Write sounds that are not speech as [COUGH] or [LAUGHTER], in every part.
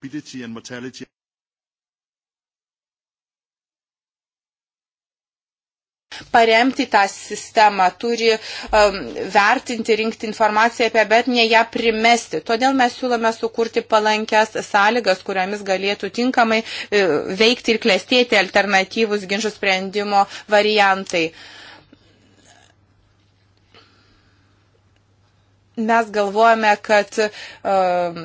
morbidity and mortality paremti tą sistemą, turi um, vertinti, rinkti informaciją apie, bet ne ją primesti. Todėl mes siūlome sukurti palankias sąlygas, kuriamis galėtų tinkamai uh, veikti ir klestėti alternatyvus ginčių sprendimo variantai. Mes galvojame, kad uh, um,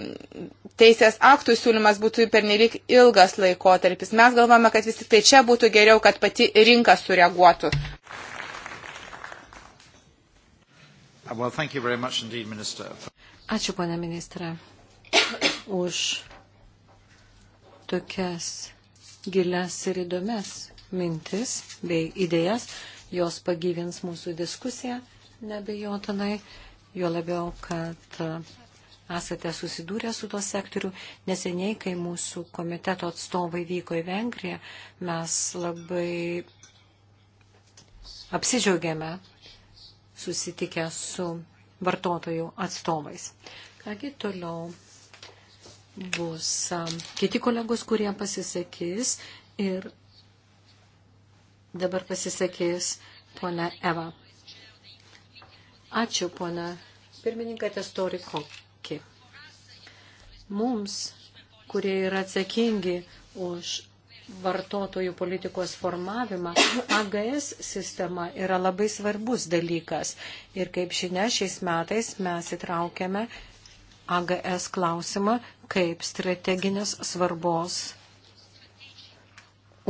teisės aktų siūlymas būtų pernelyg ilgas laikotarpis. Mes galvojame, kad vis tik tai čia būtų geriau, kad pati rinka sureaguotų. Uh, well, indeed, minister. Ačiū, ponė ministra, [COUGHS] už tokias gilias ir įdomias mintis bei idėjas. Jos pagyvins mūsų diskusiją, nebejotinai, jo labiau, kad esate susidūrę su tuo sektoriu. Neseniai, kai mūsų komiteto atstovai vyko į Vengriją, mes labai apsidžiaugiame susitikę su vartotojų atstovais. Kągi toliau bus kiti kolegos, kurie pasisakys ir dabar pasisakys ponia Eva. Ačiū, ponia pirmininkė Testori Kok poveikį. Mums, kurie yra atsakingi už vartotojų politikos formavimą, AGS sistema yra labai svarbus dalykas. Ir kaip žinia, šiais metais mes įtraukėme AGS klausimą kaip strateginės svarbos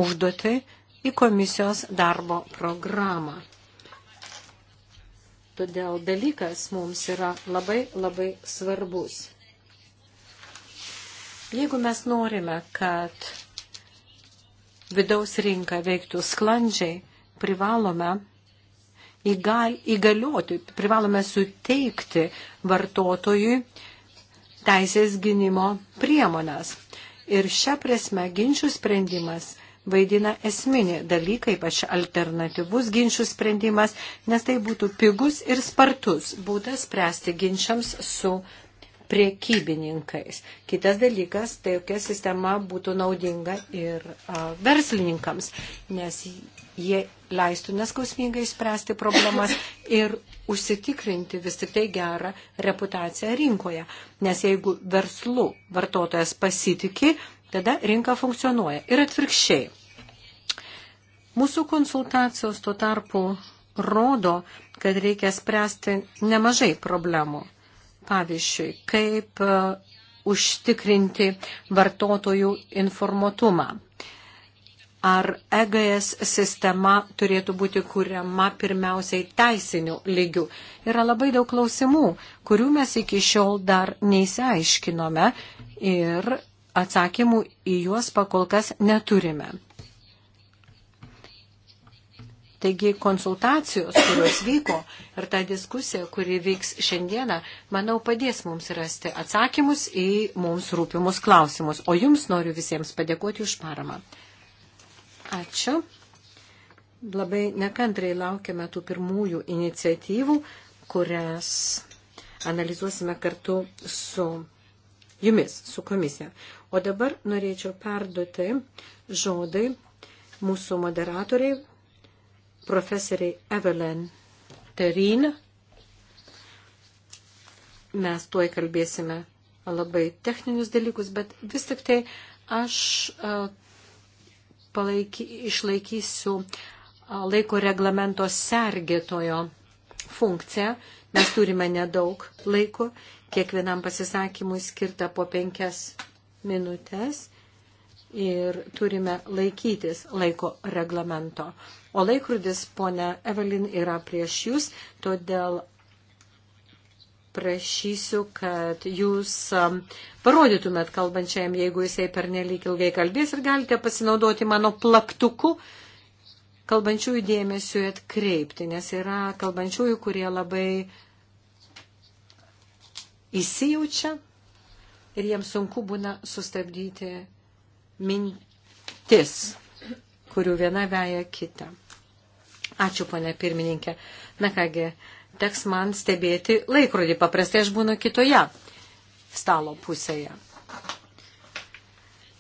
užduoti į komisijos darbo programą. Todėl dalykas mums yra labai labai svarbus. Jeigu mes norime, kad vidaus rinka veiktų sklandžiai, privalome įgal, įgalioti, privalome suteikti vartotojui teisės gynimo priemonės. Ir šią prasme ginčių sprendimas vaidina esminį dalyką, ypač alternatyvus ginčių sprendimas, nes tai būtų pigus ir spartus būdas spręsti ginčiams su priekybininkais. Kitas dalykas, tai jokia sistema būtų naudinga ir a, verslininkams, nes jie leistų neskausmingai spręsti problemas ir užsitikrinti vis tik tai gerą reputaciją rinkoje. Nes jeigu verslu vartotojas pasitikė, tada rinka funkcionuoja. Ir atvirkščiai. Mūsų konsultacijos tuo tarpu rodo, kad reikia spręsti nemažai problemų. Pavyzdžiui, kaip e, užtikrinti vartotojų informuotumą. Ar EGS sistema turėtų būti kuriama pirmiausiai teisiniu lygiu? Yra labai daug klausimų, kurių mes iki šiol dar neįsiaiškinome ir atsakymų į juos pakol kas neturime. Taigi konsultacijos, kurios vyko ir ta diskusija, kuri vyks šiandieną, manau, padės mums rasti atsakymus į mums rūpimus klausimus. O jums noriu visiems padėkoti už paramą. Ačiū. Labai nekantrai laukiame tų pirmųjų iniciatyvų, kurias analizuosime kartu su jumis, su komisija. O dabar norėčiau perduoti žodai mūsų moderatoriai, profesoriai Evelyn Terin. Mes tuoj kalbėsime labai techninius dalykus, bet vis tik tai aš e, palaiky, išlaikysiu e, laiko reglamento sergėtojo funkciją. Mes turime nedaug laiko, kiekvienam pasisakymui skirta po penkias minutės ir turime laikytis laiko reglamento. O laikrodis, ponia Evelin, yra prieš jūs, todėl prašysiu, kad jūs um, parodytumėt kalbančiajam, jeigu jisai per nelik ilgai kalbės ir galite pasinaudoti mano plaktuku kalbančiųjų dėmesiu atkreipti, nes yra kalbančiųjų, kurie labai įsijaučia ir jiems sunku būna sustabdyti mintis, kurių viena veja kitą. Ačiū, ponė pirmininkė. Na kągi, teks man stebėti laikrodį. Paprastai aš būnu kitoje stalo pusėje.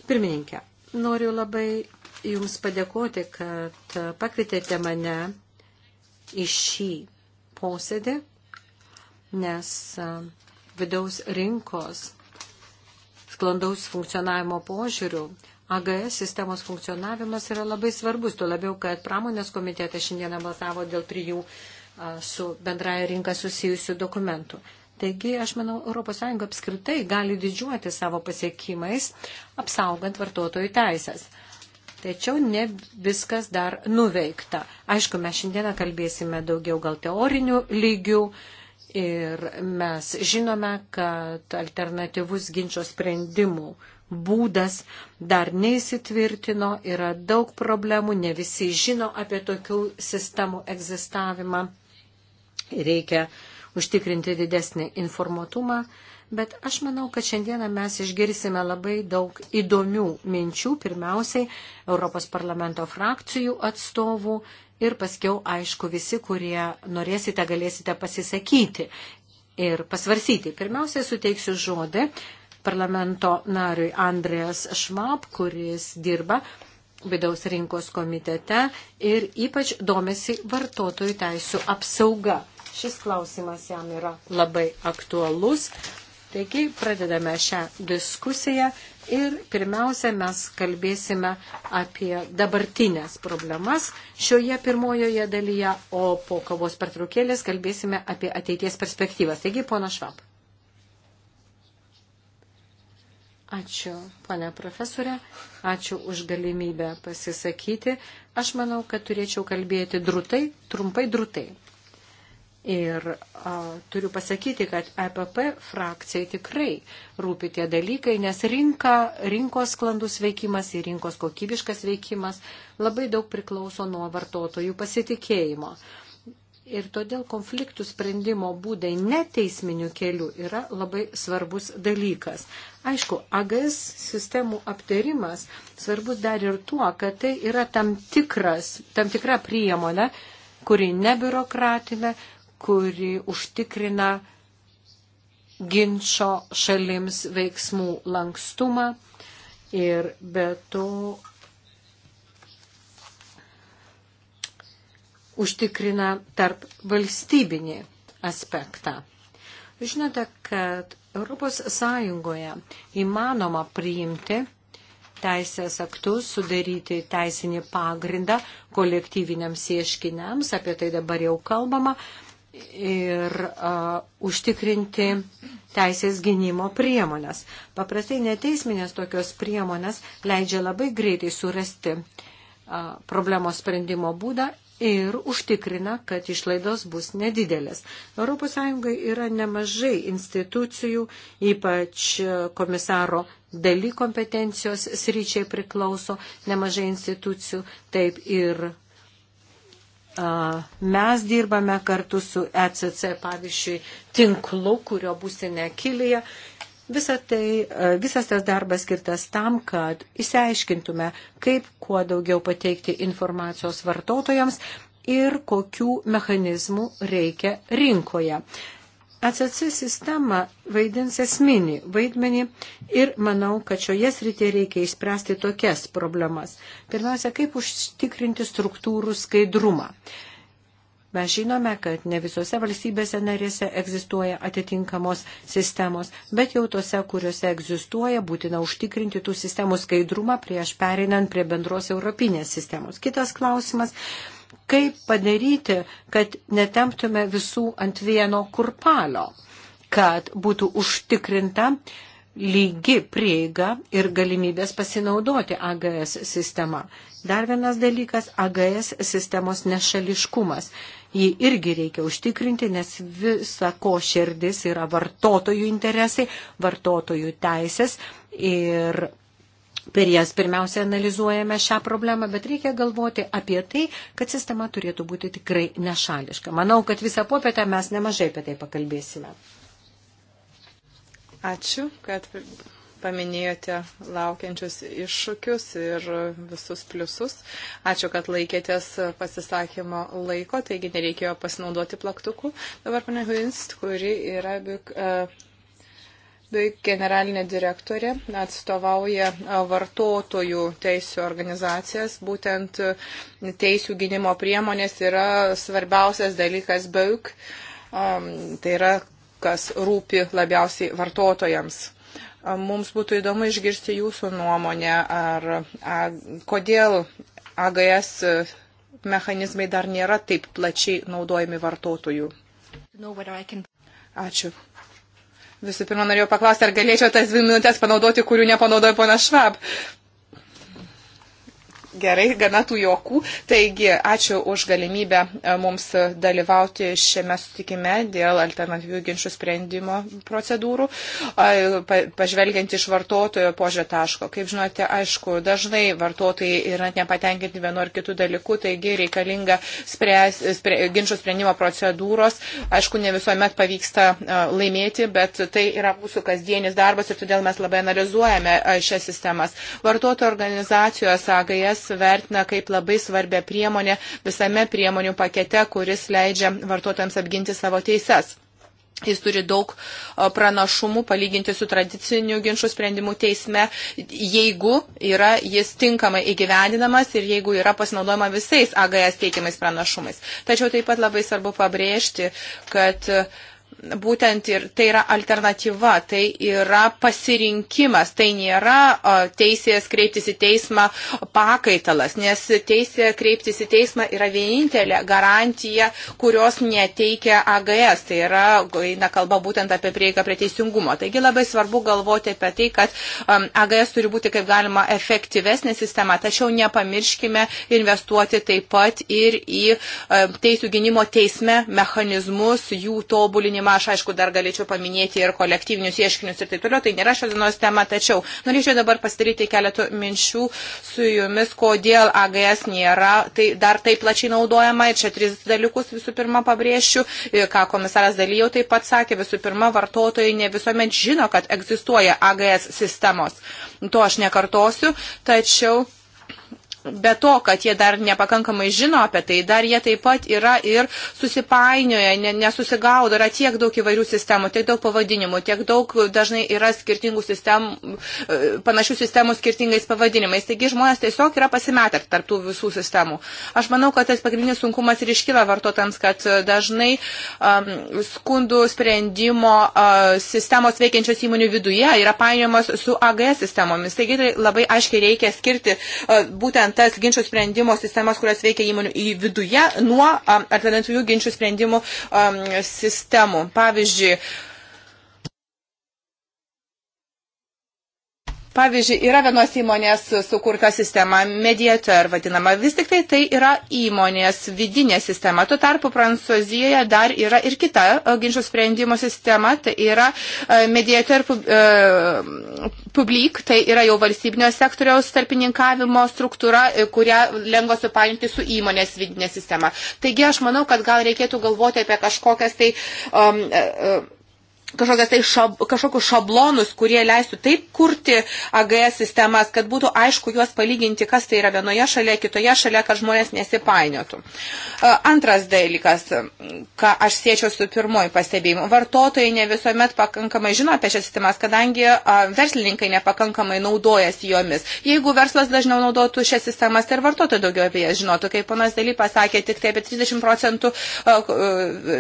Pirmininkė, noriu labai Jums padėkoti, kad pakvietėte mane į šį posėdį, nes vidaus rinkos sklandaus funkcionavimo požiūrių AGS sistemos funkcionavimas yra labai svarbus, tuo labiau, kad pramonės komitetas šiandieną balsavo dėl trijų su bendraja rinka susijusių dokumentų. Taigi, aš manau, ES apskritai gali didžiuoti savo pasiekimais, apsaugant vartotojų teisės. Tačiau ne viskas dar nuveikta. Aišku, mes šiandieną kalbėsime daugiau gal teorinių lygių, uh, Ir mes žinome, kad alternatyvus ginčio sprendimų būdas dar neįsitvirtino, yra daug problemų, ne visi žino apie tokių sistemų egzistavimą. Reikia užtikrinti didesnį informuotumą, bet aš manau, kad šiandieną mes išgirsime labai daug įdomių minčių, pirmiausiai Europos parlamento frakcijų atstovų ir paskiau, aišku, visi, kurie norėsite, galėsite pasisakyti ir pasvarsyti. Pirmiausia, suteiksiu žodį parlamento nariui Andrijas Šmap, kuris dirba vidaus rinkos komitete ir ypač domisi vartotojų teisų apsauga. Šis klausimas jam yra labai aktualus. Taigi pradedame šią diskusiją Ir pirmiausia, mes kalbėsime apie dabartinės problemas šioje pirmojoje dalyje, o po kavos pertraukėlės kalbėsime apie ateities perspektyvas. Taigi, pona Švab. Ačiū, pane profesorė, ačiū už galimybę pasisakyti. Aš manau, kad turėčiau kalbėti drutai, trumpai drutai. Ir a, turiu pasakyti, kad EPP frakcijai tikrai rūpi tie dalykai, nes rinka, rinkos sklandus veikimas ir rinkos kokybiškas veikimas labai daug priklauso nuo vartotojų pasitikėjimo. Ir todėl konfliktų sprendimo būdai neteisminių kelių yra labai svarbus dalykas. Aišku, AGS sistemų aptarimas svarbus dar ir tuo, kad tai yra tam, tikras, tam tikra priemonė, kuri nebiurokratinė, kuri užtikrina ginčio šalims veiksmų lankstumą ir be to užtikrina tarp valstybinį aspektą. Žinote, kad ES įmanoma priimti teisės aktus, sudaryti teisinį pagrindą kolektyviniams ieškiniams, apie tai dabar jau kalbama, ir a, užtikrinti teisės gynimo priemonės. Paprastai neteisminės tokios priemonės leidžia labai greitai surasti a, problemos sprendimo būdą ir užtikrina, kad išlaidos bus nedidelės. ES yra nemažai institucijų, ypač komisaro daly kompetencijos sryčiai priklauso nemažai institucijų, taip ir Mes dirbame kartu su ECC, pavyzdžiui, tinklu, kurio būsime kilyje. Visa tai, visas tas darbas skirtas tam, kad įsiaiškintume, kaip kuo daugiau pateikti informacijos vartotojams ir kokių mechanizmų reikia rinkoje. ACC sistema vaidins esminį vaidmenį ir manau, kad šioje srityje reikia išspręsti tokias problemas. Pirmiausia, kaip užtikrinti struktūrų skaidrumą. Mes žinome, kad ne visose valstybėse narėse egzistuoja atitinkamos sistemos, bet jau tose, kuriuose egzistuoja, būtina užtikrinti tų sistemų skaidrumą prieš pereinant prie bendros europinės sistemos. Kitas klausimas kaip padaryti, kad netemptume visų ant vieno kurpalio, kad būtų užtikrinta lygi prieiga ir galimybės pasinaudoti AGS sistema. Dar vienas dalykas - AGS sistemos nešališkumas. Jį irgi reikia užtikrinti, nes visa ko širdis yra vartotojų interesai, vartotojų teisės ir Per jas pirmiausia analizuojame šią problemą, bet reikia galvoti apie tai, kad sistema turėtų būti tikrai nešališka. Manau, kad visą popietę mes nemažai apie tai pakalbėsime. Ačiū, kad paminėjote laukiančius iššūkius ir visus pliusus. Ačiū, kad laikėtės pasisakymo laiko, taigi nereikėjo pasinaudoti plaktuku. Dabar pane Huins, kuri yra uh, generalinė direktorė atstovauja vartotojų teisų organizacijas. Būtent teisų gynimo priemonės yra svarbiausias dalykas BAUK. E tai yra, kas rūpi labiausiai vartotojams. Mums būtų įdomu išgirsti jūsų nuomonę, ar a, kodėl AGS mechanizmai dar nėra taip plačiai naudojami vartotojų. Ačiū. Visų pirma, norėjau paklausti, ar galėčiau tas dvi minutės panaudoti, kurių nepanaudojo pona Švab. Gerai, gana tų jokų. Taigi, ačiū už galimybę e, mums dalyvauti šiame sutikime dėl alternatyvių ginčių sprendimo procedūrų, pažvelgiant iš vartotojo požiūrio taško. Kaip žinote, aišku, dažnai vartotojai yra nepatenkinti vienu ar kitu dalyku, taigi reikalinga spręs, spre, ginčių sprendimo procedūros. Aišku, ne visuomet pavyksta e, laimėti, bet tai yra mūsų kasdienis darbas ir todėl mes labai analizuojame e, šias sistemas. Vartotojų organizacijos AGS juos vertina kaip labai svarbę priemonę visame priemonių pakete, kuris leidžia vartotojams apginti savo teises. Jis turi daug pranašumų palyginti su tradiciniu ginčių sprendimu teisme, jeigu yra jis tinkamai įgyvendinamas ir jeigu yra pasinaudojama visais AGS teikiamais pranašumais. Tačiau taip pat labai svarbu pabrėžti, kad uh, būtent ir tai yra alternatyva, tai yra pasirinkimas, tai nėra teisės kreiptis į teismą pakaitalas, nes teisė kreiptis į teismą yra vienintelė garantija, kurios neteikia AGS, tai yra, eina kalba būtent apie prieigą prie teisingumo. Taigi labai svarbu galvoti apie tai, kad AGS turi būti kaip galima efektyvesnė sistema, tačiau nepamirškime investuoti taip pat ir į teisų gynimo teisme mechanizmus, jų tobulinimą tema, aš aišku dar galėčiau paminėti ir kolektyvinius ieškinius ir taip toliau, tai nėra šios dienos tema, tačiau norėčiau dabar pasidaryti keletų minčių su jumis, kodėl AGS nėra tai dar taip plačiai naudojama ir čia tris dalykus visų pirma pabrėšiu, ką komisaras dalyjau taip pat sakė, visų pirma vartotojai ne visuomet žino, kad egzistuoja AGS sistemos. To aš nekartosiu, tačiau be to, kad jie dar nepakankamai žino apie tai, dar jie taip pat yra ir susipainioja, ne, nesusigaudo, yra tiek daug įvairių sistemų, tiek daug pavadinimų, tiek daug dažnai yra skirtingų sistemų, e, panašių sistemų skirtingais pavadinimais. Taigi žmonės tiesiog yra pasimetę tarptų visų sistemų. Aš manau, kad tas pagrindinis sunkumas ir iškyla vartotams, kad e, dažnai um, skundų sprendimo uh, sistemos veikiančios įmonių viduje yra painiojamos su AGS sistemomis. Taigi tai labai aiškiai reikia skirti uh, būtent tas ginčių sprendimo sistemas, kurios veikia įmonių į viduje nuo alternatyvių ginčių sprendimų sistemų. Pavyzdžiui, Pavyzdžiui, yra vienos įmonės sukurta sistema, mediator vadinama, vis tik tai tai yra įmonės vidinė sistema. Tuo tarpu Prancūzijoje dar yra ir kita e, ginčių sprendimo sistema, tai yra e, mediator e, publik, tai yra jau valstybinio sektoriaus tarpininkavimo struktūra, kurią lengva supainioti su įmonės vidinė sistema. Taigi aš manau, kad gal reikėtų galvoti apie kažkokias tai. Um, uh, kažkokias tai šab, kažkokius šablonus, kurie leistų taip kurti AGS sistemas, kad būtų aišku juos palyginti, kas tai yra vienoje šalia, kitoje šalia, kad žmonės nesipainiotų. E, antras dalykas, ką aš siečiau su pirmoji pastebėjimu. Vartotojai ne visuomet pakankamai žino apie šias sistemas, kadangi e, verslininkai nepakankamai naudojasi jomis. Jeigu verslas dažniau naudotų šias sistemas, tai ir vartotojai daugiau apie jas žinotų. Kaip ponas Daly pasakė, tik tai apie 30 procentų e,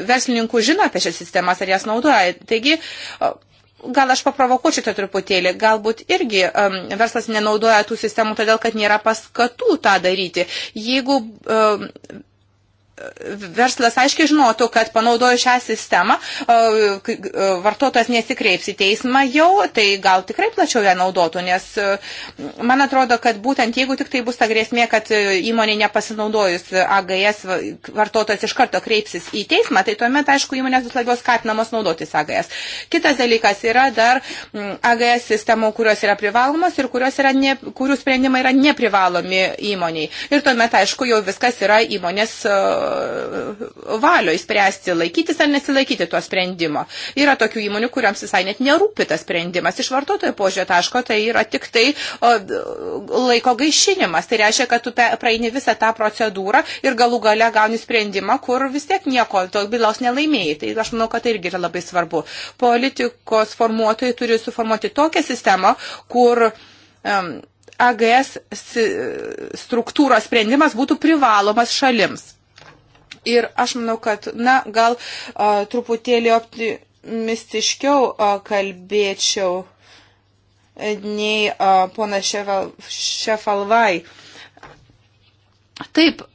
verslininkų žino apie šias sistemas ar jas naudoja. Tai Taigi, gal aš paprovokuočiau tai truputėlį, galbūt irgi um, verslas nenaudoja tų sistemų todėl, kad nėra paskatų tą daryti. Jeigu um, verslas aiškiai žinotų, kad panaudoju šią sistemą, vartotojas nesikreips į teismą jau, tai gal tikrai plačiau ją naudotų, nes man atrodo, kad būtent jeigu tik tai bus ta grėsmė, kad e, įmonė nepasinaudojus AGS, vartotojas iš karto kreipsis į teismą, tai tuomet, aišku, įmonės bus labiau skatinamos naudotis AGS. Kitas dalykas yra dar AGS sistemų, kurios yra privalomos ir kurios yra ne, kurių sprendimai yra neprivalomi įmoniai. Ir tuomet, aišku, jau viskas yra įmonės e, valio įspręsti, laikytis ar nesilaikyti to sprendimo. Yra tokių įmonių, kuriams visai net nerūpi tas sprendimas. Iš vartotojo požiūrio taško tai yra tik tai laiko gaišinimas. Tai reiškia, kad tu praeini visą tą procedūrą ir galų gale gauni sprendimą, kur vis tiek nieko, to bylos nelaimėjai. Tai aš manau, kad tai irgi yra labai svarbu. Politikos formuotojai turi suformuoti tokią sistemą, kur um, AGS struktūros sprendimas būtų privalomas šalims. Ir aš manau, kad, na, gal a, truputėlį optimistiškiau a, kalbėčiau e, nei a, pona Ševal, Šefalvai. Taip,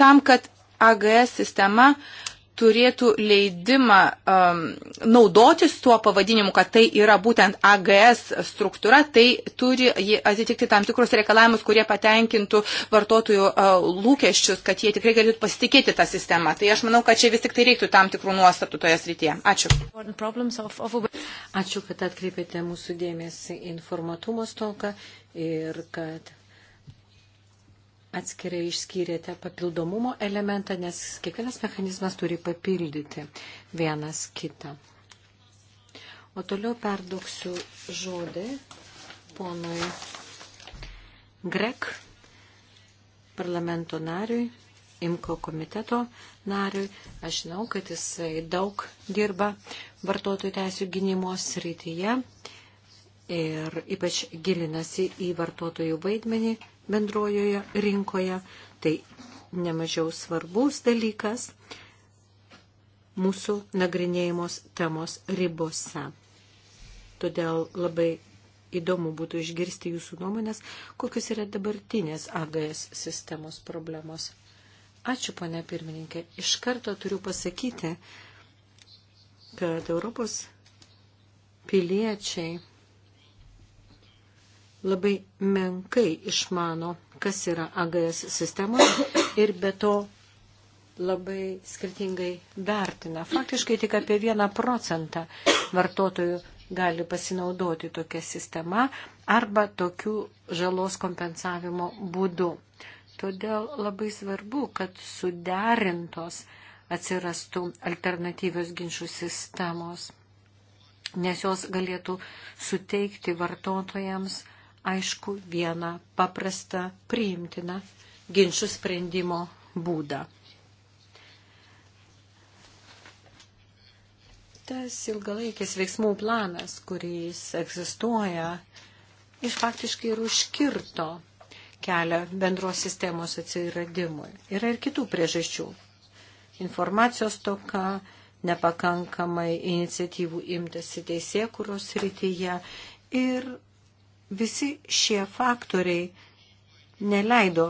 tam, kad AGS sistema a, turėtų leidimą um, naudotis tuo pavadinimu, kad tai yra būtent AGS struktūra, tai turi atitikti tam tikrus reikalavimus, kurie patenkintų vartotojų uh, lūkesčius, kad jie tikrai galėtų pasitikėti tą sistemą. Tai aš manau, kad čia vis tik tai reiktų tam tikrų nuostatų toje srityje. Ačiū. Ačiū, kad atkreipėte mūsų dėmesį informatumo stoką ir kad atskirai išskyrėte papildomumo elementą, nes kiekvienas mechanizmas turi papildyti vienas kitą. O toliau perduksiu žodį ponui Grek, parlamento nariui, Imko komiteto nariui. Aš žinau, kad jisai daug dirba vartotojų teisų gynimo srityje ir ypač gilinasi į vartotojų vaidmenį bendrojoje rinkoje. Tai nemažiau svarbus dalykas mūsų nagrinėjimos temos ribose. Todėl labai įdomu būtų išgirsti jūsų nuomonės, kokius yra dabartinės AGS sistemos problemos. Ačiū, ponė pirmininkė. Iš karto turiu pasakyti, kad Europos piliečiai labai menkai išmano, kas yra AGS sistemos ir be to labai skirtingai vertina. Faktiškai tik apie vieną procentą vartotojų gali pasinaudoti tokia sistema arba tokių žalos kompensavimo būdu. Todėl labai svarbu, kad suderintos atsirastų alternatyvios ginčių sistemos, nes jos galėtų suteikti vartotojams aišku vieną paprastą priimtiną ginčių sprendimo būdą. Tas ilgalaikis veiksmų planas, kuris egzistuoja, iš faktiškai ir užkirto kelią bendros sistemos atsiradimui. Yra ir kitų priežasčių. Informacijos toka, nepakankamai iniciatyvų imtasi teisėkuros rytyje ir Visi šie faktoriai neleido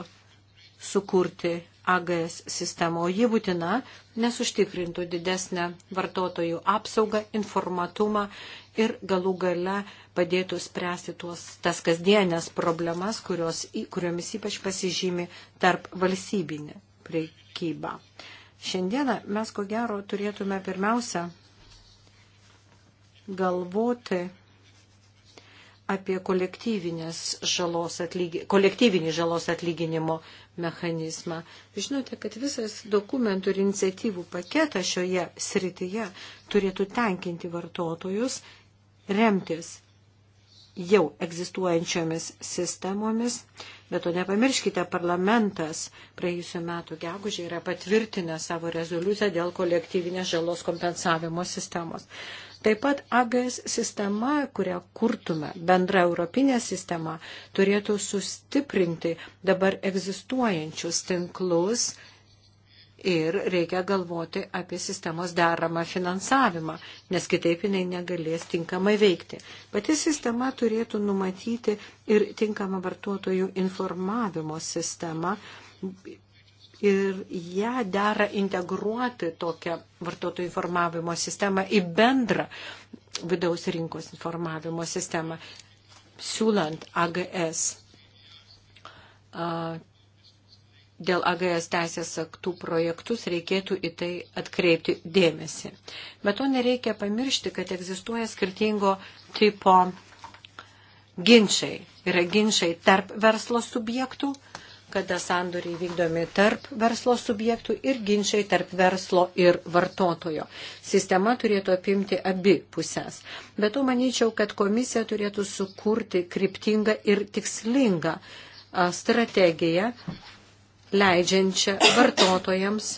sukurti AGS sistemą, o ji būtina, nes užtikrintų didesnę vartotojų apsaugą, informatumą ir galų gale padėtų spręsti tuos, tas kasdienės problemas, kurios, kuriomis ypač pasižymi tarp valstybinė prekyba. Šiandieną mes ko gero turėtume pirmiausia galvoti apie žalos atlygi, kolektyvinį žalos atlyginimo mechanizmą. Žinote, kad visas dokumentų ir iniciatyvų paketas šioje srityje turėtų tenkinti vartotojus, remtis jau egzistuojančiomis sistemomis, bet to nepamirškite, parlamentas praėjusiu metu gegužė yra patvirtinę savo rezoliuciją dėl kolektyvinės žalos kompensavimo sistemos. Taip pat abės sistema, kurią kurtume, bendra europinė sistema, turėtų sustiprinti dabar egzistuojančius tinklus ir reikia galvoti apie sistemos deramą finansavimą, nes kitaip jinai negalės tinkamai veikti. Pati sistema turėtų numatyti ir tinkamą vartotojų informavimo sistemą ir ją dera integruoti tokią vartotojų informavimo sistemą į bendrą vidaus rinkos informavimo sistemą, siūlant AGS. Dėl AGS teisės aktų projektus reikėtų į tai atkreipti dėmesį. Bet to nereikia pamiršti, kad egzistuoja skirtingo tipo ginčiai. Yra ginčiai tarp verslo subjektų kada sandoriai vykdomi tarp verslo subjektų ir ginčiai tarp verslo ir vartotojo. Sistema turėtų apimti abi pusės. Bet to manyčiau, kad komisija turėtų sukurti kryptingą ir tikslingą strategiją, leidžiančią vartotojams,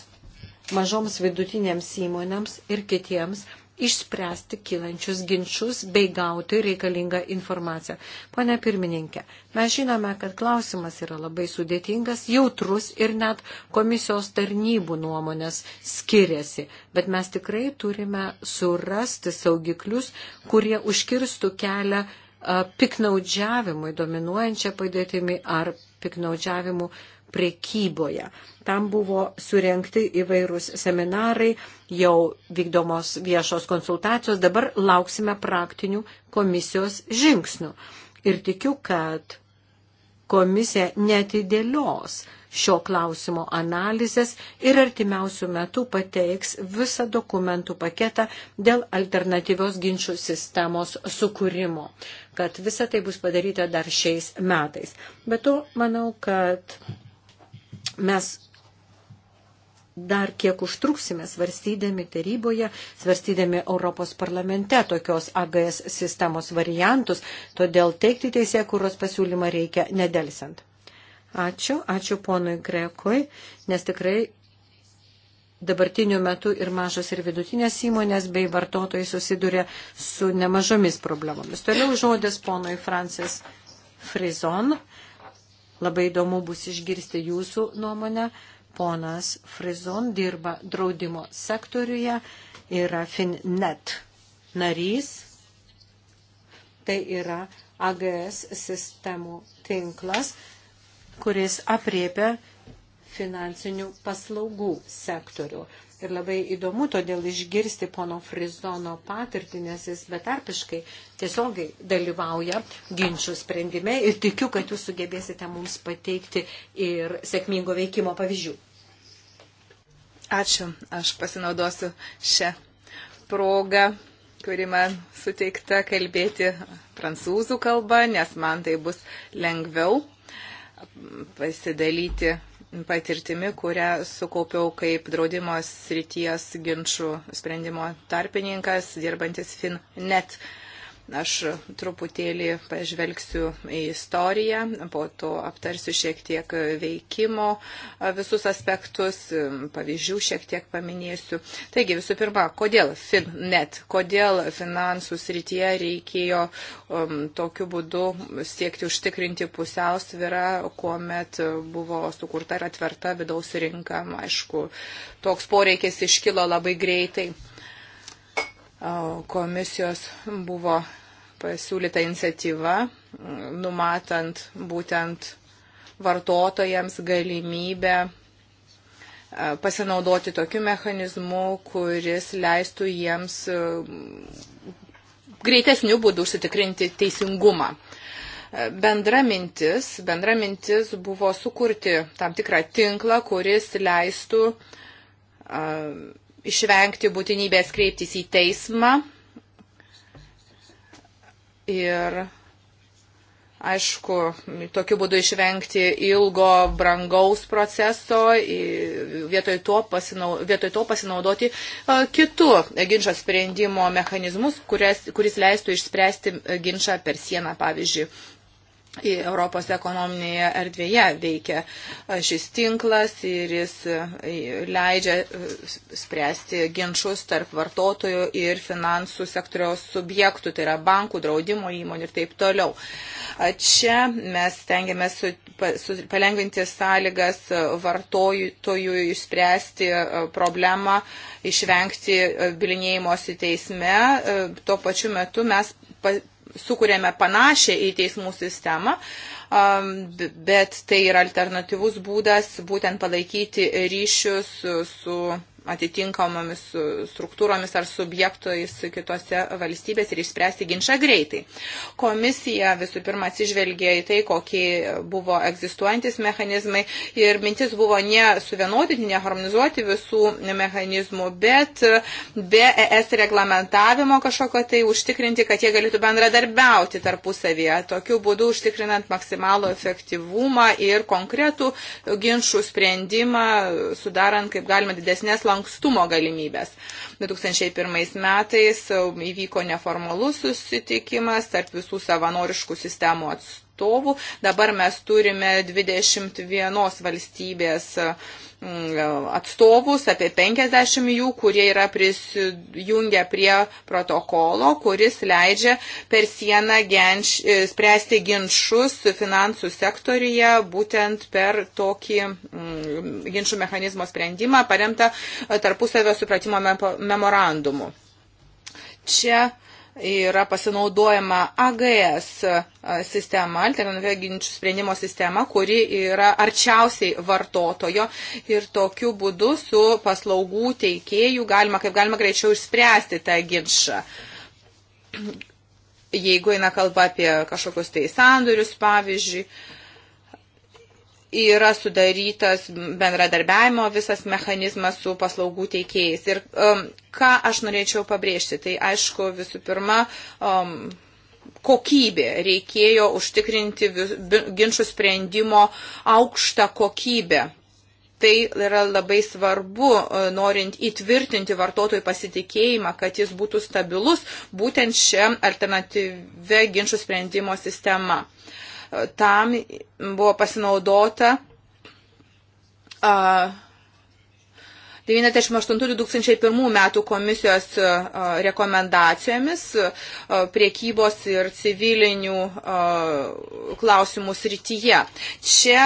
mažoms vidutinėms įmonėms ir kitiems išspręsti kylančius ginčius bei gauti reikalingą informaciją. Pane pirmininkė, mes žinome, kad klausimas yra labai sudėtingas, jautrus ir net komisijos tarnybų nuomonės skiriasi, bet mes tikrai turime surasti saugiklius, kurie užkirstų kelią piknaudžiavimui, dominuojančią padėtimi ar piknaudžiavimu prekyboje. Tam buvo surenkti įvairūs seminarai, jau vykdomos viešos konsultacijos, dabar lauksime praktinių komisijos žingsnių. Ir tikiu, kad komisija netidėlios šio klausimo analizės ir artimiausių metų pateiks visą dokumentų paketą dėl alternatyvios ginčių sistemos sukūrimo, kad visa tai bus padaryta dar šiais metais. Bet to manau, kad mes dar kiek užtruksime svarstydami taryboje, svarstydami Europos parlamente tokios AGS sistemos variantus, todėl teikti teisė, kurios pasiūlymą reikia nedelsant. Ačiū, ačiū ponui Grekui, nes tikrai dabartiniu metu ir mažos ir vidutinės įmonės bei vartotojai susiduria su nemažomis problemomis. Toliau žodis ponui Francis Frizon. Labai įdomu bus išgirsti jūsų nuomonę ponas Frizon dirba draudimo sektoriuje, yra Finnet narys, tai yra AGS sistemų tinklas, kuris apriepia finansinių paslaugų sektorių. Ir labai įdomu todėl išgirsti pono Frizono patirtį, nes jis betarpiškai tiesiogiai dalyvauja ginčių sprendime ir tikiu, kad jūs sugebėsite mums pateikti ir sėkmingo veikimo pavyzdžių. Ačiū, aš pasinaudosiu šią progą, kuri man suteikta kalbėti prancūzų kalbą, nes man tai bus lengviau pasidalyti patirtimi, kurią sukaupiau kaip draudimo srities ginčių sprendimo tarpininkas, dirbantis FinNet. Aš truputėlį pažvelgsiu į istoriją, po to aptarsiu šiek tiek veikimo visus aspektus, pavyzdžių šiek tiek paminėsiu. Taigi visų pirma, kodėl FinNet, kodėl finansų srityje reikėjo um, tokiu būdu siekti užtikrinti pusiausvyrą, kuomet buvo sukurta ir atverta vidaus rinka. Aišku, toks poreikis iškilo labai greitai komisijos buvo pasiūlyta iniciatyva, numatant būtent vartotojams galimybę e, pasinaudoti tokiu mechanizmu, kuris leistų jiems e, greitesnių būdų užsitikrinti teisingumą. E, bendra mintis, bendra mintis buvo sukurti tam tikrą tinklą, kuris leistų išvengti būtinybės kreiptis į teismą. Ir aišku, tokiu būdu išvengti ilgo, brangaus proceso, vietoj to, pasinau, vietoj to pasinaudoti kitų ginčio sprendimo mechanizmus, kurias, kuris leistų išspręsti ginčą per sieną, pavyzdžiui. Europos ekonominėje erdvėje veikia šis tinklas ir jis e, leidžia e, spręsti ginčius tarp vartotojų ir finansų sektoriaus subjektų, tai yra bankų, draudimo įmonių ir taip toliau. Čia mes tengiamės palengvinti sąlygas vartotojų išspręsti e, problemą, išvengti bilinėjimosi teisme. Tuo pačiu metu mes sukūrėme panašią į teismų sistemą, bet tai yra alternatyvus būdas būtent palaikyti ryšius su atitinkamomis struktūromis ar subjektais kitose valstybėse ir išspręsti ginčą greitai. Komisija visų pirma atsižvelgė į tai, kokie buvo egzistuojantis mechanizmai ir mintis buvo ne suvienodinti, neharmonizuoti visų mechanizmų, bet be ES reglamentavimo kažkokio tai užtikrinti, kad jie galėtų bendradarbiauti tarpusavėje, tokiu būdu užtikrinant maksimalų efektyvumą ir konkretų ginčių sprendimą, sudarant kaip galima didesnės lankstumą lankstumo galimybės. 2001 metais įvyko neformalus susitikimas tarp visų savanoriškų sistemų atstovų. Dabar mes turime 21 valstybės Mm, atstovus, apie 50 jų, kurie yra prisijungę prie protokolo, kuris leidžia per sieną genš, e, spręsti ginčius finansų sektorija būtent per tokį mm, ginčių mechanizmo sprendimą paremtą tarpusavio supratimo memorandumu. Čia uh, yra pasinaudojama AGS e, sistema, alternatyvia ginčių sprendimo sistema, kuri yra arčiausiai vartotojo ir tokiu būdu su paslaugų teikėjų galima kaip galima greičiau išspręsti tą ginčą jeigu eina kalba apie kažkokius tai sandorius, pavyzdžiui, yra sudarytas bendradarbiavimo visas mechanizmas su paslaugų teikėjais. Ir um, ką aš norėčiau pabrėžti, tai aišku, visų pirma, um, kokybė. Reikėjo užtikrinti vis, ginčių sprendimo aukštą kokybę. Tai yra labai svarbu, e, norint įtvirtinti vartotojų pasitikėjimą, kad jis būtų stabilus būtent šią alternatyvę ginčių sprendimo sistemą. Uh, tam buvo pasinaudota 98-2001 metų komisijos rekomendacijomis priekybos ir civilinių klausimų srityje. Čia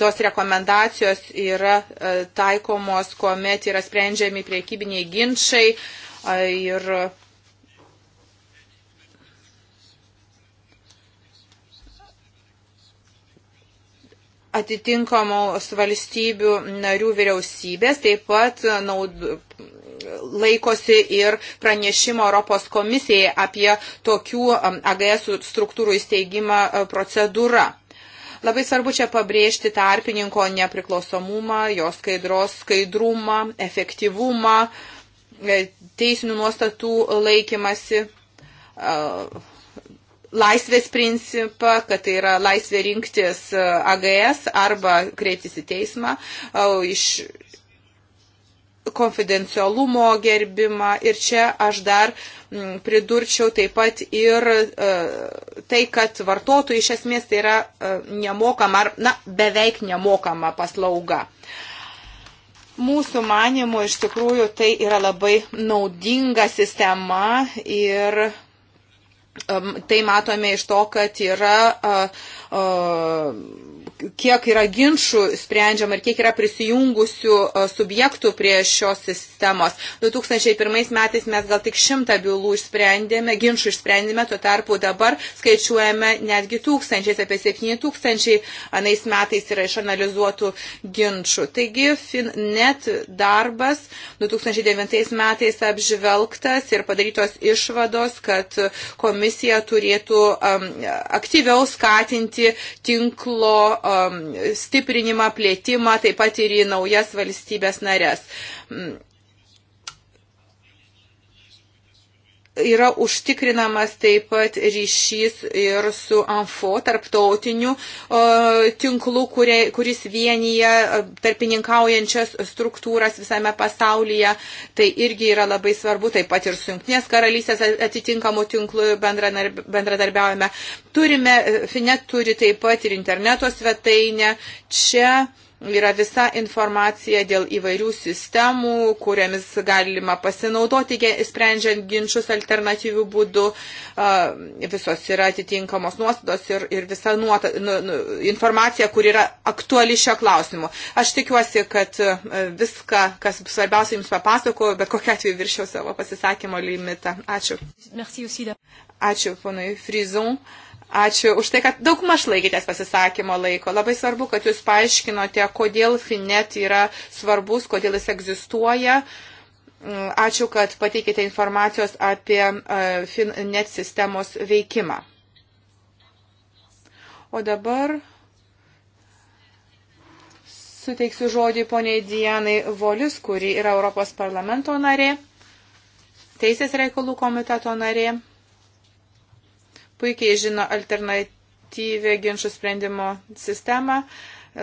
tos rekomendacijos yra taikomos, kuomet yra sprendžiami priekybiniai ginčiai ir atitinkamos valstybių narių vyriausybės taip pat naud, laikosi ir pranešimo Europos komisijai apie tokių um, AGS struktūrų įsteigimą uh, procedūrą. Labai svarbu čia pabrėžti tarpininko nepriklausomumą, jo skaidros skaidrumą, efektyvumą, e, teisinių nuostatų laikymasi uh, laisvės principą, kad tai yra laisvė rinktis e, AGS arba kreiptis į teismą iš konfidencialumo gerbimą. Ir čia aš dar pridurčiau taip pat ir e, tai, kad vartotojai iš esmės tai yra e, nemokama ar na, beveik nemokama paslauga. Mūsų manimo iš tikrųjų tai yra labai naudinga sistema ir Tai matome iš to, kad yra kiek yra ginčių sprendžiama ir kiek yra prisijungusių e, subjektų prie šios sistemos. 2001 metais mes gal tik šimtą bylų išsprendėme, ginčių išsprendėme, tuo tarpu dabar skaičiuojame netgi tūkstančiais, apie 7 tūkstančiai anais metais yra išanalizuotų ginčių. Taigi net darbas 2009 metais apžvelgtas ir padarytos išvados, kad komisija turėtų um, aktyviau skatinti tinklo Um, stiprinimą, plėtimą, taip pat ir į naujas valstybės narės. Mm, yra užtikrinamas taip pat ryšys ir su ANFO tarptautiniu e, tinklu, kurie, kuris vienyje e, tarpininkaujančias struktūras visame pasaulyje. Tai irgi yra labai svarbu, taip pat ir su Junktinės karalystės atitinkamu tinklu bendradarbiaujame. Turime, e, Finet turi taip pat ir interneto svetainę. Čia yra visa informacija dėl įvairių sistemų, kuriamis galima pasinaudoti, sprendžiant ginčius alternatyvių būdų. Visos yra atitinkamos nuostados ir, ir visa nuota, nu, nu, informacija, kur yra aktuali šio klausimu. Aš tikiuosi, kad viską, kas svarbiausia jums papasakojau, bet kokia atveju viršiau savo pasisakymo limitą. Ačiū. Ačiū, ponai Frizon. Ačiū už tai, kad daug maž laikytės pasisakymo laiko. Labai svarbu, kad jūs paaiškinote, kodėl Finet yra svarbus, kodėl jis egzistuoja. Mm, ačiū, kad pateikite informacijos apie e, Finet sistemos veikimą. O dabar suteiksiu žodį poniai Dianai Volis, kuri yra Europos parlamento narė, Teisės reikalų komiteto narė puikiai žino alternatyvę ginčių sprendimo sistemą,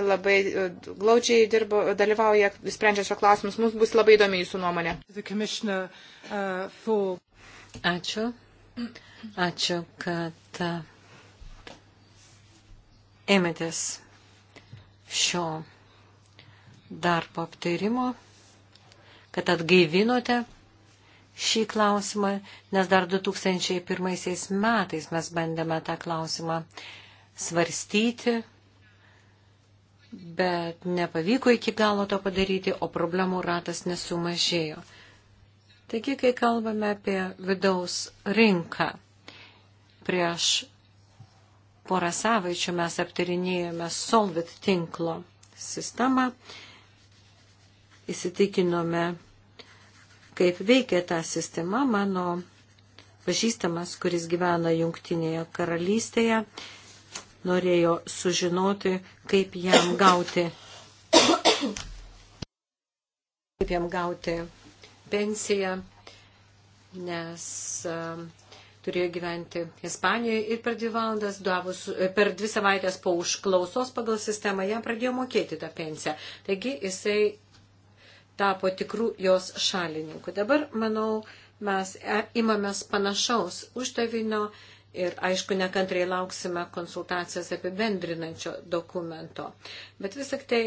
labai e, glaudžiai dirbo, dalyvauja, sprendžia šio klausimus. Mums bus labai įdomi jūsų nuomonė. Uh, Ačiū. Ačiū, kad uh, ėmėtės šio darbo aptarimo, kad atgaivinote šį klausimą, nes dar 2001 metais mes bandėme tą klausimą svarstyti, bet nepavyko iki galo to padaryti, o problemų ratas nesumažėjo. Taigi, kai kalbame apie vidaus rinką, prieš porą savaičių mes aptarinėjome Solvit tinklo sistemą, įsitikinome kaip veikia ta sistema. Mano pažįstamas, kuris gyvena Jungtinėje karalystėje, norėjo sužinoti, kaip jam gauti, kaip jam gauti pensiją, nes um, turėjo gyventi Ispanijoje ir per dvi valandas, duavus, per dvi savaitės po užklausos pagal sistemą jam pradėjo mokėti tą pensiją. Taigi jisai tapo tikrų jos šalininkų. Dabar, manau, mes e, imamės panašaus uždavinio ir, aišku, nekantrai lauksime konsultacijos apibendrinančio dokumento. Bet vis tik tai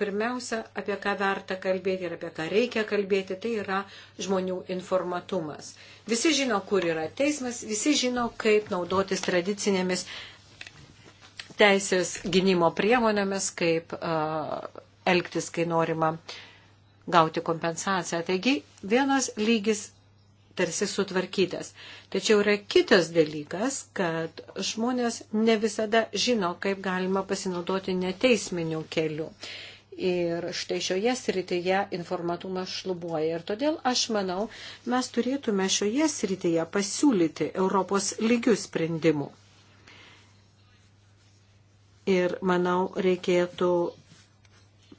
pirmiausia, apie ką verta kalbėti ir apie ką reikia kalbėti, tai yra žmonių informatumas. Visi žino, kur yra teismas, visi žino, kaip naudotis tradicinėmis teisės gynimo priemonėmis, kaip uh, elgtis, kai norima uh, gauti kompensaciją. Taigi vienas lygis tarsi sutvarkytas. Tačiau yra kitas dalykas, kad žmonės ne visada žino, kaip galima pasinaudoti neteisminiu keliu. Ir štai šioje srityje informatumas šlubuoja. Ir todėl aš manau, mes turėtume šioje srityje pasiūlyti Europos lygių sprendimų. Ir manau, reikėtų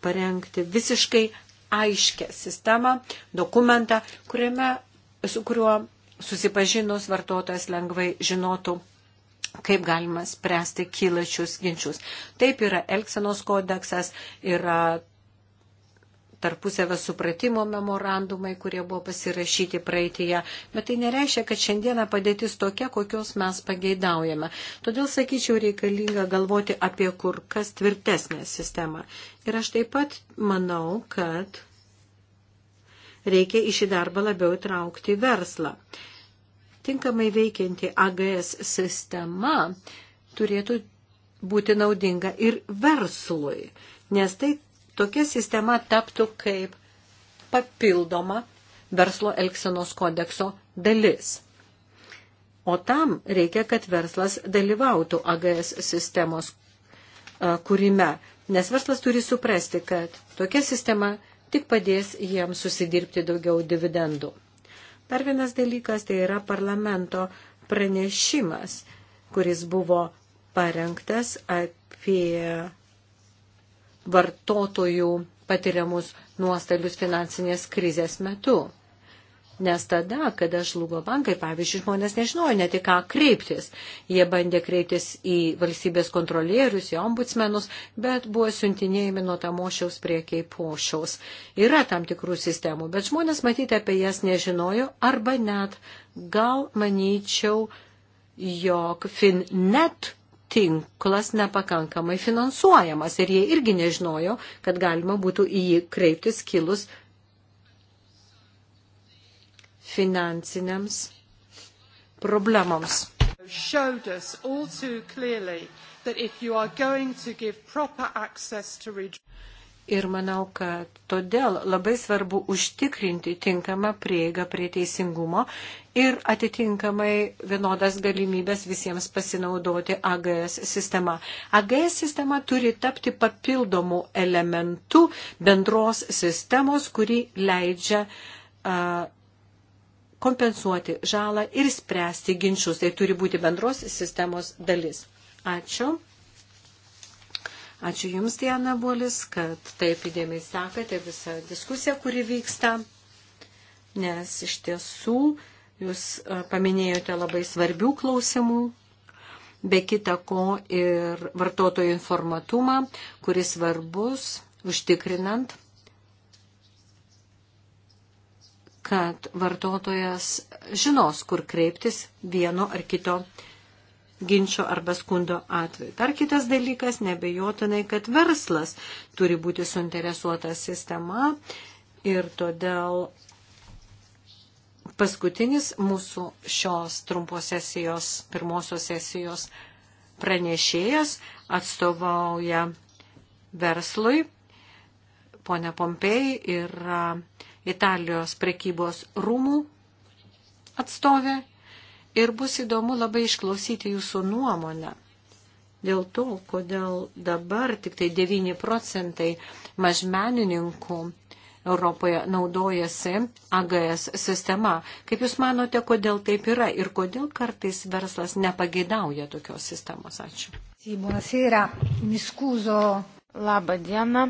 parengti visiškai aiškę sistemą, dokumentą, kuriame, su kuriuo susipažinus vartotojas lengvai žinotų, kaip galima spręsti kylačius ginčius. Taip yra Elksenos kodeksas, yra tarpusavio supratimo memorandumai, kurie buvo pasirašyti praeitėje, bet tai nereiškia, kad šiandieną padėtis tokia, kokios mes pageidaujame. Todėl, sakyčiau, reikalinga galvoti apie kur kas tvirtesnę sistemą. Ir aš taip pat manau, kad reikia į šį darbą labiau įtraukti verslą. Tinkamai veikianti AGS sistema turėtų būti naudinga ir verslui, nes tai tokia sistema taptų kaip papildoma verslo elgsenos kodekso dalis. O tam reikia, kad verslas dalyvautų AGS sistemos kūrime, nes verslas turi suprasti, kad tokia sistema tik padės jiems susidirbti daugiau dividendų. Dar vienas dalykas tai yra parlamento pranešimas, kuris buvo parengtas apie vartotojų patiriamus nuostolius finansinės krizės metu. Nes tada, kada žlugo bankai, pavyzdžiui, žmonės nežinojo net į ką kreiptis. Jie bandė kreiptis į valstybės kontrolierius, į ombudsmenus, bet buvo siuntinėjami nuo tamošiaus priekiai pošiaus. Yra tam tikrų sistemų, bet žmonės matyti apie jas nežinojo arba net gal manyčiau, jog finnet tinklas nepakankamai finansuojamas ir jie irgi nežinojo, kad galima būtų į jį kreiptis kilus finansiniams problemams. Ir manau, kad todėl labai svarbu užtikrinti tinkamą prieigą prie teisingumo ir atitinkamai vienodas galimybės visiems pasinaudoti AGS sistema. AGS sistema turi tapti papildomų elementų bendros sistemos, kuri leidžia a, kompensuoti žalą ir spręsti ginčius. Tai turi būti bendros sistemos dalis. Ačiū. Ačiū Jums, Diana Bolis, kad taip įdėmiai sekate visą diskusiją, kuri vyksta, nes iš tiesų Jūs e, paminėjote labai svarbių klausimų, be kita ko ir vartotojų informatumą, kuris svarbus užtikrinant, kad vartotojas žinos, kur kreiptis vieno ar kito ginčio arba skundo atveju. Dar kitas dalykas, nebejotinai, kad verslas turi būti suinteresuotas sistema ir todėl paskutinis mūsų šios trumpos sesijos, pirmosios sesijos pranešėjas atstovauja verslui. Pone Pompei yra Italijos prekybos rūmų atstovė Ir bus įdomu labai išklausyti jūsų nuomonę dėl to, kodėl dabar tik tai 9 procentai mažmenininkų Europoje naudojasi AGS sistema. Kaip Jūs manote, kodėl taip yra ir kodėl kartais verslas nepageidauja tokios sistemos? Ačiū. Buonasera, mi scuso. Labą dieną,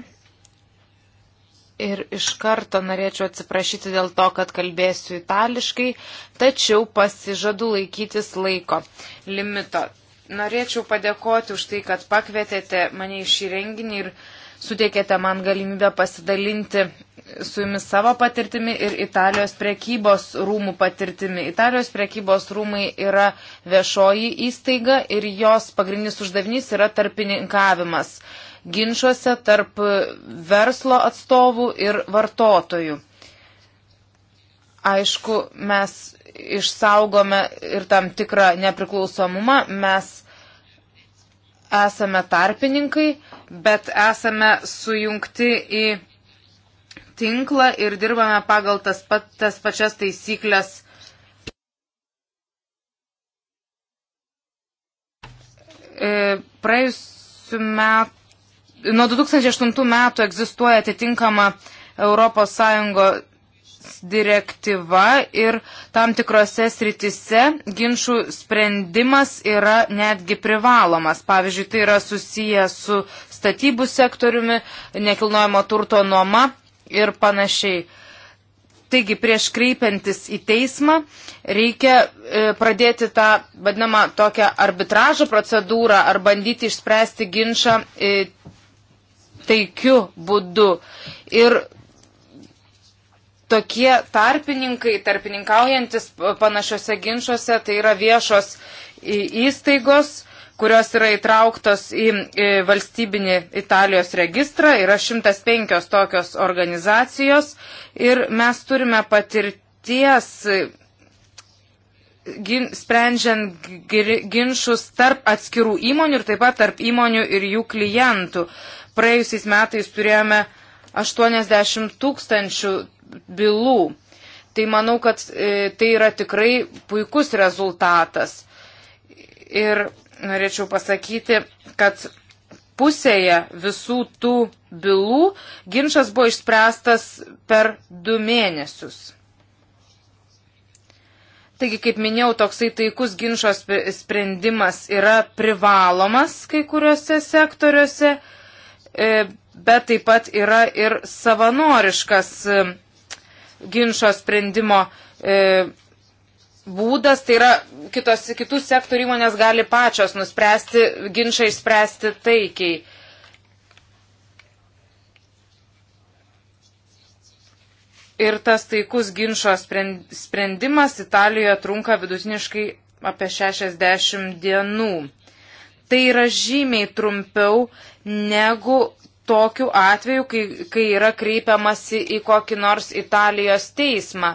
Ir iš karto norėčiau atsiprašyti dėl to, kad kalbėsiu itališkai, tačiau pasižadu laikytis laiko limito. Norėčiau padėkoti už tai, kad pakvietėte mane į šį renginį ir suteikėte man galimybę pasidalinti su jumis savo patirtimi ir Italijos prekybos rūmų patirtimi. Italijos prekybos rūmai yra viešoji įstaiga ir jos pagrindinis uždavinys yra tarpininkavimas ginčiuose tarp verslo atstovų ir vartotojų. Aišku, mes išsaugome ir tam tikrą nepriklausomumą, mes esame tarpininkai, bet esame sujungti į tinklą ir dirbame pagal tas, pat, tas pačias taisyklės. E, praėjusiu metu nuo 2008 metų egzistuoja atitinkama ES direktyva ir tam tikrose sritise ginčių sprendimas yra netgi privalomas. Pavyzdžiui, tai yra susiję su statybų sektoriumi, nekilnojamo turto nuoma ir panašiai. Taigi, prieš kreipiantis į teismą reikia e, pradėti tą, vadinamą, tokią arbitražo procedūrą ar bandyti išspręsti ginčą e, taikiu būdu. Ir tokie tarpininkai, tarpininkaujantis panašiose ginčiuose, tai yra viešos įstaigos, kurios yra įtrauktos į valstybinį Italijos registrą, yra 105 tokios organizacijos ir mes turime patirties gin, sprendžiant ginčius tarp atskirų įmonių ir taip pat tarp įmonių ir jų klientų. Uh, praėjusiais metais turėjome 80 tūkstančių bylų. Tai manau, kad e, tai yra tikrai puikus rezultatas. Ir norėčiau pasakyti, kad pusėje visų tų bylų ginčas buvo išspręstas per du mėnesius. Taigi, kaip minėjau, toksai taikus ginčio sprendimas yra privalomas kai kuriuose sektoriuose E, bet taip pat yra ir savanoriškas e, ginčio sprendimo e, būdas, tai yra kitos, kitų sektorių įmonės gali pačios nuspręsti, ginčą išspręsti taikiai. Ir tas taikus ginčio sprendimas Italijoje trunka vidutiniškai apie 60 dienų. Tai yra žymiai trumpiau negu tokiu atveju, kai, kai yra kreipiamasi į kokį nors Italijos teismą.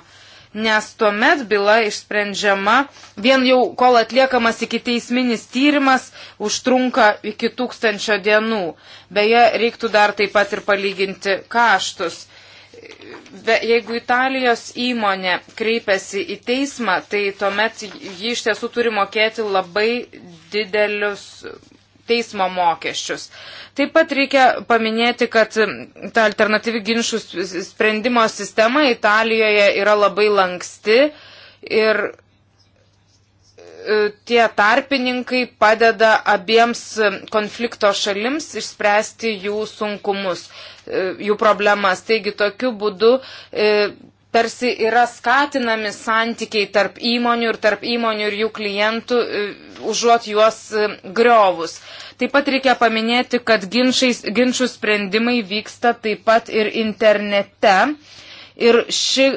Nes tuomet byla išsprendžiama, vien jau kol atliekamas iki teisminis tyrimas, užtrunka iki tūkstančio dienų. Beje, reiktų dar taip pat ir palyginti kaštus. Be, jeigu Italijos įmonė kreipiasi į teismą, tai tuomet ji iš tiesų turi mokėti labai didelius teismo mokesčius. Taip pat reikia paminėti, kad ta alternatyvi ginčių sprendimo sistema Italijoje yra labai lanksti ir e, tie tarpininkai padeda abiems konflikto šalims išspręsti jų sunkumus, e, jų problemas. Taigi tokiu būdu e, tarsi yra skatinami santykiai tarp įmonių ir tarp įmonių ir jų klientų, e, užuot juos e, griovus. Taip pat reikia paminėti, kad ginčiais, ginčių sprendimai vyksta taip pat ir internete. Ir ši,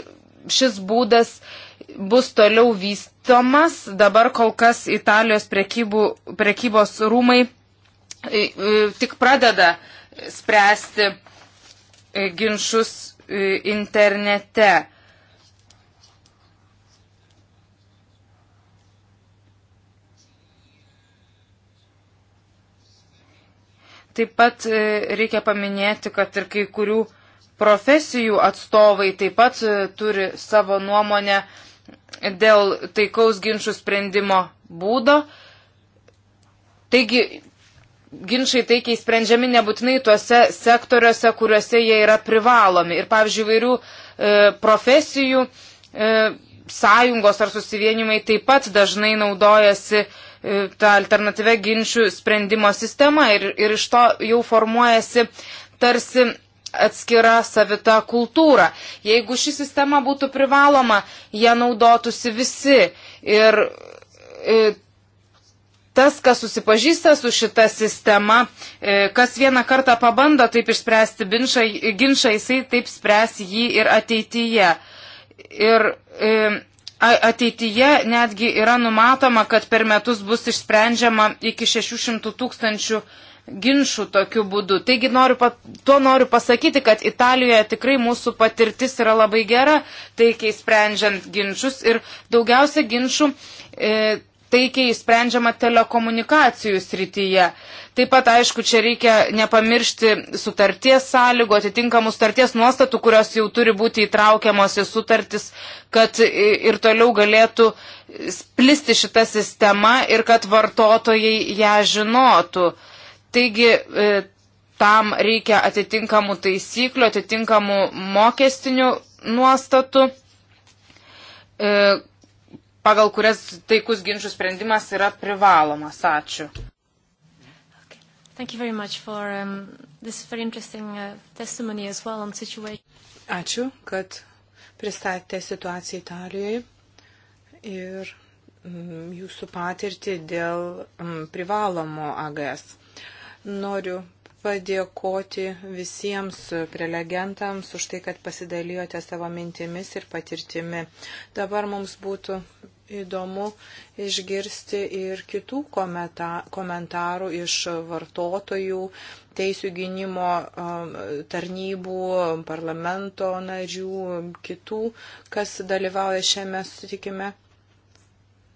šis būdas bus toliau vystomas. Dabar kol kas Italijos prekybų, prekybos rūmai e, tik pradeda spręsti ginčius E, internete. Taip pat e, reikia paminėti, kad ir kai kurių profesijų atstovai taip pat e, turi savo nuomonę dėl taikaus ginčių sprendimo būdo. Taigi ginčiai taikiai sprendžiami nebūtinai tuose sektoriuose, kuriuose jie yra privalomi. Ir, pavyzdžiui, vairių e, profesijų e, sąjungos ar susivienimai taip pat dažnai naudojasi e, tą alternatyvę ginčių sprendimo sistemą ir, ir iš to jau formuojasi tarsi atskira savita kultūra. Jeigu ši sistema būtų privaloma, ją naudotųsi visi. Ir, ir e, tas, kas susipažįsta su šita sistema, e, kas vieną kartą pabando taip išspręsti ginčą, ginčą jisai taip spręs jį ir ateityje. Ir e, ateityje netgi yra numatoma, kad per metus bus išsprendžiama iki 600 tūkstančių ginčių tokiu būdu. Taigi noriu, tuo noriu pasakyti, kad Italijoje tikrai mūsų patirtis yra labai gera, taikiai sprendžiant ginčius ir daugiausia ginčių e, taikiai sprendžiama telekomunikacijų srityje. Taip pat, aišku, čia reikia nepamiršti sutarties sąlygų, atitinkamų sutarties nuostatų, kurios jau turi būti įtraukiamos į sutartis, kad ir toliau galėtų plisti šita sistema ir kad vartotojai ją žinotų. Taigi, e, tam reikia atitinkamų taisyklių, atitinkamų mokestinių nuostatų e, pagal kurias taikus ginčių sprendimas yra privalomas. Ačiū. Okay. Thank you very much for um, this very interesting uh, testimony as well on situation. Ačiū, kad pristatėte situaciją Italijoje ir mm, jūsų patirtį dėl mm, privalomo AGS. Noriu padėkoti visiems prelegentams už tai, kad pasidalijote savo mintimis ir patirtimi. Dabar mums būtų įdomu išgirsti ir kitų komentarų iš vartotojų, teisų gynimo tarnybų, parlamento narių, kitų, kas dalyvauja šiame sutikime.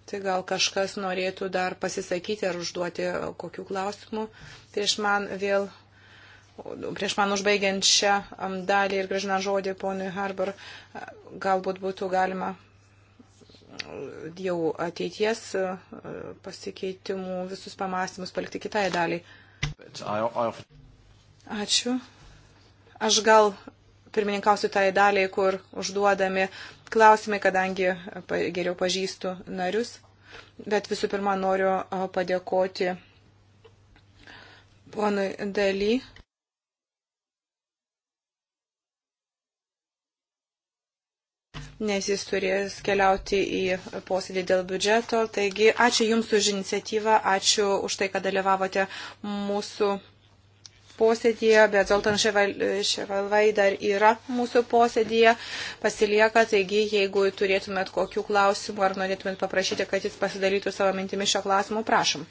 Tai gal kažkas norėtų dar pasisakyti ar užduoti kokių klausimų prieš man vėl, prieš man užbaigiant šią dalį ir gražiną žodį ponui Harbour, galbūt būtų galima jau ateities e, pasikeitimų visus pamastymus palikti kitai daliai. Ačiū. Aš gal pirmininkausiu tai daliai, kur užduodami klausimai, kadangi e, geriau pažįstu narius. Bet visų pirma, noriu e, padėkoti ponui Daly. Nes jis turės keliauti į posėdį dėl biudžeto. Taigi, ačiū Jums už iniciatyvą, ačiū už tai, kad dalyvavote mūsų posėdėje, bet Zoltan Ševalvai dar yra mūsų posėdėje, pasilieka, taigi jeigu turėtumėt kokių klausimų ar norėtumėt paprašyti, kad jis pasidalytų savo mintimi šio klausimu, prašom.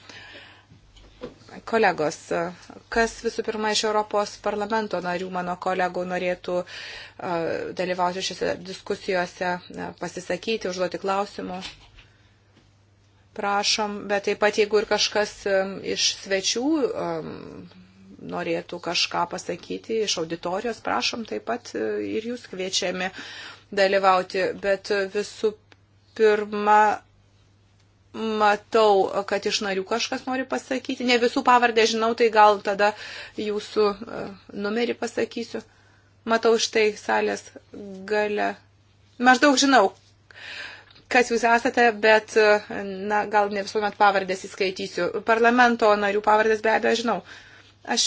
Kolegos, kas visų pirma iš Europos parlamento narių mano kolegų norėtų dalyvauti šiose diskusijose, pasisakyti, užduoti klausimų? Prašom, bet taip pat jeigu ir kažkas iš svečių norėtų kažką pasakyti iš auditorijos, prašom taip pat e, ir jūs kviečiami dalyvauti. Bet e, visų pirma, matau, kad iš narių kažkas nori pasakyti. Ne visų pavardę žinau, tai gal tada jūsų e, numerį pasakysiu. Matau štai salės gale. Maždaug žinau, kas jūs esate, bet na, gal ne visuomet pavardės įskaitysiu. Parlamento narių pavardės be abejo žinau. Uh, Aš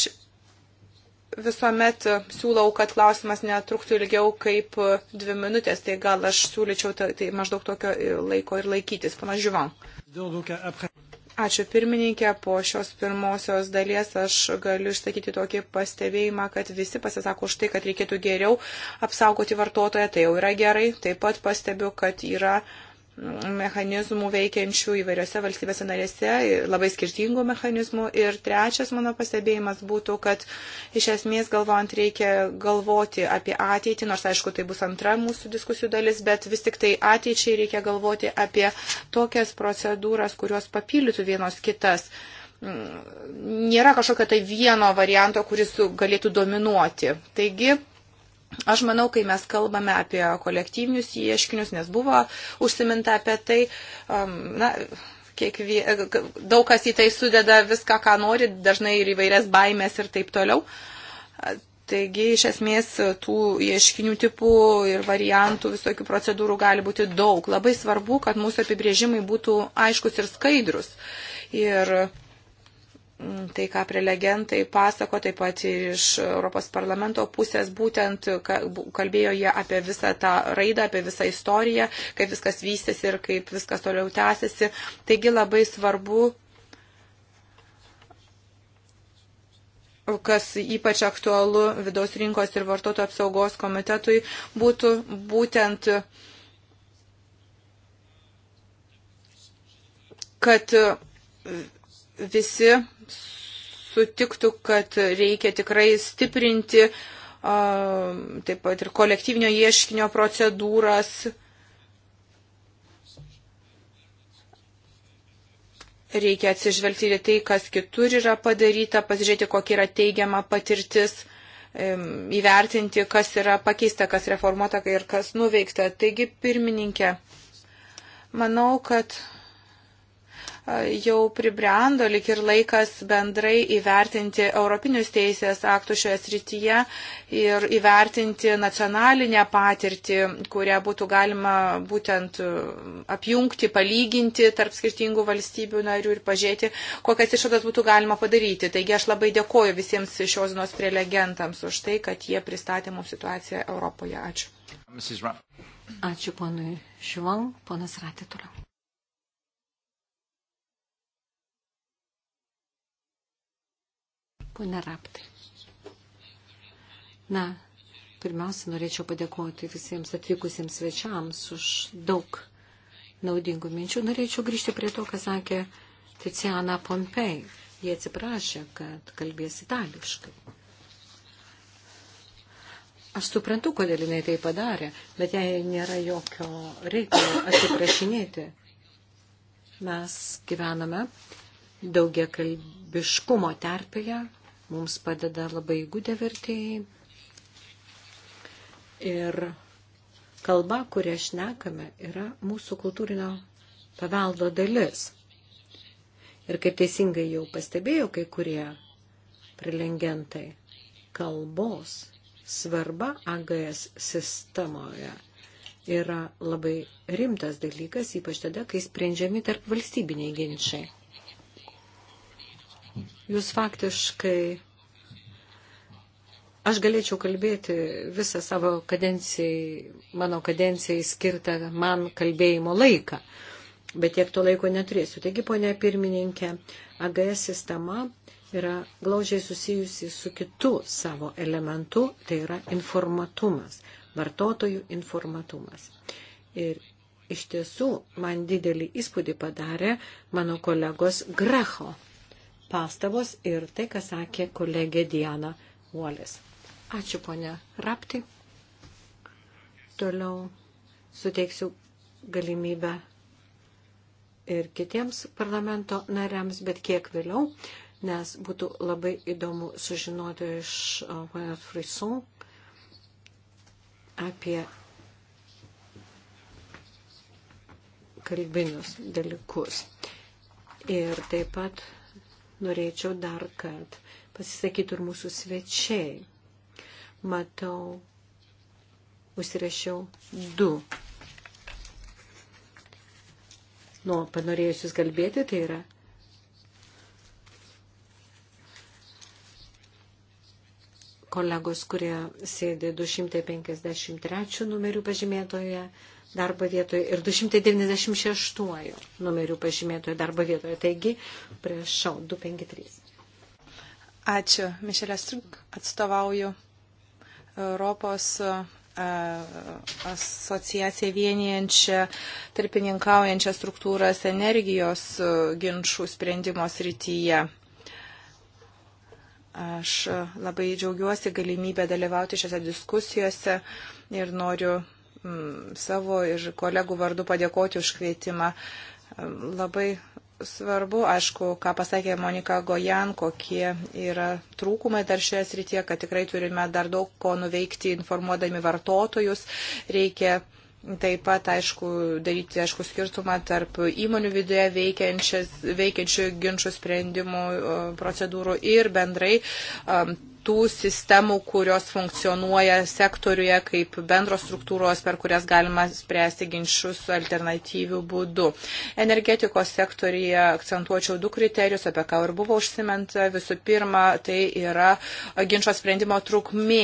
visuomet siūlau, kad klausimas netruktų ilgiau kaip dvi minutės, tai gal aš siūlyčiau tai maždaug tokio laiko ir laikytis, panažiuvam. Ačiū pirmininkė, po šios pirmosios dalies aš galiu išsakyti tokį pastebėjimą, kad visi pasisako už tai, kad reikėtų geriau apsaugoti vartotoją, tai jau yra gerai. Taip pat pastebiu, kad yra uh, mechanizmų veikiančių įvairiose valstybėse narėse, labai skirtingų mechanizmų. Ir trečias mano pastebėjimas būtų, kad iš esmės galvojant reikia galvoti apie ateitį, nors aišku, tai bus antra mūsų diskusijų dalis, bet vis tik tai ateičiai reikia galvoti apie tokias procedūras, kurios papildytų vienos kitas. Nėra kažkokio tai vieno varianto, kuris galėtų dominuoti. Taigi, Aš manau, kai mes kalbame apie kolektyvinius ieškinius, nes buvo užsiminta apie tai, um, na, kiekvie, daug kas į tai sudeda viską, ką nori, dažnai ir įvairias baimės ir taip toliau. Taigi, iš esmės, tų ieškinių tipų ir variantų visokių procedūrų gali būti daug. Labai svarbu, kad mūsų apibrėžimai būtų aiškus ir skaidrus. Ir tai, ką prelegentai pasako, taip pat ir iš Europos parlamento pusės būtent kalbėjo jie apie visą tą raidą, apie visą istoriją, kaip viskas vystėsi ir kaip viskas toliau tęsiasi. Taigi labai svarbu, kas ypač aktualu vidaus rinkos ir vartotojų apsaugos komitetui, būtų būtent kad visi sutiktų, kad reikia tikrai stiprinti taip pat ir kolektyvinio ieškinio procedūras. Reikia atsižvelgti į tai, kas kitur yra padaryta, pasižiūrėti, kokia yra teigiama patirtis įvertinti, kas yra pakeista, kas reformuota ir kas nuveikta. Taigi, pirmininkė, manau, kad jau pribrendo lik ir laikas bendrai įvertinti Europinius teisės aktų šioje srityje ir įvertinti nacionalinę patirtį, kurią būtų galima būtent e, apjungti, palyginti tarp skirtingų valstybių narių ir pažiūrėti, kokias išvadas būtų galima padaryti. Taigi aš labai dėkoju visiems šios dienos prelegentams už tai, kad jie pristatė mums situaciją Europoje. Ačiū. Ačiū ponui Švang, ponas Ratė toliau. Pone Raptai. Na, pirmiausia, norėčiau padėkoti visiems atvykusiems svečiams už daug naudingų minčių. Norėčiau grįžti prie to, ką sakė Tiziana Pompei. Jie atsiprašė, kad kalbės itališkai. Aš suprantu, kodėl jinai tai padarė, bet jai nėra jokio reikalo atsiprašinėti. Mes gyvename daugia kalbiškumo terpėje, Mums padeda labai įgūdę vertėjai. Ir kalba, kurią šnekame, yra mūsų kultūrinio paveldo dalis. Ir kaip teisingai jau pastebėjau kai kurie prilengentai, kalbos svarba AGS sistemoje yra labai rimtas dalykas, ypač tada, kai sprendžiami tarp valstybiniai ginčiai jūs faktiškai, aš galėčiau kalbėti visą savo kadencijai, mano kadencijai skirtą man kalbėjimo laiką, bet tiek to laiko neturėsiu. Taigi, ponia pirmininkė, AGS sistema yra glaužiai susijusi su kitu savo elementu, tai yra informatumas, vartotojų informatumas. Ir iš tiesų man didelį įspūdį padarė mano kolegos Gracho pastabos ir tai, ką sakė kolegė Diana Uolis. Ačiū, ponė Rapti. Toliau suteiksiu galimybę ir kitiems parlamento nariams, bet kiek vėliau, nes būtų labai įdomu sužinoti iš uh, ponės Frison apie kalbinius dalykus. Ir taip pat norėčiau dar, kad pasisakytų ir mūsų svečiai. Matau, užsirašiau du. Nu, panorėjusius kalbėti, tai yra kolegos, kurie sėdi 253 numerių pažymėtoje darbo vietoje ir 296 numerių pažymėtoje darbo vietoje. Taigi, prašau, 253. Ačiū. Mišelė Strug atstovauju Europos e, asociaciją vienijančią, tarpininkaujančią struktūras energijos e, ginčių sprendimo srityje. Aš labai džiaugiuosi galimybę dalyvauti šiose diskusijose ir noriu savo ir kolegų vardu padėkoti už kvietimą. Labai svarbu, aišku, ką pasakė Monika Gojan, kokie yra trūkumai dar šioje srityje, kad tikrai turime dar daug ko nuveikti informuodami vartotojus. Reikia Taip pat, aišku, daryti, aišku, skirtumą tarp įmonių viduje veikiančių ginčių sprendimų procedūrų ir bendrai um, tų sistemų, kurios funkcionuoja sektoriuje kaip bendros struktūros, per kurias galima spręsti ginčius alternatyvių būdų. Energetikos sektorija akcentuočiau du kriterijus, apie ką ir buvo užsiminta. Visų pirma, tai yra ginčio sprendimo trukmė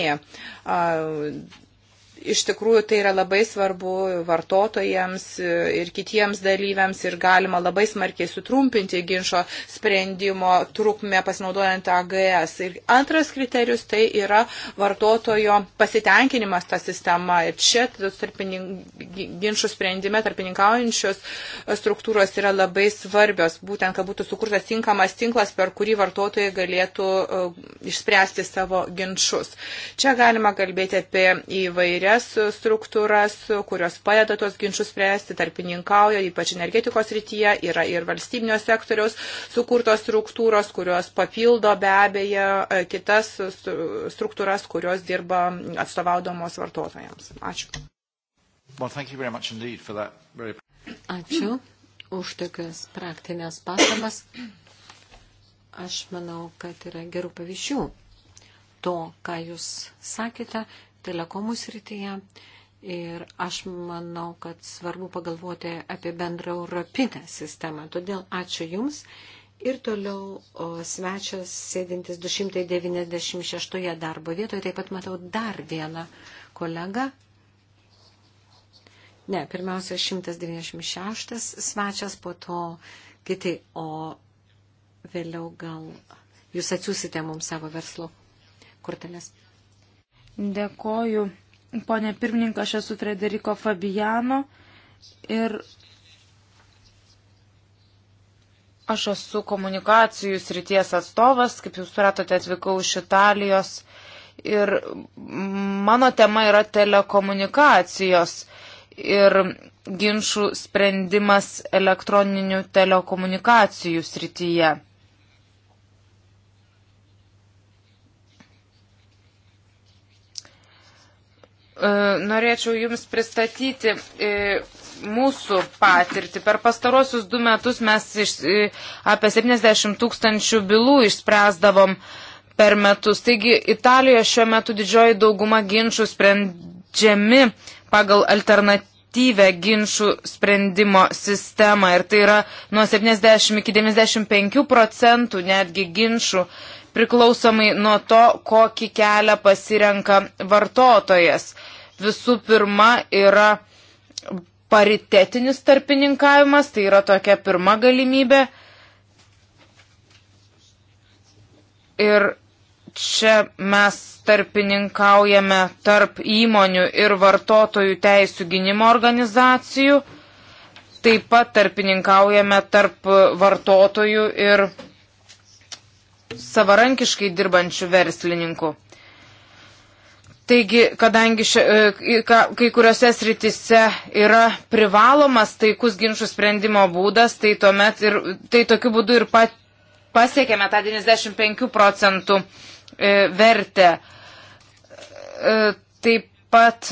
iš tikrųjų tai yra labai svarbu vartotojams ir kitiems dalyviams ir galima labai smarkiai sutrumpinti ginčio sprendimo trukmę pasinaudojant AGS. Ir antras kriterijus tai yra vartotojo pasitenkinimas tą sistemą. Ir čia ginčių sprendime tarpininkaujančios struktūros yra labai svarbios, būtent, kad būtų sukurtas tinkamas tinklas, per kurį vartotojai galėtų e, išspręsti savo ginčius. Čia galima kalbėti apie įvairią įvairias struktūras, kurios padeda tuos ginčius spręsti, tarpininkauja, ypač energetikos rytyje, yra ir valstybinio sektoriaus sukurtos struktūros, kurios papildo be abejo e, kitas struktūras, kurios dirba atstovaudomos vartotojams. Ačiū. Well, very... Ačiū už tokias praktinės pastabas. Aš manau, kad yra gerų pavyzdžių to, ką jūs sakėte telekomų srityje. Ir aš manau, kad svarbu pagalvoti apie bendrą europinę sistemą. Todėl ačiū Jums. Ir toliau o, svečias sėdintis 296 darbo vietoje. Taip pat matau dar vieną kolegą. Ne, pirmiausia 196 svečias, po to kiti, o vėliau gal jūs atsiusite mums savo verslo korteles. Dėkoju, ponė pirmininkas, aš esu Frederiko Fabijano ir aš esu komunikacijų srities atstovas, kaip jūs suratote, atvykau iš Italijos ir mano tema yra telekomunikacijos ir ginčių sprendimas elektroninių telekomunikacijų srityje. E, norėčiau Jums pristatyti e, mūsų patirtį. Per pastarosius du metus mes iš, e, apie 70 tūkstančių bylų išspręsdavom per metus. Taigi Italijoje šiuo metu didžioji dauguma ginčių sprendžiami pagal alternatyvę ginčių sprendimo sistemą. Ir tai yra nuo 70 iki 95 procentų netgi ginčių priklausomai nuo to, kokį kelią pasirenka vartotojas. Visų pirma yra paritetinis tarpininkavimas, tai yra tokia pirma galimybė. Ir čia mes tarpininkaujame tarp įmonių ir vartotojų teisų gynimo organizacijų, taip pat tarpininkaujame tarp vartotojų ir savarankiškai dirbančių verslininkų. Taigi, kadangi še, kai kuriuose sritise yra privalomas taikus ginčių sprendimo būdas, tai, tuomet ir, tai tokiu būdu ir pat, pasiekėme tą 95 procentų e, vertę. E, taip pat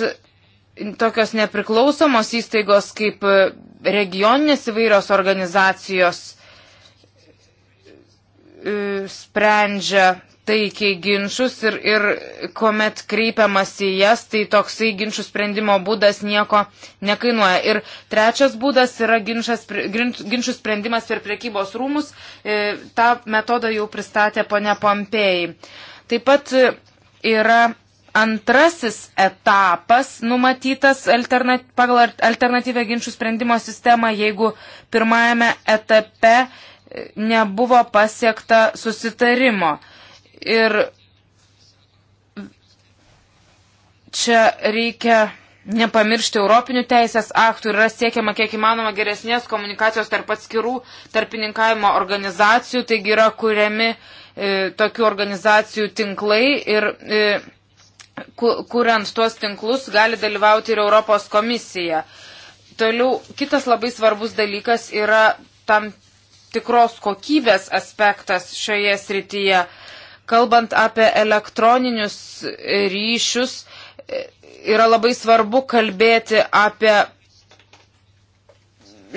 tokios nepriklausomos įstaigos kaip e, regioninės įvairios organizacijos E, sprendžia taikiai ginčius ir, ir kuomet kreipiamas į jas, tai toksai ginčių sprendimo būdas nieko nekainuoja. Ir trečias būdas yra ginčas, ginčių sprendimas per priekybos rūmus. E, Ta metoda jau pristatė ponia Pompėjai. Taip pat yra Antrasis etapas numatytas alternat, pagal alternatyvę ginčių sprendimo sistemą, jeigu pirmajame etape nebuvo pasiekta susitarimo. Ir čia reikia nepamiršti Europinių teisės aktų ir yra siekiama kiek įmanoma geresnės komunikacijos tarp atskirų tarpininkavimo organizacijų, taigi yra kuriami e, tokių organizacijų tinklai ir e, kuriant tuos tinklus gali dalyvauti ir Europos komisija. Toliau kitas labai svarbus dalykas yra tam tikros kokybės aspektas šioje srityje. Kalbant apie elektroninius ryšius, yra labai svarbu kalbėti apie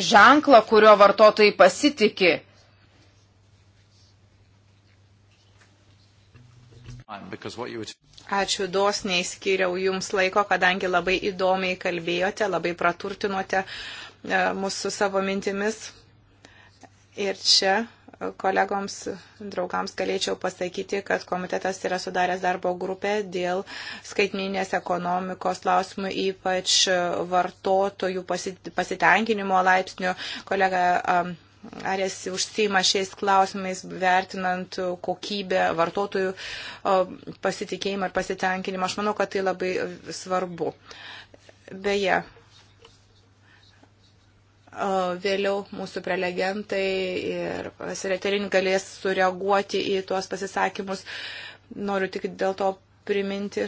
ženklą, kurio vartotojai pasitikė. Ačiū dosniai skiriau Jums laiko, kadangi labai įdomiai kalbėjote, labai praturtinote e, mūsų savo mintimis. Ir čia e, kolegoms, draugams galėčiau pasakyti, kad komitetas yra sudaręs darbo grupę dėl skaitminės ekonomikos klausimų, ypač e, vartotojų pasitenkinimo laipsnių. Kolega ar esi užsima šiais klausimais, vertinant kokybę vartotojų pasitikėjimą ir pasitenkinimą. Aš manau, kad tai labai e, svarbu. Beje, Vėliau mūsų prelegentai ir pasireterin galės sureaguoti į tuos pasisakymus. Noriu tik dėl to priminti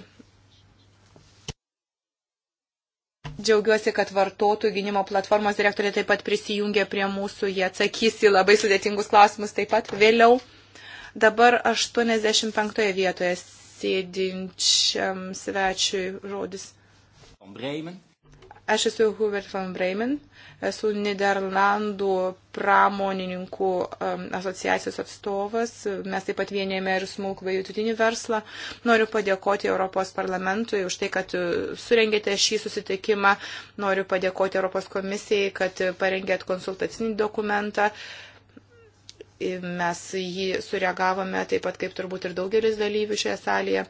Džiaugiuosi, kad vartotojų gynimo platformos direktorė taip pat prisijungė prie mūsų, jie atsakys į labai sudėtingus klausimus taip pat vėliau. Dabar 85 vietoje sėdinčiam svečiui žodis. Aš esu Hubert von Bremen. Esu Niderlandų pramonininkų um, asociacijos atstovas. Mes taip pat vienėme ir smulkų bei vidutinį verslą. Noriu padėkoti Europos parlamentui už tai, kad uh, surengėte šį susitikimą. Noriu padėkoti Europos komisijai, kad uh, parengėt konsultacinį dokumentą mes jį sureagavome taip pat kaip turbūt ir daugelis dalyvių šioje salėje.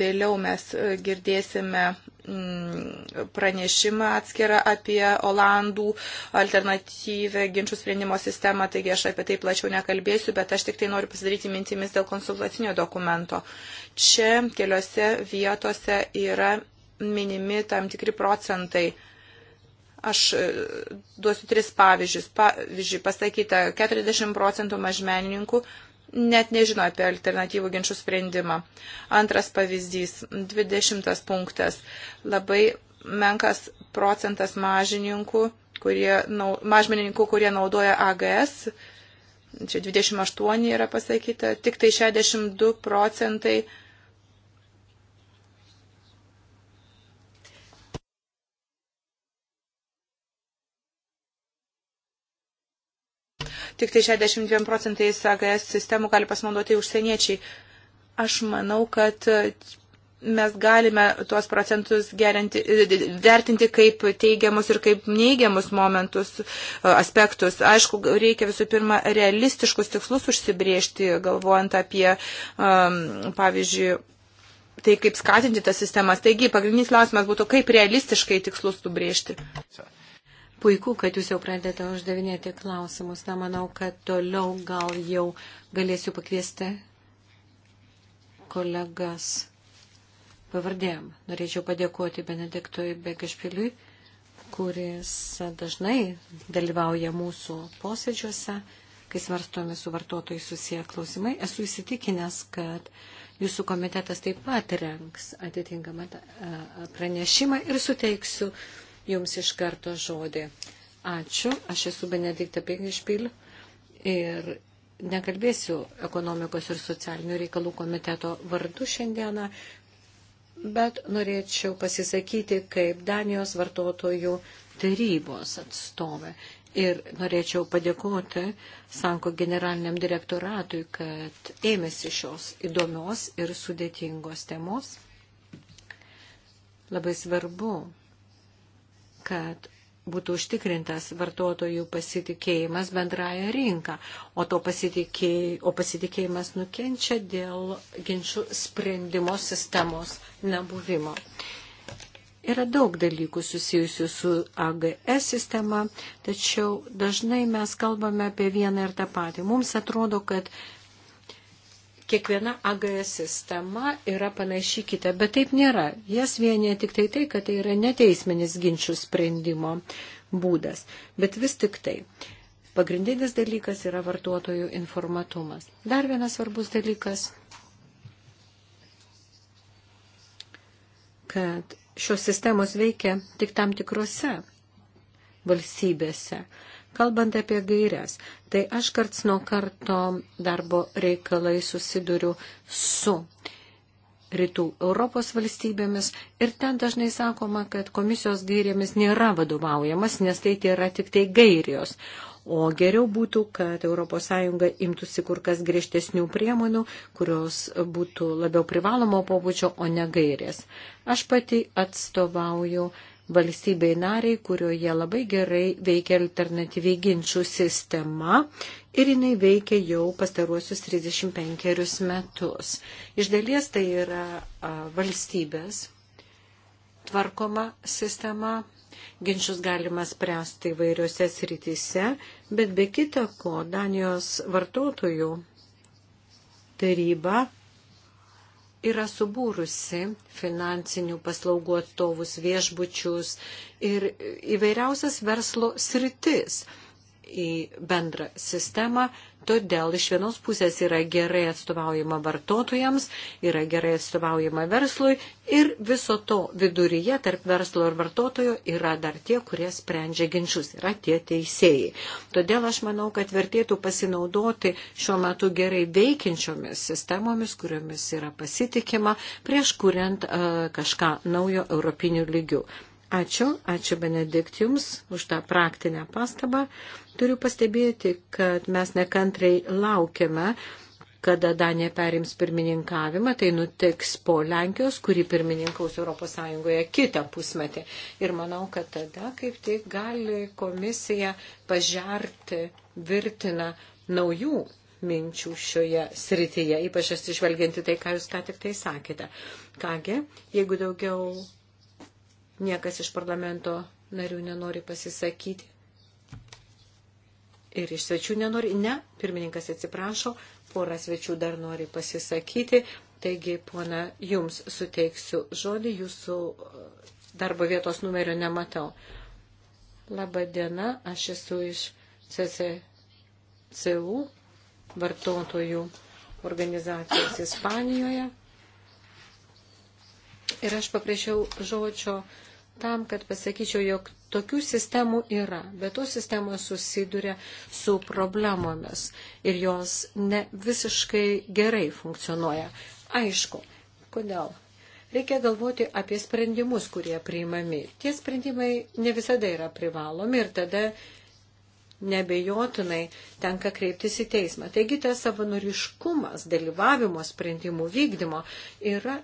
Vėliau mes uh, girdėsime Mm, pranešimą atskirą apie Olandų alternatyvę ginčių sprendimo sistemą, taigi aš apie tai plačiau nekalbėsiu, bet aš tik tai noriu pasidaryti mintimis dėl konsultacinio dokumento. Čia keliose vietose yra minimi tam tikri procentai. Aš e, duosiu tris pavyzdžius. Pavyzdžiui, pasakyta, 40 procentų mažmenininkų net nežino apie alternatyvų ginčių sprendimą. Antras pavyzdys, 20 punktas. Labai menkas procentas mažininkų, kurie, mažmenininkų, kurie naudoja AGS, čia 28 yra pasakyta, tik tai 62 procentai tik tai 62 procentais AGS sistemų gali pasinaudoti užsieniečiai. Aš manau, kad e, mes galime tuos procentus gerinti, e, vertinti kaip teigiamus ir kaip neigiamus momentus, e, aspektus. Aišku, reikia visų pirma realistiškus tikslus užsibriežti, galvojant apie, pavyzdžiui, tai kaip skatinti tas sistemas. Taigi, pagrindinis klausimas būtų, kaip realistiškai tikslus nubriežti. So. Puiku, kad jūs jau pradėte uždavinėti klausimus. Na, manau, kad toliau gal jau galėsiu pakviesti kolegas pavardėm. Norėčiau padėkoti Benediktui Bekašpiliui, kuris dažnai dalyvauja mūsų posėdžiuose, kai svarstomi su vartotojai susiję klausimai. Esu įsitikinęs, kad jūsų komitetas taip pat renks atitinkamą pranešimą ir suteiksiu jums iš karto žodį. Ačiū, aš esu Benediktė Pignišpil ir nekalbėsiu ekonomikos ir socialinių reikalų komiteto vardu šiandieną, bet norėčiau pasisakyti kaip Danijos vartotojų tarybos atstovė. Ir norėčiau padėkoti Sanko generaliniam direktoratui, kad ėmėsi šios įdomios ir sudėtingos temos. Labai svarbu kad būtų užtikrintas vartotojų pasitikėjimas bendraja rinka, o, pasitikėj, o pasitikėjimas nukenčia dėl ginčių sprendimo sistemos nebuvimo. Yra daug dalykų susijusių su AGS sistema, tačiau dažnai mes kalbame apie vieną ir tą patį. Mums atrodo, kad kiekviena AGS sistema yra panaši kita, bet taip nėra. Jas vienyje tik tai tai, kad tai yra neteisminis ginčių sprendimo būdas. Bet vis tik tai. Pagrindinis dalykas yra vartotojų informatumas. Dar vienas svarbus dalykas, kad šios sistemos veikia tik tam tikrose valstybėse. Kalbant apie gairias, tai aš karts nuo karto darbo reikalai susiduriu su rytų Europos valstybėmis ir ten dažnai sakoma, kad komisijos gairėmis nėra vadovaujamas, nes tai yra tik tai gairijos. O geriau būtų, kad ES imtųsi kur kas griežtesnių priemonių, kurios būtų labiau privalomo pobūdžio, o ne gairės. Aš pati atstovauju valstybei nariai, kurioje labai gerai veikia alternatyviai ginčių sistema ir jinai veikia jau pastaruosius 35 metus. Iš dalies tai yra valstybės tvarkoma sistema. Ginčius galima spręsti įvairiose srityse, bet be kita ko Danijos vartotojų taryba yra subūrusi finansinių paslaugų atstovus, viešbučius ir įvairiausias verslo sritis į bendrą sistemą, todėl iš vienos pusės yra gerai atstovaujama vartotojams, yra gerai atstovaujama verslui ir viso to viduryje tarp verslo ir vartotojo yra dar tie, kurie sprendžia ginčius, yra tie teisėjai. Todėl aš manau, kad vertėtų pasinaudoti šiuo metu gerai veikiančiomis sistemomis, kuriomis yra pasitikima, prieš kuriant uh, kažką naujo europinių lygių. Ačiū, ačiū Benedikt Jums už tą praktinę pastabą. Turiu pastebėti, kad mes nekantrai laukiame, kada Danija perims pirmininkavimą, tai nutiks po Lenkijos, kuri pirmininkaus ES kitą pusmetį. Ir manau, kad tada kaip tik gali komisija pažerti virtiną naujų minčių šioje srityje, ypač atsižvelgianti tai, ką jūs ką tik tai sakėte. Kągi, jeigu daugiau Niekas iš parlamento narių nenori pasisakyti. Ir iš svečių nenori. Ne, pirmininkas atsiprašo, pora svečių dar nori pasisakyti. Taigi, pona, jums suteiksiu žodį, jūsų uh, darbo vietos numerio nematau. Labą dieną, aš esu iš CCCU vartotojų organizacijos Ispanijoje. Ir aš paprašiau žodžio tam, kad pasakyčiau, jog tokių sistemų yra, bet tos sistemos susiduria su problemomis ir jos ne visiškai gerai funkcionuoja. Aišku, kodėl? Reikia galvoti apie sprendimus, kurie priimami. Tie sprendimai ne visada yra privalomi ir tada nebejotinai tenka kreiptis į teismą. Taigi tas savanoriškumas dalyvavimo sprendimų vykdymo yra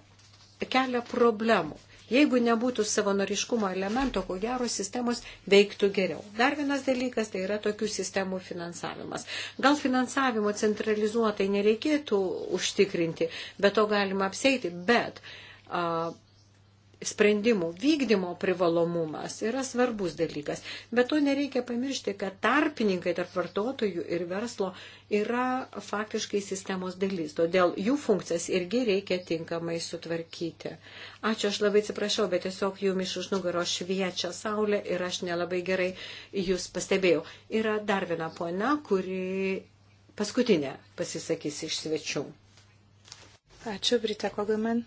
kelia problemų. Jeigu nebūtų savanoriškumo elemento, ko gero sistemos veiktų geriau. Dar vienas dalykas tai yra tokių sistemų finansavimas. Gal finansavimo centralizuotai nereikėtų užtikrinti, bet to galima apseiti, bet. Uh, sprendimų vykdymo privalomumas yra svarbus dalykas. Bet to nereikia pamiršti, kad tarpininkai tarp vartotojų ir verslo yra faktiškai sistemos dalis. Todėl jų funkcijas irgi reikia tinkamai sutvarkyti. Ačiū, aš labai atsiprašau, bet tiesiog jum iš už nugaro šviečia saulė ir aš nelabai gerai jūs pastebėjau. Yra dar viena pona, kuri paskutinė pasisakys iš svečių. Ačiū, Brita Kogaman.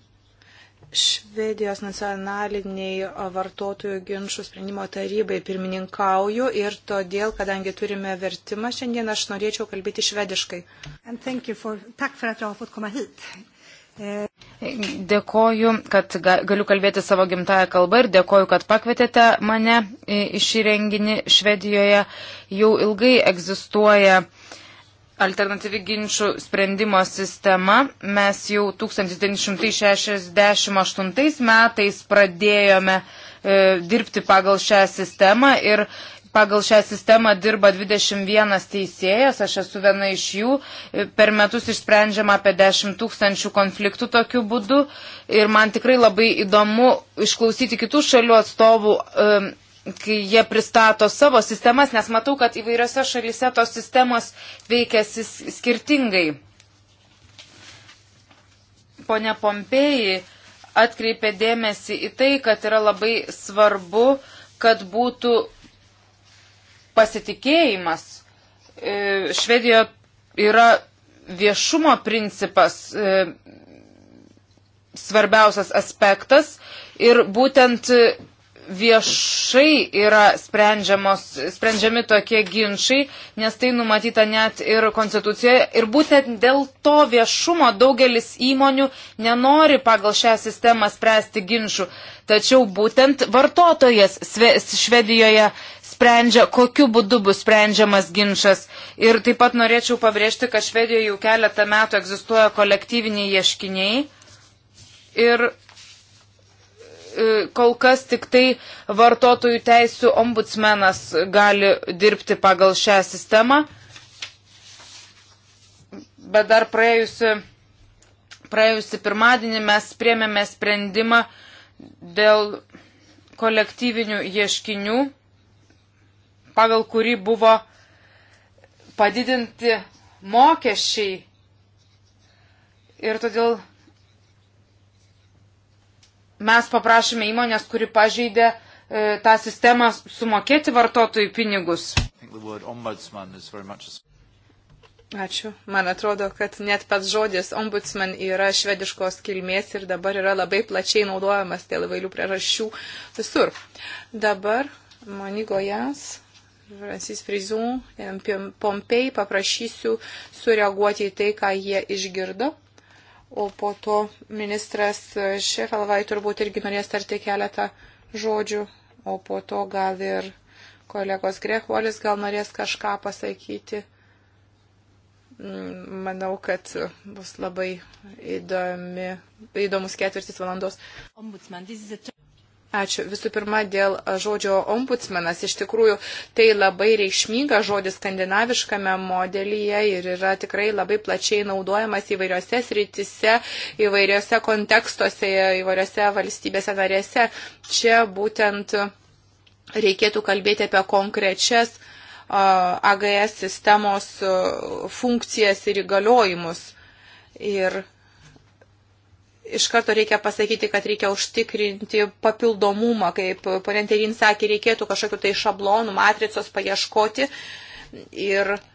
Švedijos nacionaliniai vartotojų ginčių sprendimo tarybai pirmininkauju ir todėl, kadangi turime vertimą, šiandien aš norėčiau kalbėti švediškai. For, for eh, dėkoju, kad galiu kalbėti savo gimtają kalbą ir dėkoju, kad pakvietėte mane į šį renginį Švedijoje. Jau ilgai egzistuoja uh, alternatyvi ginčių sprendimo sistema. Mes jau 1968 metais pradėjome e, dirbti pagal šią sistemą ir pagal šią sistemą dirba 21 teisėjas, aš esu viena iš jų, e, per metus išsprendžiama apie 10 tūkstančių konfliktų tokiu būdu ir man tikrai labai įdomu išklausyti kitų šalių atstovų. E, kai jie pristato savo sistemas, nes matau, kad įvairiose šalyse tos sistemos veikia skirtingai. Pone Pompėjai atkreipė dėmesį į tai, kad yra labai svarbu, kad būtų pasitikėjimas. E, Švedijoje yra viešumo principas e, svarbiausias aspektas ir būtent viešai yra sprendžiami tokie ginčiai, nes tai numatyta net ir konstitucijoje. Ir būtent dėl to viešumo daugelis įmonių nenori pagal šią sistemą spręsti ginčių. Tačiau būtent vartotojas Švedijoje sprendžia, kokiu būdu bus sprendžiamas ginčas. Ir taip pat norėčiau pabrėžti, kad Švedijoje jau keletą metų egzistuoja kolektyviniai ieškiniai. Ir E, kol kas tik tai vartotojų teisų ombudsmenas gali dirbti pagal šią sistemą. Bet dar praėjusi, praėjusi pirmadienį mes priemėme sprendimą dėl kolektyvinių ieškinių, pagal kurį buvo padidinti mokesčiai. Ir todėl mes paprašėme įmonės, kuri pažeidė e, tą sistemą, sumokėti vartotojų pinigus. Ačiū. Man atrodo, kad net pats žodis ombudsman yra švediškos kilmės ir dabar yra labai plačiai naudojamas dėl įvairių priežasčių visur. Dabar Monigo Jans. Francis Frizų, Pompei paprašysiu sureaguoti į tai, ką jie išgirdo o po to ministras Šefalvai turbūt irgi norės tarti keletą žodžių, o po to gal ir kolegos Grehuolis gal norės kažką pasakyti. Mm, manau, kad bus labai įdomi, įdomus ketvirtis valandos. Ačiū. Visų pirma, dėl žodžio ombudsmenas. Iš tikrųjų, tai labai reikšminga žodis skandinaviškame modelyje ir yra tikrai labai plačiai naudojamas įvairiose sritise, įvairiose kontekstuose, įvairiose valstybėse narėse. Čia būtent reikėtų kalbėti apie konkrečias AGS sistemos funkcijas ir įgaliojimus. Ir iš karto reikia pasakyti, kad reikia užtikrinti papildomumą, kaip ponenterin sakė, reikėtų kažkokiu tai šablonų, matricos paieškoti. Ir uh,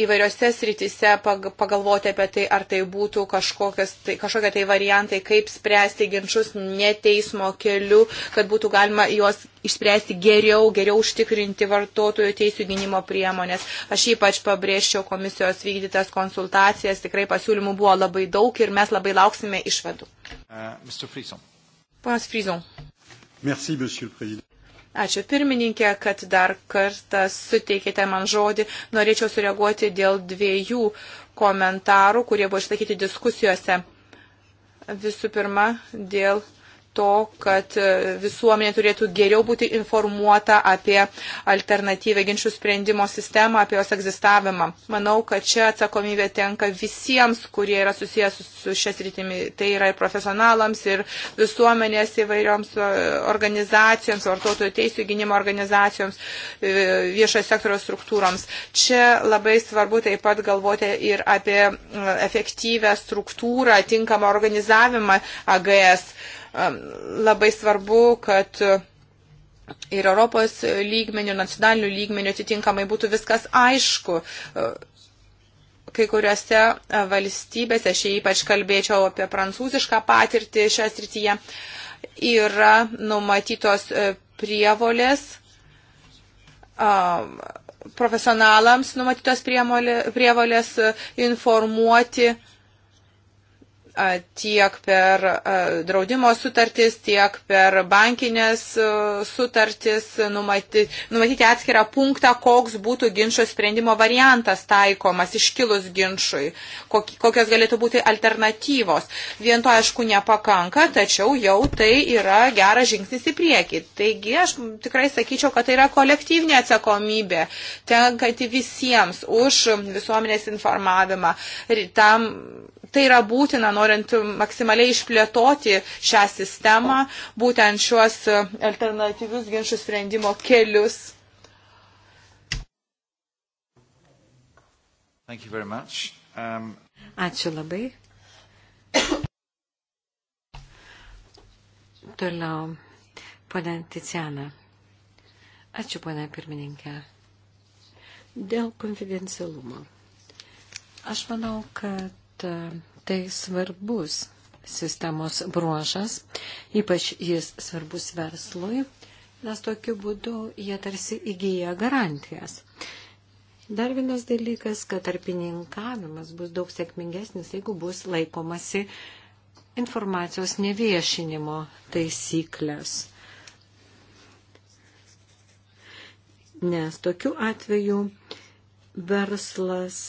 įvairiose sritise pagalvoti apie tai, ar tai būtų tai, kažkokie tai variantai, kaip spręsti ginčius ne teismo keliu, kad būtų galima juos išspręsti geriau, geriau užtikrinti vartotojų teisų gynimo priemonės. Aš ypač pabrėžčiau komisijos vykdytas konsultacijas, tikrai pasiūlymų buvo labai daug ir mes labai lauksime išvadų. Uh, Ponas Frizon. Merci, monsieur le président. Ačiū pirmininkė, kad dar kartą suteikėte man žodį. Norėčiau sureaguoti dėl dviejų komentarų, kurie buvo išsakyti diskusijose. Visų pirma, dėl to, kad e, visuomenė turėtų geriau būti informuota apie alternatyvę ginčių sprendimo sistemą, apie jos egzistavimą. Manau, kad čia atsakomybė tenka visiems, kurie yra susijęs su šias rytimi. Tai yra ir profesionalams, ir visuomenės įvairioms e, organizacijoms, vartotojų teisų gynimo organizacijoms, e, viešojo sektoriaus struktūroms. Čia labai svarbu taip pat galvoti ir apie efektyvę struktūrą, tinkamą organizavimą AGS. Labai svarbu, kad ir Europos lygmenių, nacionalinių lygmenių atitinkamai būtų viskas aišku. Kai kuriuose valstybėse, aš ypač kalbėčiau apie prancūzišką patirtį šią srityje, yra numatytos e, prievolės profesionalams numatytos prievolės informuoti uh, tiek per draudimo sutartis, tiek per bankinės sutartis numatyti, numatyti atskirą punktą, koks būtų ginčio sprendimo variantas taikomas iškilus ginčui, kokios galėtų būti alternatyvos. Vien to aišku nepakanka, tačiau jau tai yra geras žingsnis į priekį. Taigi aš tikrai sakyčiau, kad tai yra kolektyvinė atsakomybė, tenkanti visiems už visuomenės informavimą. Tam tai yra būtina, norint maksimaliai išplėtoti šią sistemą, būtent šiuos e, alternatyvius ginčių sprendimo kelius. Um... Ačiū labai. Toliau, ponė Ticiana. Ačiū, ponė pirmininkė. Dėl konfidencialumo. Aš manau, kad kad e, tai svarbus sistemos bruožas, ypač jis svarbus verslui, nes tokiu būdu jie tarsi įgyja garantijas. Dar vienas dalykas, kad tarpininkavimas bus daug sėkmingesnis, jeigu bus laikomasi informacijos neviešinimo taisyklės. Nes tokiu atveju verslas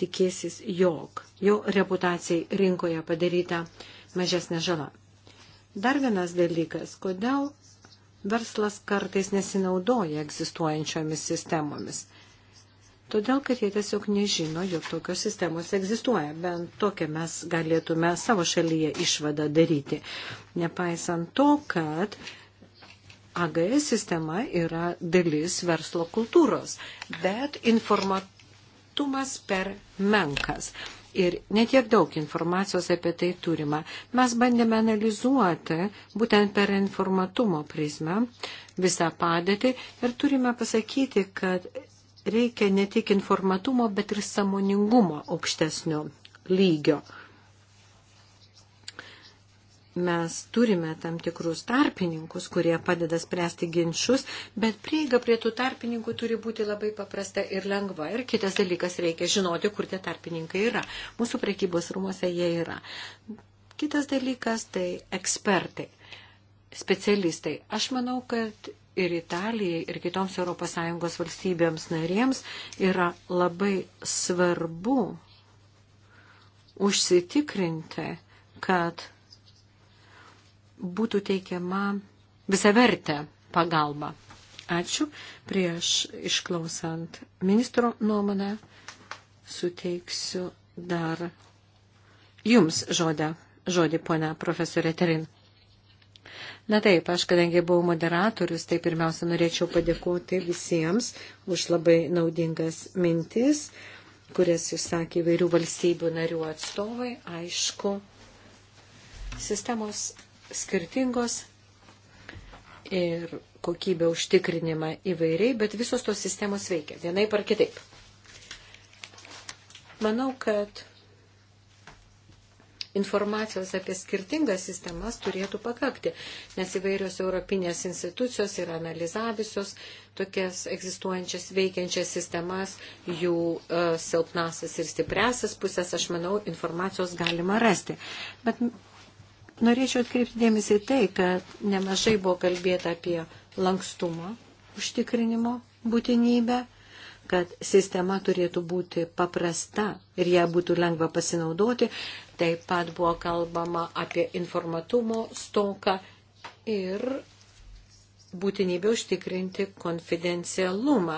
tikėsis, jog jo reputacijai rinkoje padaryta mažesnė žala. Dar vienas dalykas, kodėl verslas kartais nesinaudoja egzistuojančiomis sistemomis. Todėl, kad jie tiesiog nežino, jog tokios sistemos egzistuoja. Bent tokią mes galėtume savo šalyje išvadą daryti. Nepaisant to, kad AGS sistema yra dalis verslo kultūros, bet informat privatumas per menkas. Ir netiek daug informacijos apie tai turima. Mes bandėme analizuoti būtent per informatumo prizmę visą padėtį ir turime pasakyti, kad reikia ne tik informatumo, bet ir samoningumo aukštesnio lygio mes turime tam tikrus tarpininkus, kurie padeda spręsti ginčius, bet prieiga prie tų tarpininkų turi būti labai paprasta ir lengva. Ir kitas dalykas, reikia žinoti, kur tie tarpininkai yra. Mūsų prekybos rūmose jie yra. Kitas dalykas tai ekspertai, specialistai. Aš manau, kad ir Italijai, ir kitoms ES valstybėms narėms yra labai svarbu užsitikrinti, kad būtų teikiama visavertė pagalba. Ačiū. Prieš išklausant ministro nuomonę suteiksiu dar jums žodę, žodį, ponia profesorė Terin. Na taip, aš kadangi buvau moderatorius, tai pirmiausia norėčiau padėkoti visiems už labai naudingas mintis, kurias išsakė įvairių valstybių narių atstovai. Aišku, sistemos skirtingos ir kokybę užtikrinimą įvairiai, bet visos tos sistemos veikia vienaip ar kitaip. Manau, kad informacijos apie skirtingas sistemas turėtų pakakti, nes įvairios europinės institucijos yra analizavusios tokias egzistuojančias veikiančias sistemas, jų uh, e, silpnasias ir stipresias pusės, aš manau, informacijos galima rasti. Bet Norėčiau atkreipti dėmesį tai, kad nemažai buvo kalbėta apie lankstumą užtikrinimo būtinybę, kad sistema turėtų būti paprasta ir ją būtų lengva pasinaudoti. Taip pat buvo kalbama apie informatumo stoką ir būtinybę užtikrinti konfidencialumą.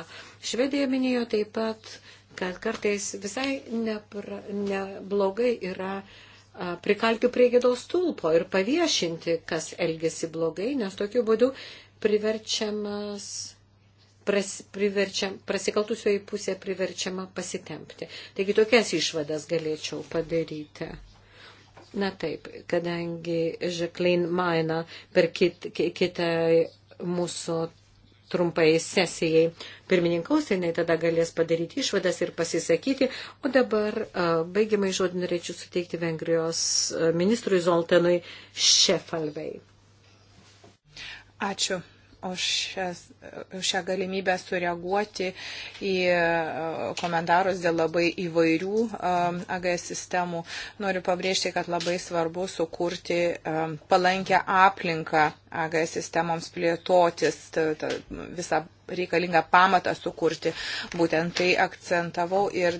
Švedija minėjo taip pat, kad kartais visai nepra, neblogai yra uh, prikalkių prie gėdos stulpo ir paviešinti, kas elgesi blogai, nes tokiu būdu priverčiamas pras, priverčiam, prasikaltusioji pusė priverčiama pasitempti. Taigi tokias išvadas galėčiau padaryti. Na taip, kadangi Žaklin Maina per kit, kitą mūsų trumpai sesijai pirmininkaus, jinai tada galės padaryti išvadas ir pasisakyti. O dabar baigiamai žodį norėčiau suteikti Vengrijos ministrui Zoltanui Šefalvei. Ačiū už, šias, už šią galimybę sureaguoti į e, komentarus dėl labai įvairių e, AGS sistemų. Noriu pabrėžti, kad labai svarbu sukurti e, palankę aplinką AGS sistemoms plėtotis, visą reikalingą pamatą sukurti. Būtent tai akcentavau ir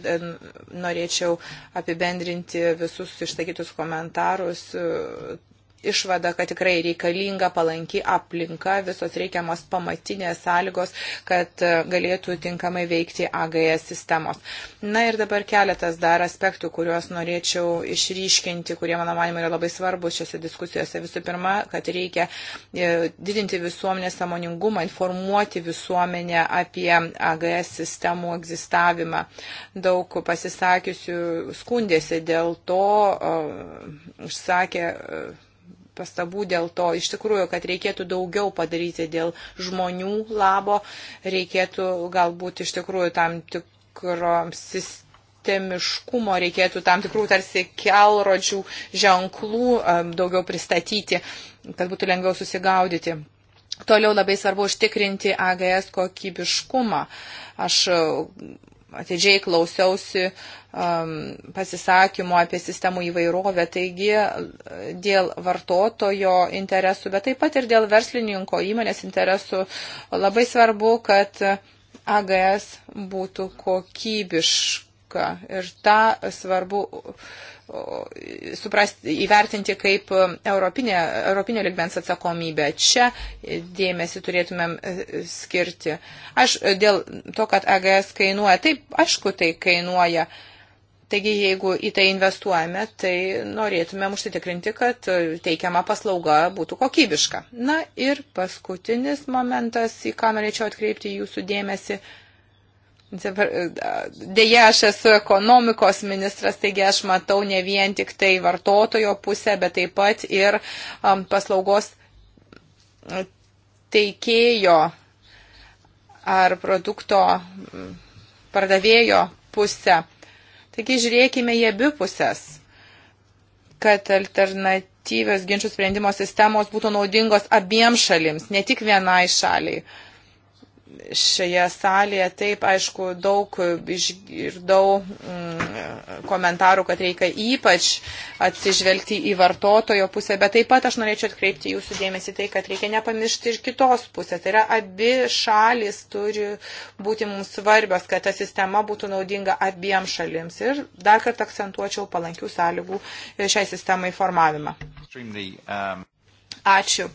norėčiau apibendrinti visus išsakytus komentarus išvada, kad tikrai reikalinga palanki aplinka, visos reikiamos pamatinės sąlygos, kad e, galėtų tinkamai veikti AGS sistemos. Na ir dabar keletas dar aspektų, kuriuos norėčiau išryškinti, kurie mano manimo yra labai svarbus šiose diskusijose. Visų pirma, kad reikia e, didinti visuomenės samoningumą, informuoti visuomenę apie AGS sistemų egzistavimą. Daug pasisakysiu skundėsi dėl to, išsakė. E, uh, pastabų dėl to, iš tikrųjų, kad reikėtų daugiau padaryti dėl žmonių labo, reikėtų galbūt iš tikrųjų tam tikrom sistemom sistemiškumo reikėtų tam tikrų tarsi kelrodžių ženklų daugiau pristatyti, kad būtų lengviau susigaudyti. Toliau labai svarbu užtikrinti AGS kokybiškumą. Aš atidžiai klausiausi um, pasisakymų apie sistemų įvairovę, taigi dėl vartotojo interesų, bet taip pat ir dėl verslininko įmonės interesų labai svarbu, kad AGS būtų kokybiška ir tą svarbu suprasti, įvertinti kaip europinė, europinio ligmens atsakomybę. Čia dėmesį turėtumėm e, e, skirti. Aš e, dėl to, kad AGS kainuoja, taip, aišku, tai kainuoja. Taigi, jeigu į tai investuojame, tai norėtumėm užsitikrinti, kad teikiama paslauga būtų kokybiška. Na ir paskutinis momentas, į ką norėčiau atkreipti jūsų dėmesį. Deja, aš esu ekonomikos ministras, taigi aš matau ne vien tik tai vartotojo pusę, bet taip pat ir paslaugos e, teikėjo ar produkto pardavėjo pusę. Taigi žiūrėkime į abi pusės, kad alternatyvios ginčių sprendimo sistemos būtų naudingos abiems šalims, ne tik vienai šaliai šioje salėje. Taip, aišku, daug išgirdau mm, komentarų, kad reikia ypač atsižvelgti į vartotojo pusę, bet taip pat aš norėčiau atkreipti jūsų dėmesį tai, kad reikia nepamiršti ir kitos pusės. Tai yra abi šalis turi būti mums svarbios, kad ta sistema būtų naudinga abiem šalims. Ir dar kartą akcentuočiau palankių sąlygų šiai sistemai formavimą. Um, Ačiū.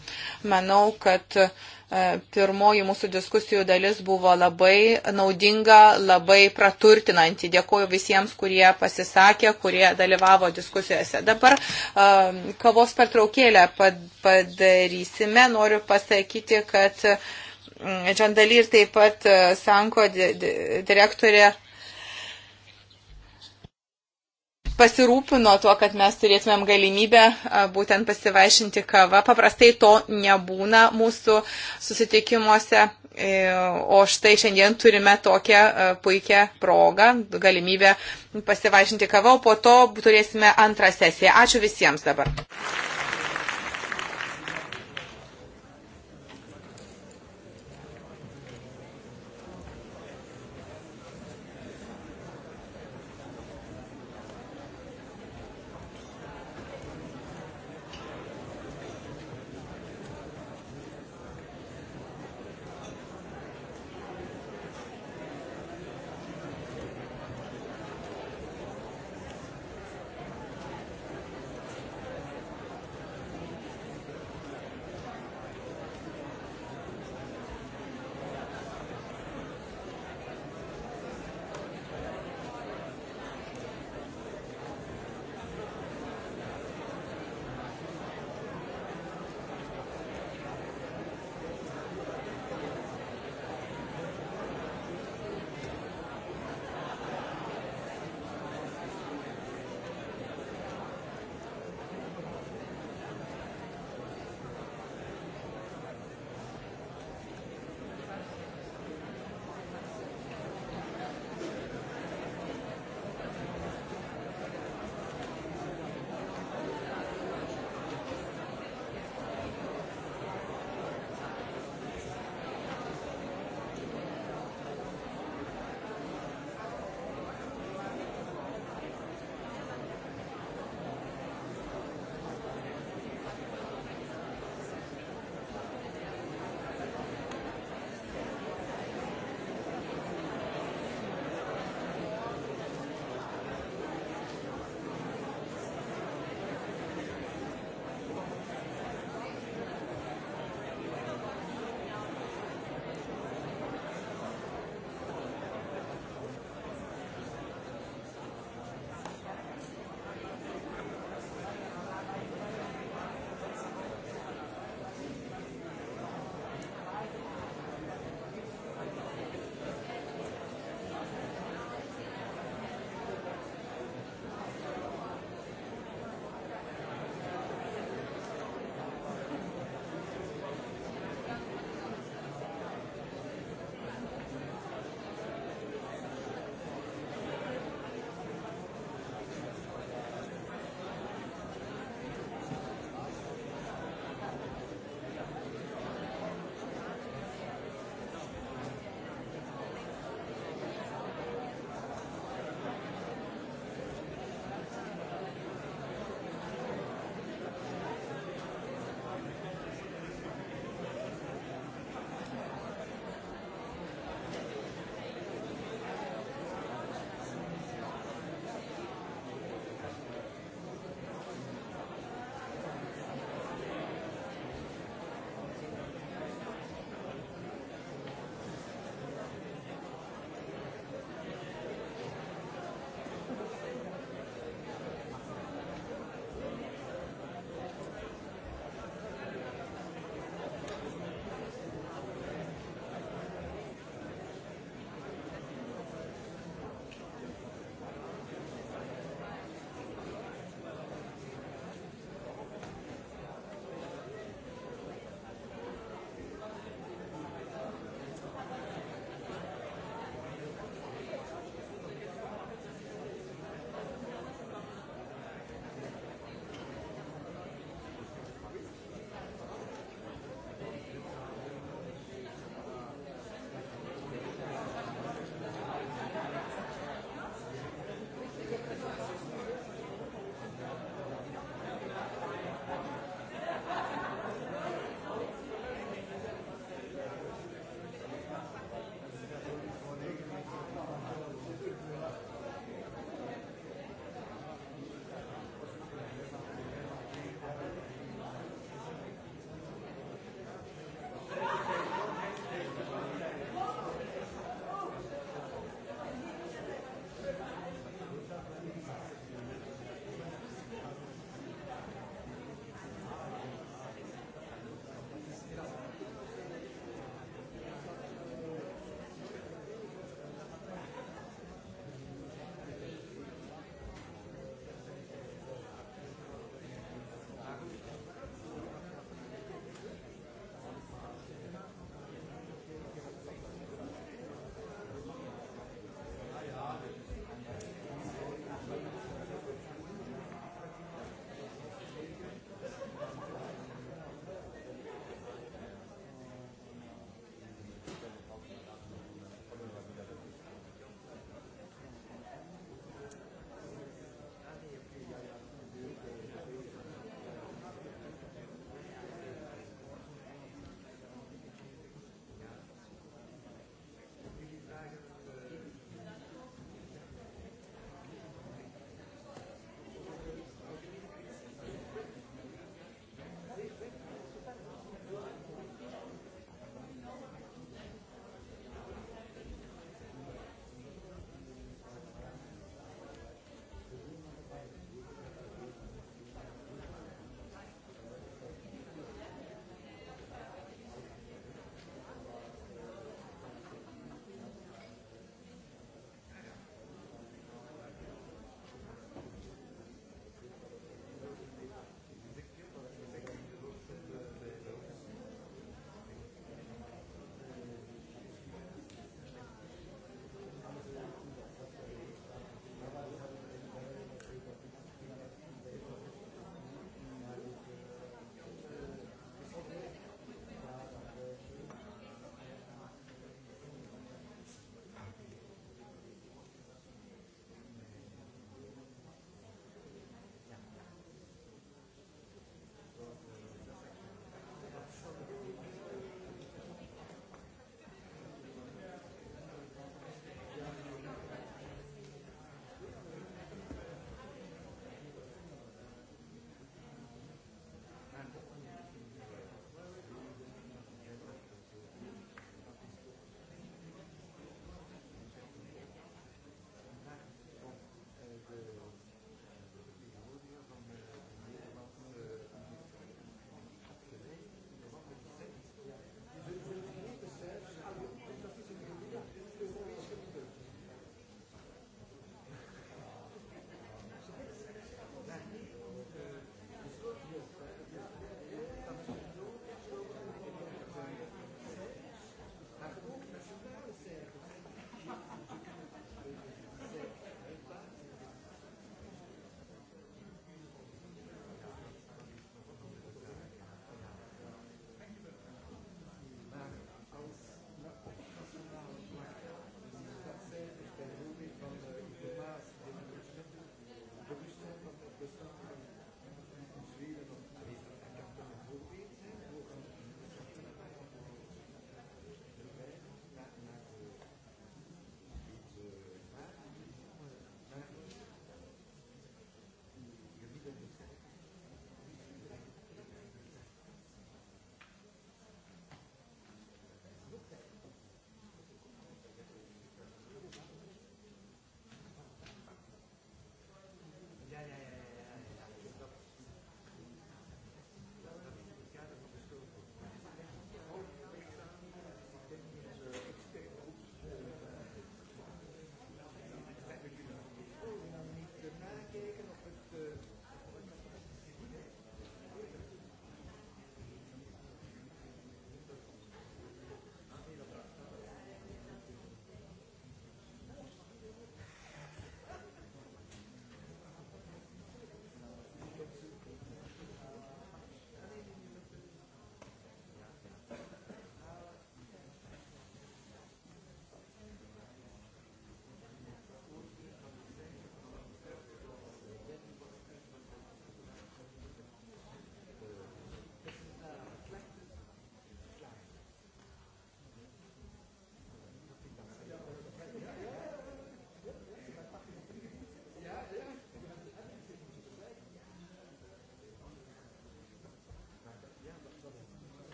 Manau, kad uh, E, pirmoji mūsų diskusijų dalis buvo labai naudinga, labai praturtinanti. Dėkuoju visiems, kurie pasisakė, kurie dalyvavo diskusijose. Dabar e, kavos pertraukėlę padarysime. Noriu pasakyti, kad mm, Džandalyr taip pat e, Sanko direktorė pasirūpino tuo, kad mes turėtumėm galimybę būtent pasivaišinti kavą. Paprastai to nebūna mūsų susitikimuose. E, o štai šiandien turime tokią puikią progą, galimybę pasivaišinti kavą, o po to turėsime antrą sesiją. Ačiū visiems dabar.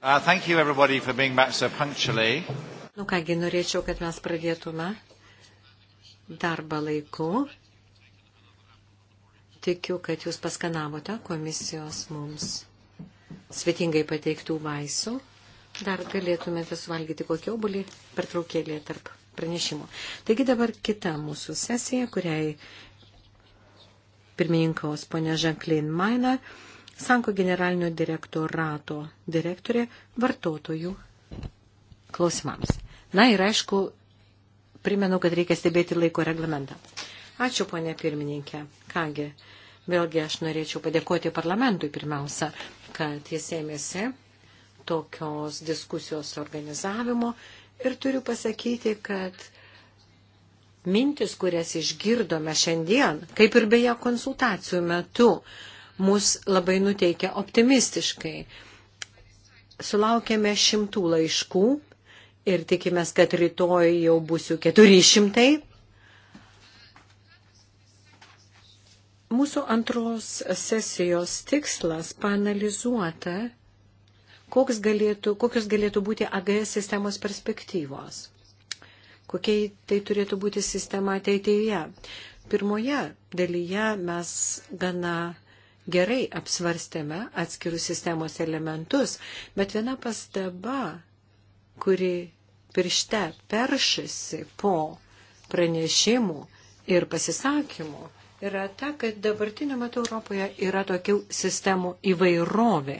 Uh, thank you everybody for being back so punctually. Nu kągi, norėčiau, kad mes pradėtume darbą laiku. Tikiu, kad jūs paskanavote komisijos mums svetingai pateiktų vaisių. Dar galėtumėte suvalgyti kokį obulį per traukėlį tarp pranešimų. Taigi dabar kita mūsų sesija, kuriai pirmininkaus ponė Žanklin Maina. Sanko generalinio direktorato direktorė vartotojų klausimams. Na ir aišku, primenu, kad reikia stebėti laiko reglamentą. Ačiū, ponė pirmininkė. Kągi, vėlgi aš norėčiau padėkoti parlamentui pirmiausia, kad jis ėmėsi tokios diskusijos organizavimo ir turiu pasakyti, kad mintis, kurias išgirdome šiandien, kaip ir beje konsultacijų metu, mus labai nuteikia optimistiškai. Sulaukėme šimtų laiškų ir tikimės, kad rytoj jau būsiu 400. Mūsų antros sesijos tikslas panalizuota, koks galėtų, kokios galėtų būti AGS sistemos perspektyvos, kokie tai turėtų būti sistema ateityje. Pirmoje dalyje mes gana gerai apsvarstėme atskirus sistemos elementus, bet viena pastaba, kuri piršte peršasi po pranešimų ir pasisakymų, yra ta, kad dabartiniu metu Europoje yra tokių sistemų įvairovė.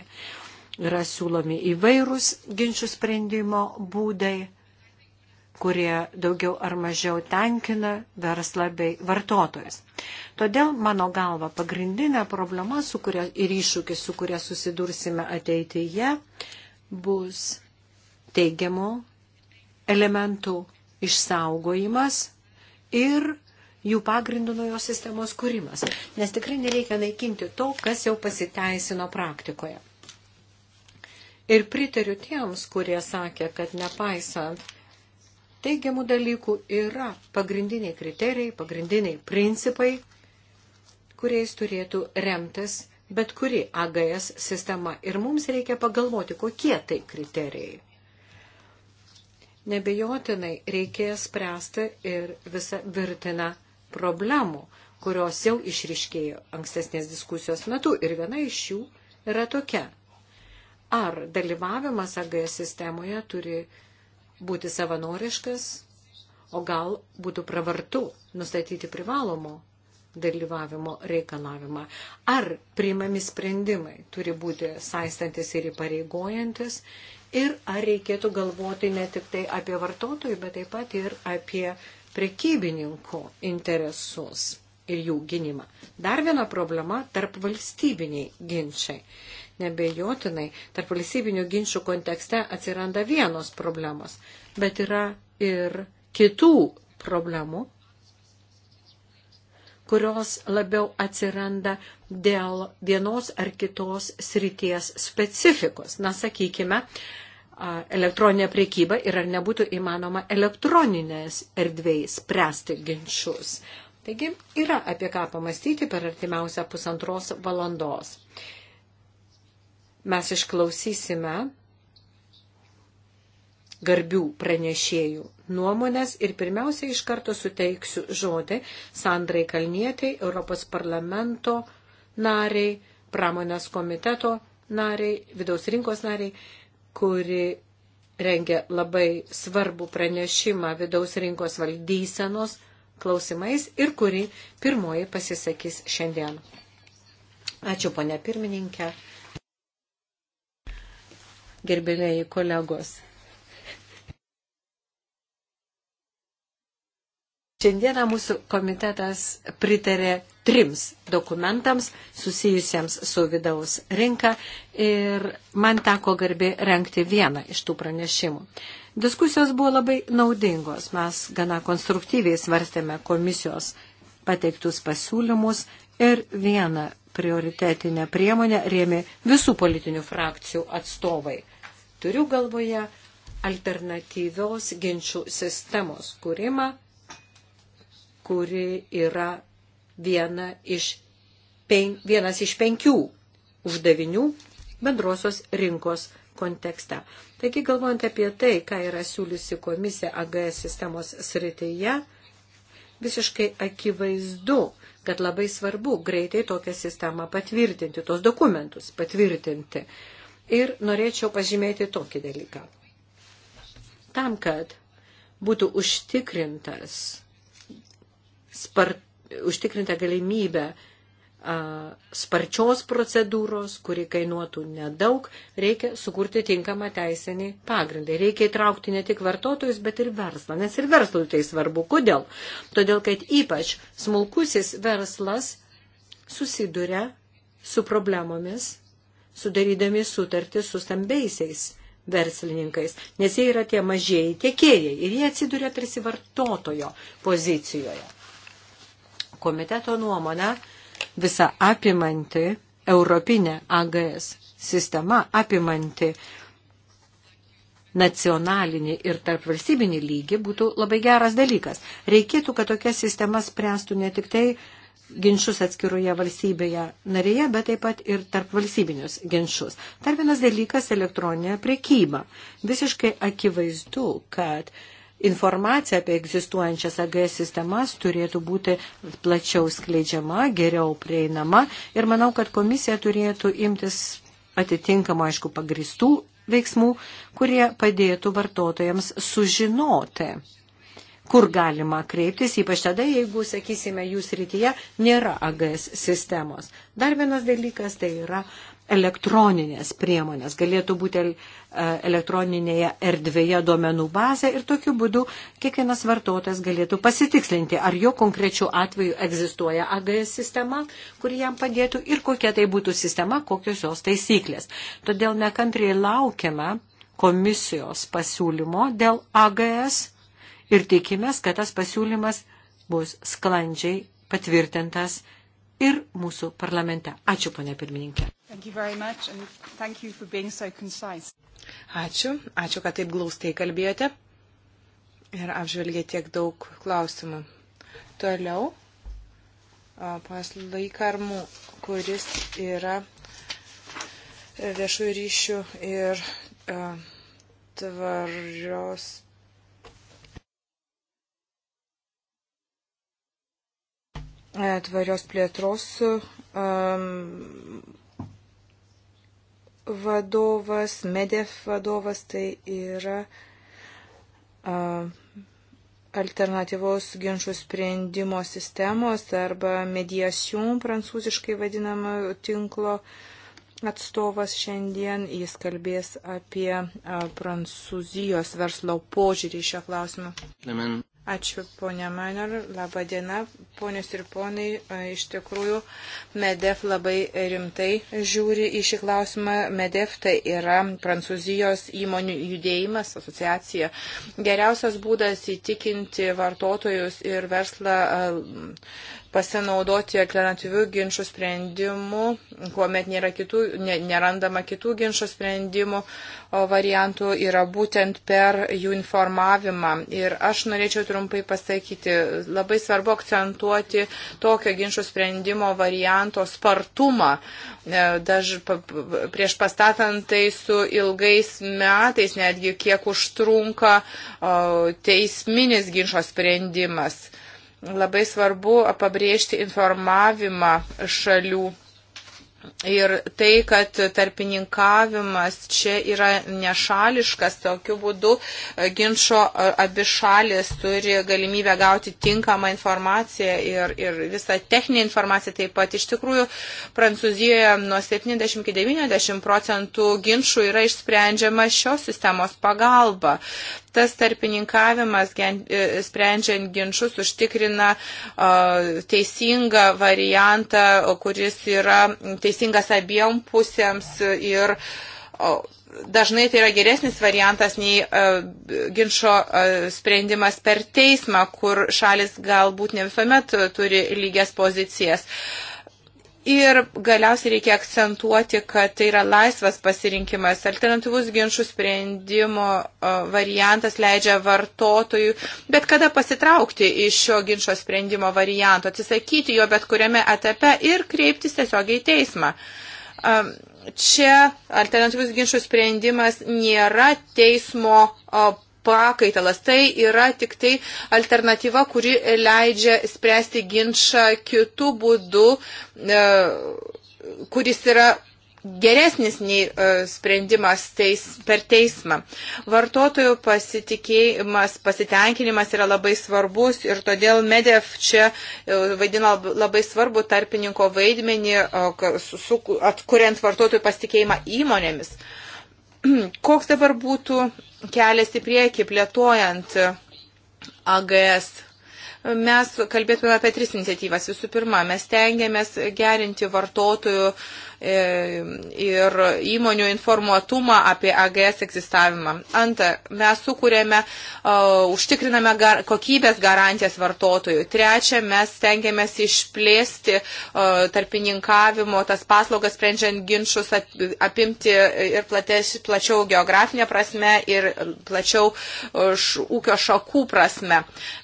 Yra siūlomi įvairūs ginčių sprendimo būdai kurie daugiau ar mažiau tenkina verslą bei vartotojus. Todėl, mano galva, pagrindinė problema kuria, ir iššūkis, su kuria susidursime ateityje, bus teigiamų elementų išsaugojimas ir jų pagrindų naujos sistemos kūrimas. Nes tikrai nereikia naikinti to, kas jau pasiteisino praktikoje. Ir pritariu tiems, kurie sakė, kad nepaisant teigiamų dalykų yra pagrindiniai kriterijai, pagrindiniai principai, kuriais turėtų remtis bet kuri AGS sistema. Ir mums reikia pagalvoti, kokie tai kriterijai. Nebejotinai reikės spręsti ir visą virtiną problemų, kurios jau išriškėjo ankstesnės diskusijos metu. Ir viena iš jų yra tokia. Ar dalyvavimas AGS sistemoje turi būti savanoriškas, o gal būtų pravartu nustatyti privalomo dalyvavimo reikalavimą. Ar priimami sprendimai turi būti saistantis ir įpareigojantis ir ar reikėtų galvoti ne tik tai apie vartotojų, bet taip pat ir apie prekybininkų interesus ir jų gynimą. Dar viena problema - tarp valstybiniai ginčiai. Nebejotinai, tarp valstybinių ginčių kontekste atsiranda vienos problemos, bet yra ir kitų problemų, kurios labiau atsiranda dėl vienos ar kitos srities specifikos. Na, sakykime, elektroninė priekyba ir ar nebūtų įmanoma elektroninės erdvėjai spręsti ginčius. Taigi yra apie ką pamastyti per artimiausią pusantros valandos mes išklausysime garbių pranešėjų nuomonės ir pirmiausia iš karto suteiksiu žodį Sandrai Kalnietiai, Europos parlamento nariai, pramonės komiteto nariai, vidaus rinkos nariai, kuri rengia labai svarbų pranešimą vidaus rinkos valdysenos klausimais ir kuri pirmoji pasisakys šiandien. Ačiū, ponia pirmininkė gerbėmėjai kolegos. Šiandieną mūsų komitetas pritarė trims dokumentams susijusiems su vidaus rinka ir man teko garbė renkti vieną iš tų pranešimų. Diskusijos buvo labai naudingos. Mes gana konstruktyviai svarstėme komisijos pateiktus pasiūlymus ir vieną prioritetinę priemonę rėmė visų politinių frakcijų atstovai. Turiu galvoje alternatyvios ginčių sistemos kūrimą, kuri yra viena iš pen, vienas iš penkių uždavinių bendrosios rinkos kontekste. Taigi, galvojant apie tai, ką yra siūliusi komisija AGS sistemos srityje, visiškai akivaizdu, kad labai svarbu greitai tokią sistemą patvirtinti, tos dokumentus patvirtinti. Ir norėčiau pažymėti tokį dalyką. Tam, kad būtų užtikrintas spart, užtikrinta galimybė uh, sparčios procedūros, kuri kainuotų nedaug, reikia sukurti tinkamą teisinį pagrindą. Reikia įtraukti ne tik vartotojus, bet ir verslą, nes ir verslui tai svarbu. Kodėl? Todėl, kad ypač smulkusis verslas susiduria su problemomis, sudarydami sutartį su stambiaisiais verslininkais, nes jie yra tie mažieji tiekėjai ir jie atsiduria tarsi vartotojo pozicijoje. Komiteto nuomonė, visa apimanti europinė AGS sistema, apimanti nacionalinį ir tarpvalstybinį lygį būtų labai geras dalykas. Reikėtų, kad tokia sistema spręstų ne tik tai ginčius atskiroje valstybėje narėje, bet taip pat ir tarpvalstybinius ginčius. Dar vienas dalykas - elektroninė prekyba. Visiškai akivaizdu, kad uh, informacija apie egzistuojančias AGS sistemas turėtų būti plačiau skleidžiama, geriau prieinama ir manau, kad komisija turėtų imtis atitinkamo, aišku, pagristų veiksmų, kurie padėtų vartotojams sužinoti kur galima kreiptis, ypač tada, jeigu, sakysime, jūs rytyje nėra AGS sistemos. Dar vienas dalykas tai yra elektroninės priemonės, galėtų būti e, elektroninėje erdvėje duomenų bazė ir tokiu būdu kiekvienas vartotojas galėtų pasitikslinti, ar jo konkrečiu atveju egzistuoja AGS sistema, kuri jam padėtų ir kokia tai būtų sistema, kokios jos taisyklės. Todėl nekantriai laukiame komisijos pasiūlymo dėl AGS ir tikimės, kad tas pasiūlymas bus sklandžiai patvirtintas ir mūsų parlamente. Ačiū, ponė pirmininkė. So ačiū, ačiū, kad taip glaustai kalbėjote ir apžvelgė tiek daug klausimų. Toliau pas Laikarmų, kuris yra viešųjų ryšių ir tvarios E, tvarios plėtros um, vadovas, MEDEF vadovas, tai yra um, alternatyvaus ginčių sprendimo sistemos arba mediation prancūziškai vadinamo tinklo atstovas šiandien. Jis kalbės apie uh, prancūzijos verslo požiūrį šio klausimu. Lemen. Ačiū, ponė Manor. Labą dieną, ponės ir ponai. Iš tikrųjų, MEDEF labai rimtai žiūri į šį klausimą. MEDEF tai yra Prancūzijos įmonių judėjimas, asociacija. Geriausias būdas įtikinti vartotojus ir verslą pasinaudoti alternatyvių ginčių sprendimų, kuomet nėra kitų, nerandama kitų ginčių sprendimų variantų, yra būtent per jų informavimą. Ir aš norėčiau trumpai pasakyti, labai svarbu akcentuoti tokio ginčių sprendimo varianto spartumą, e, daž, prieš pastatant tai su ilgais metais, netgi kiek užtrunka teisminis ginčio sprendimas. Labai svarbu pabrėžti informavimą šalių. Ir tai, kad tarpininkavimas čia yra nešališkas, tokiu būdu e, ginčio e, abi šalis turi galimybę gauti tinkamą informaciją ir, ir visą techninę informaciją taip pat. Iš tikrųjų, Prancūzijoje nuo 70 iki 90 procentų ginčių yra išsprendžiama šios sistemos pagalba tas tarpininkavimas e, sprendžiant ginčius užtikrina teisingą variantą, kuris yra teisingas abiem pusėms ir dažnai tai yra geresnis variantas nei ginčio sprendimas per teismą, kur šalis galbūt ne visuomet turi lygias pozicijas. Ir galiausiai reikia akcentuoti, kad tai yra laisvas pasirinkimas. Alternatyvus ginčių sprendimo variantas leidžia vartotojui bet kada pasitraukti iš šio ginčio sprendimo varianto, atsisakyti jo bet kuriame etape ir kreiptis tiesiogiai į teismą. Čia alternatyvus ginčių sprendimas nėra teismo pakaitalas. Tai yra tik tai alternatyva, kuri leidžia spręsti ginčą kitų būdų, e, kuris yra geresnis nei e, sprendimas teis, per teismą. Vartotojų pasitikėjimas, pasitenkinimas yra labai svarbus ir todėl Medev čia e, vaidino labai svarbu tarpininko vaidmenį, atkuriant vartotojų pasitikėjimą įmonėmis. [CLEARS THROAT] Koks dabar būtų kelias į priekį plėtojant AGS mes kalbėtume apie tris iniciatyvas. Visų pirma, mes tengiamės gerinti vartotojų uh, E, ir įmonių informuotumą apie AGS egzistavimą. Antra, mes sukūrėme, užtikriname gar, kokybės garantijas vartotojų. Trečia, mes stengiamės išplėsti tarpininkavimo tas paslaugas, sprendžiant ginčius, apimti ir platės, plačiau geografinė prasme ir plačiau š, ūkio šakų prasme.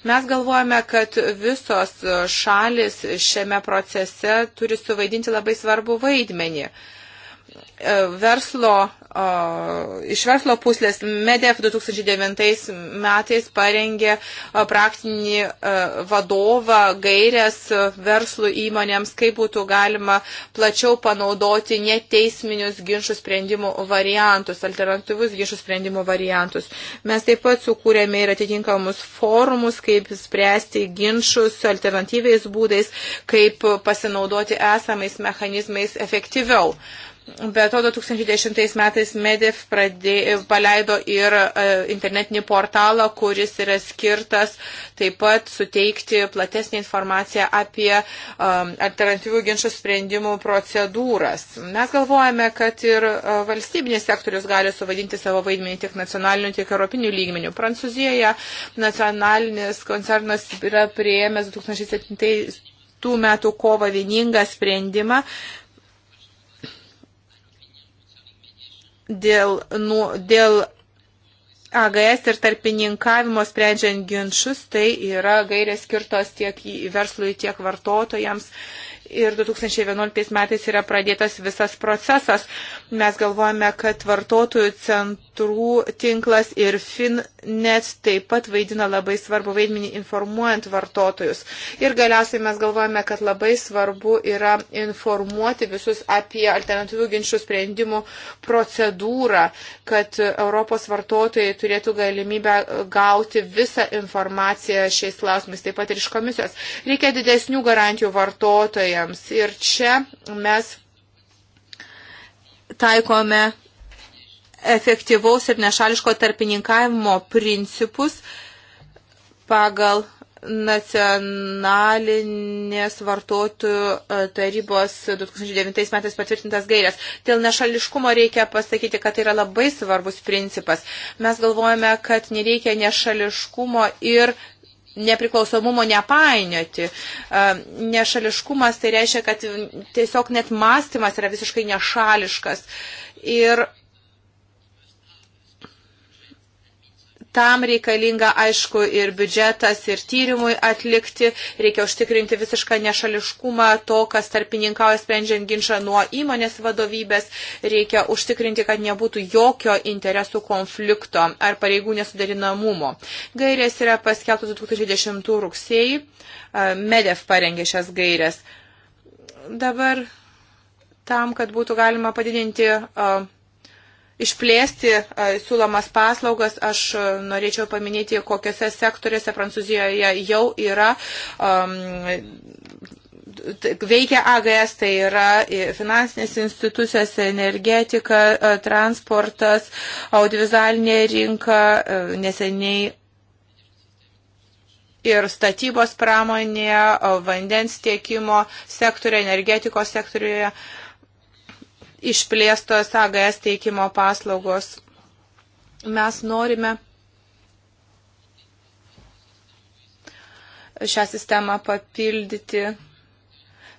Mes galvojame, kad visos šalis šiame procese turi suvaidinti labai svarbu vaidmenį внимание – E, verslo, e, iš verslo puslės MEDEF 2009 metais parengė e, praktinį vadovą gairias verslų įmonėms, kaip būtų galima plačiau panaudoti neteisminius ginčių sprendimų variantus, alternatyvus ginčių sprendimų variantus. Mes taip pat sukūrėme ir atitinkamus forumus, kaip spręsti ginčius alternatyviais būdais, kaip pasinaudoti esamais mechanizmais efektyviau. Uh, Be to, 2010 metais Medif pradė, paleido ir e, internetinį portalą, kuris yra skirtas taip pat suteikti platesnį informaciją apie e, alternatyvių ginčių sprendimų procedūras. Mes galvojame, kad ir e, valstybinis sektorius gali suvadinti savo vaidmenį tiek nacionaliniu, tiek europiniu lygmeniu. Prancūzijoje nacionalinis koncernas yra prieėmęs 2007 metų kovo vieningą sprendimą dėl, nu, dėl AGS ir tarpininkavimo sprendžiant ginčius, tai yra gairės skirtos tiek verslui, tiek vartotojams ir 2011 metais yra pradėtas visas procesas. Mes galvojame, kad vartotojų centrų tinklas ir FinNet taip pat vaidina labai svarbu vaidmenį informuojant vartotojus. Ir galiausiai mes galvojame, kad labai svarbu yra informuoti visus apie alternatyvių ginčių sprendimų procedūrą, kad Europos vartotojai turėtų galimybę gauti visą informaciją šiais klausimais, taip pat ir iš komisijos. Reikia didesnių garantijų vartotojai vartotojams. Ir čia mes taikome efektyvaus ir nešališko tarpininkavimo principus pagal nacionalinės vartotojų e, tarybos 2009 metais patvirtintas gairias. Dėl nešališkumo reikia pasakyti, kad tai yra labai svarbus principas. Mes galvojame, kad nereikia nešališkumo ir nepriklausomumo nepainioti. E, nešališkumas tai reiškia, kad tiesiog net mąstymas yra visiškai nešališkas. Ir Tam reikalinga, aišku, ir biudžetas, ir tyrimui atlikti. Reikia užtikrinti visišką nešališkumą to, kas tarpininkauja sprendžiant ginčą nuo įmonės vadovybės. Reikia užtikrinti, kad nebūtų jokio interesų konflikto ar pareigų nesuderinamumo. Gairės yra paskelbtos 2010 rugsėjai. Medev parengė šias gairės. Dabar tam, kad būtų galima padidinti uh, išplėsti siūlomas paslaugas. Aš norėčiau paminėti, kokiuose sektoriuose Prancūzijoje jau yra. Um, veikia AGS, tai yra finansinės institucijos, energetika, transportas, audiovizualinė rinka, neseniai ir statybos pramonėje, vandens tiekimo sektoriuje, energetikos sektoriuje. Uh, išplėstos AGS teikimo paslaugos. Mes norime šią sistemą papildyti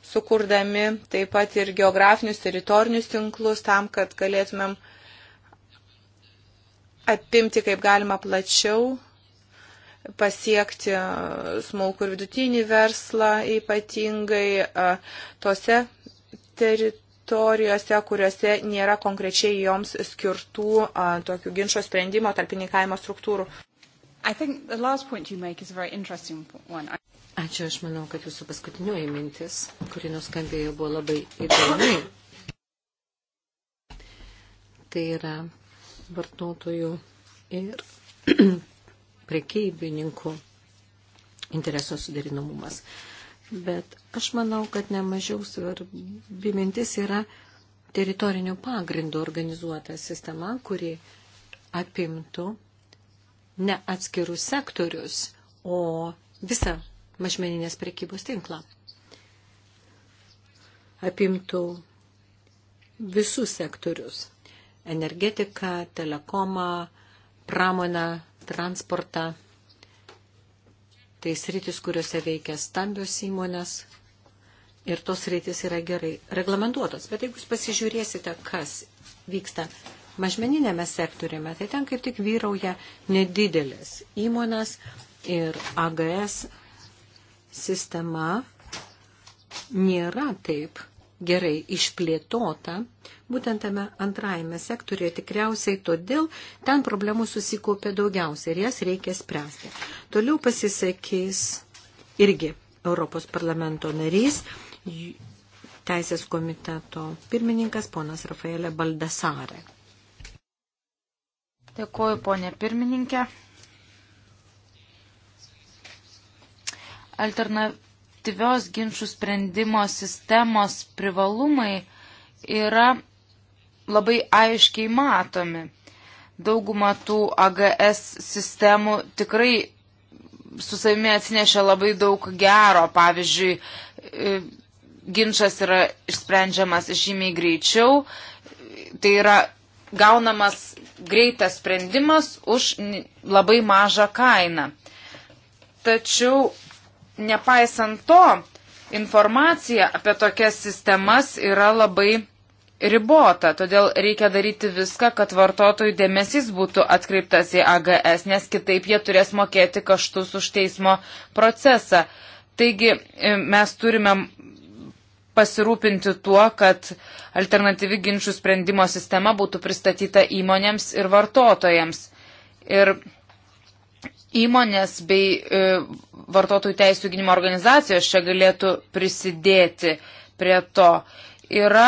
sukurdami taip pat ir geografinius teritorinius tinklus tam, kad galėtumėm apimti kaip galima plačiau, pasiekti smulkų ir vidutinį verslą ypatingai tose teritorijose teritorijose, kuriuose nėra konkrečiai joms skirtų a, tokių ginčio sprendimo tarpininkavimo struktūrų. Ačiū, aš manau, kad jūsų paskutinioji mintis, kuri nuskambėjo, buvo labai įdomi. Tai yra vartotojų ir [CLEARS THROAT] prekybininkų intereso suderinamumas. Bet aš manau, kad nemažiau svarbi mintis yra teritorinių pagrindų organizuota sistema, kuri apimtų ne atskirus sektorius, o visą mažmeninės prekybos tinklą. Apimtų visus sektorius - energetiką, telekomą, pramoną, transportą tai sritis, kuriuose veikia stambios įmonės ir tos sritis yra gerai reglamentuotos. Bet jeigu jūs pasižiūrėsite, kas vyksta mažmeninėme sektoriume, tai ten kaip tik vyrauja nedidelės įmonės ir AGS sistema nėra taip gerai išplėtota, būtent tame antrajame sektoriuje tikriausiai todėl ten problemų susikaupė daugiausiai ir jas reikia spręsti. Toliau pasisakys irgi Europos parlamento narys, teisės komiteto pirmininkas ponas Rafaelė Baldasarė. Dėkuoju, ponė pirmininkė. Alternatyvi efektyvios ginčių sprendimo sistemos privalumai yra labai aiškiai matomi. Dauguma tų AGS sistemų tikrai su savimi atsinešia labai daug gero. Pavyzdžiui, e, ginčas yra išsprendžiamas žymiai greičiau. Tai yra gaunamas greitas sprendimas už labai mažą kainą. Tačiau nepaisant to, informacija apie tokias sistemas yra labai ribota, todėl reikia daryti viską, kad vartotojų dėmesys būtų atkreiptas į AGS, nes kitaip jie turės mokėti kaštus už teismo procesą. Taigi e, mes turime pasirūpinti tuo, kad alternatyvi ginčių sprendimo sistema būtų pristatyta įmonėms ir vartotojams. Ir Įmonės bei e, vartotojų teisų gynimo organizacijos čia galėtų prisidėti prie to. Yra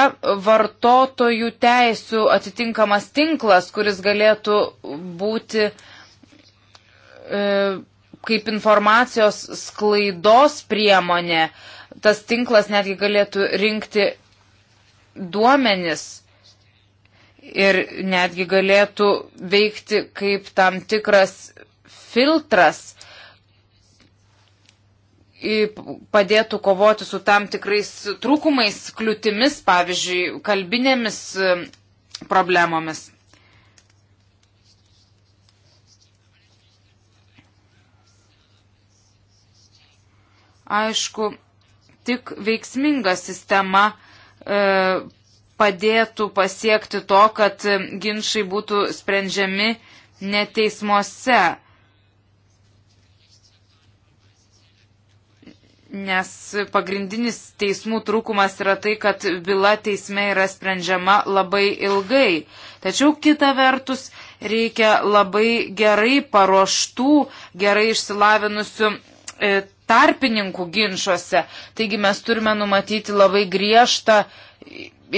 vartotojų teisų atitinkamas tinklas, kuris galėtų būti e, kaip informacijos sklaidos priemonė. Tas tinklas netgi galėtų rinkti duomenis ir netgi galėtų veikti kaip tam tikras filtras padėtų kovoti su tam tikrais trūkumais, kliūtimis, pavyzdžiui, kalbinėmis e, problemomis. Aišku, tik veiksminga sistema e, padėtų pasiekti to, kad ginčiai būtų sprendžiami ne teismuose. Nes pagrindinis teismų trūkumas yra tai, kad byla teisme yra sprendžiama labai ilgai. Tačiau kita vertus reikia labai gerai paruoštų, gerai išsilavinusių e, tarpininkų ginčiuose. Taigi mes turime numatyti labai griežtą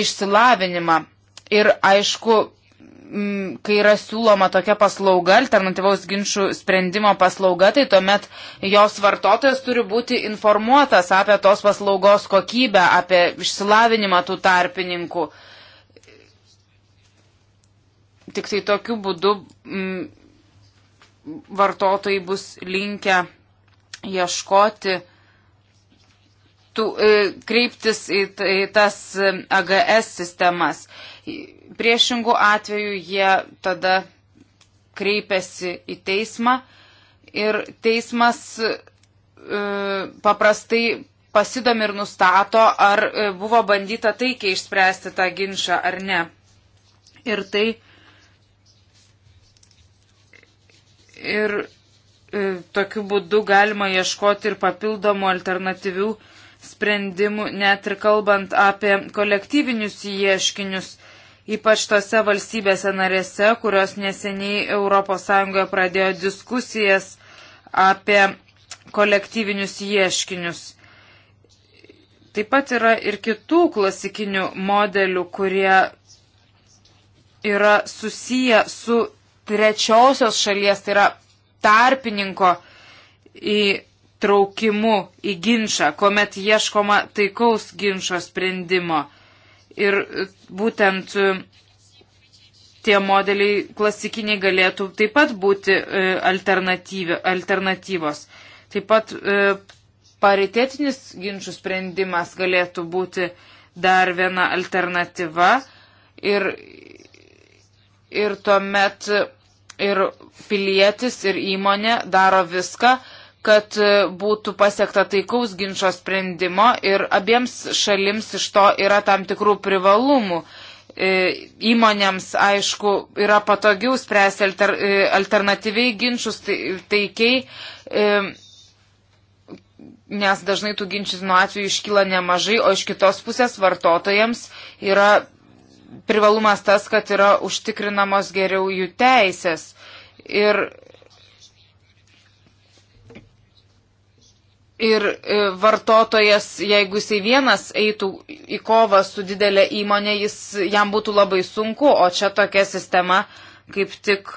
išsilavinimą. Ir aišku, Mm, kai yra siūloma tokia paslauga, alternatyvaus ginčių sprendimo paslauga, tai tuomet jos vartotojas turi būti informuotas apie tos paslaugos kokybę, apie išsilavinimą tų tarpininkų. Tik tai tokiu būdu m, mm, vartotojai bus linkę ieškoti tų, e, kreiptis į, į tas e, AGS sistemas. Priešingų atveju jie tada kreipiasi į teismą ir teismas e, paprastai pasidomi ir nustato, ar e, buvo bandyta taikiai išspręsti tą ginčą ar ne. Ir tai. Ir e, tokiu būdu galima ieškoti ir papildomų alternatyvių sprendimų, net ir kalbant apie kolektyvinius ieškinius ypač tose valstybėse narėse, kurios neseniai ES pradėjo diskusijas apie kolektyvinius ieškinius. Taip pat yra ir kitų klasikinių modelių, kurie yra susiję su trečiosios šalies, tai yra tarpininko įtraukimu į ginčą, kuomet ieškoma taikaus ginčio sprendimo. Ir būtent e, tie modeliai klasikiniai galėtų taip pat būti e, alternatyvos. Taip pat e, paritėtinis ginčių sprendimas galėtų būti dar viena alternatyva ir, ir tuomet ir pilietis ir įmonė daro viską, kad e, būtų pasiekta taikaus ginčio sprendimo ir abiems šalims iš to yra tam tikrų privalumų. E, įmonėms, aišku, yra patogiau spręsti alter, e, alternatyviai ginčius tai, taikiai, nes dažnai tų ginčinų atveju iškyla nemažai, o iš kitos pusės vartotojams yra privalumas tas, kad yra užtikrinamos geriau jų teisės. Ir Ir e, vartotojas, jeigu jisai vienas eitų į kovą su didelė įmonė, jis, jam būtų labai sunku, o čia tokia sistema kaip tik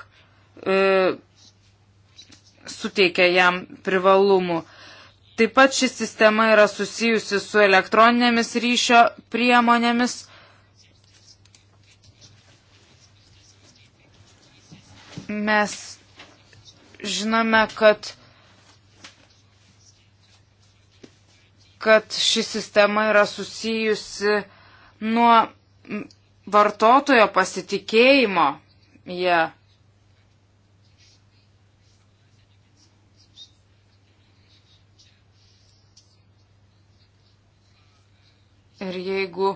e, suteikia jam privalumų. Taip pat ši sistema yra susijusi su elektroninėmis ryšio priemonėmis. Mes žinome, kad kad ši sistema yra susijusi nuo vartotojo pasitikėjimo jie. Yeah. Ir jeigu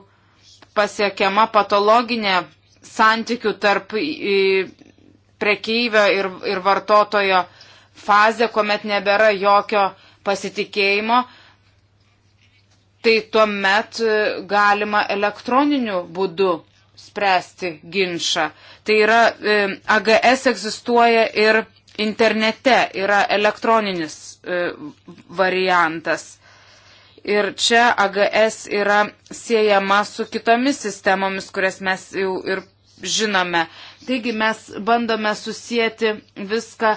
pasiekiama patologinė santykių tarp prekeivio ir, ir vartotojo fazė, kuomet nebėra jokio pasitikėjimo, tai tuomet e, galima elektroniniu būdu spręsti ginčą. Tai yra, e, AGS egzistuoja ir internete, yra elektroninis e, variantas. Ir čia AGS yra siejama su kitomis sistemomis, kurias mes jau ir žinome. Taigi mes bandome susijęti viską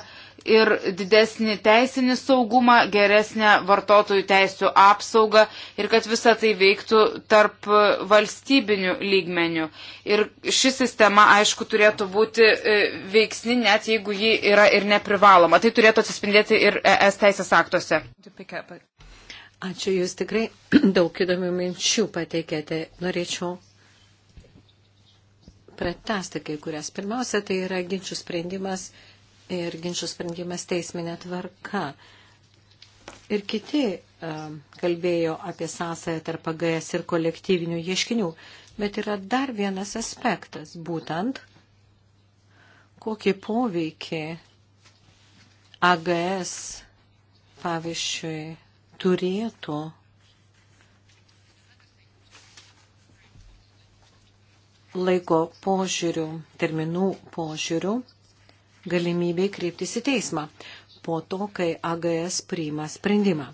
ir didesnį teisinį saugumą, geresnę vartotojų teisų apsaugą ir kad visa tai veiktų tarp valstybinių lygmenių. Ir ši sistema, aišku, turėtų būti e, veiksni, net jeigu ji yra ir neprivaloma. Tai turėtų atsispindėti ir ES teisės aktuose. Ačiū, jūs tikrai [CLEARS THROAT] daug įdomių minčių pateikėte. Norėčiau pratesti kai kurias. Pirmiausia, tai yra ginčių sprendimas ir ginčių sprendimas teisminė tvarka. Ir kiti e, kalbėjo apie sąsąją tarp AGS ir kolektyvinių ieškinių, bet yra dar vienas aspektas, būtent kokį poveikį AGS, pavyzdžiui, turėtų laiko požiūrių, terminų požiūrių galimybei kreiptis į teismą po to, kai AGS priima sprendimą.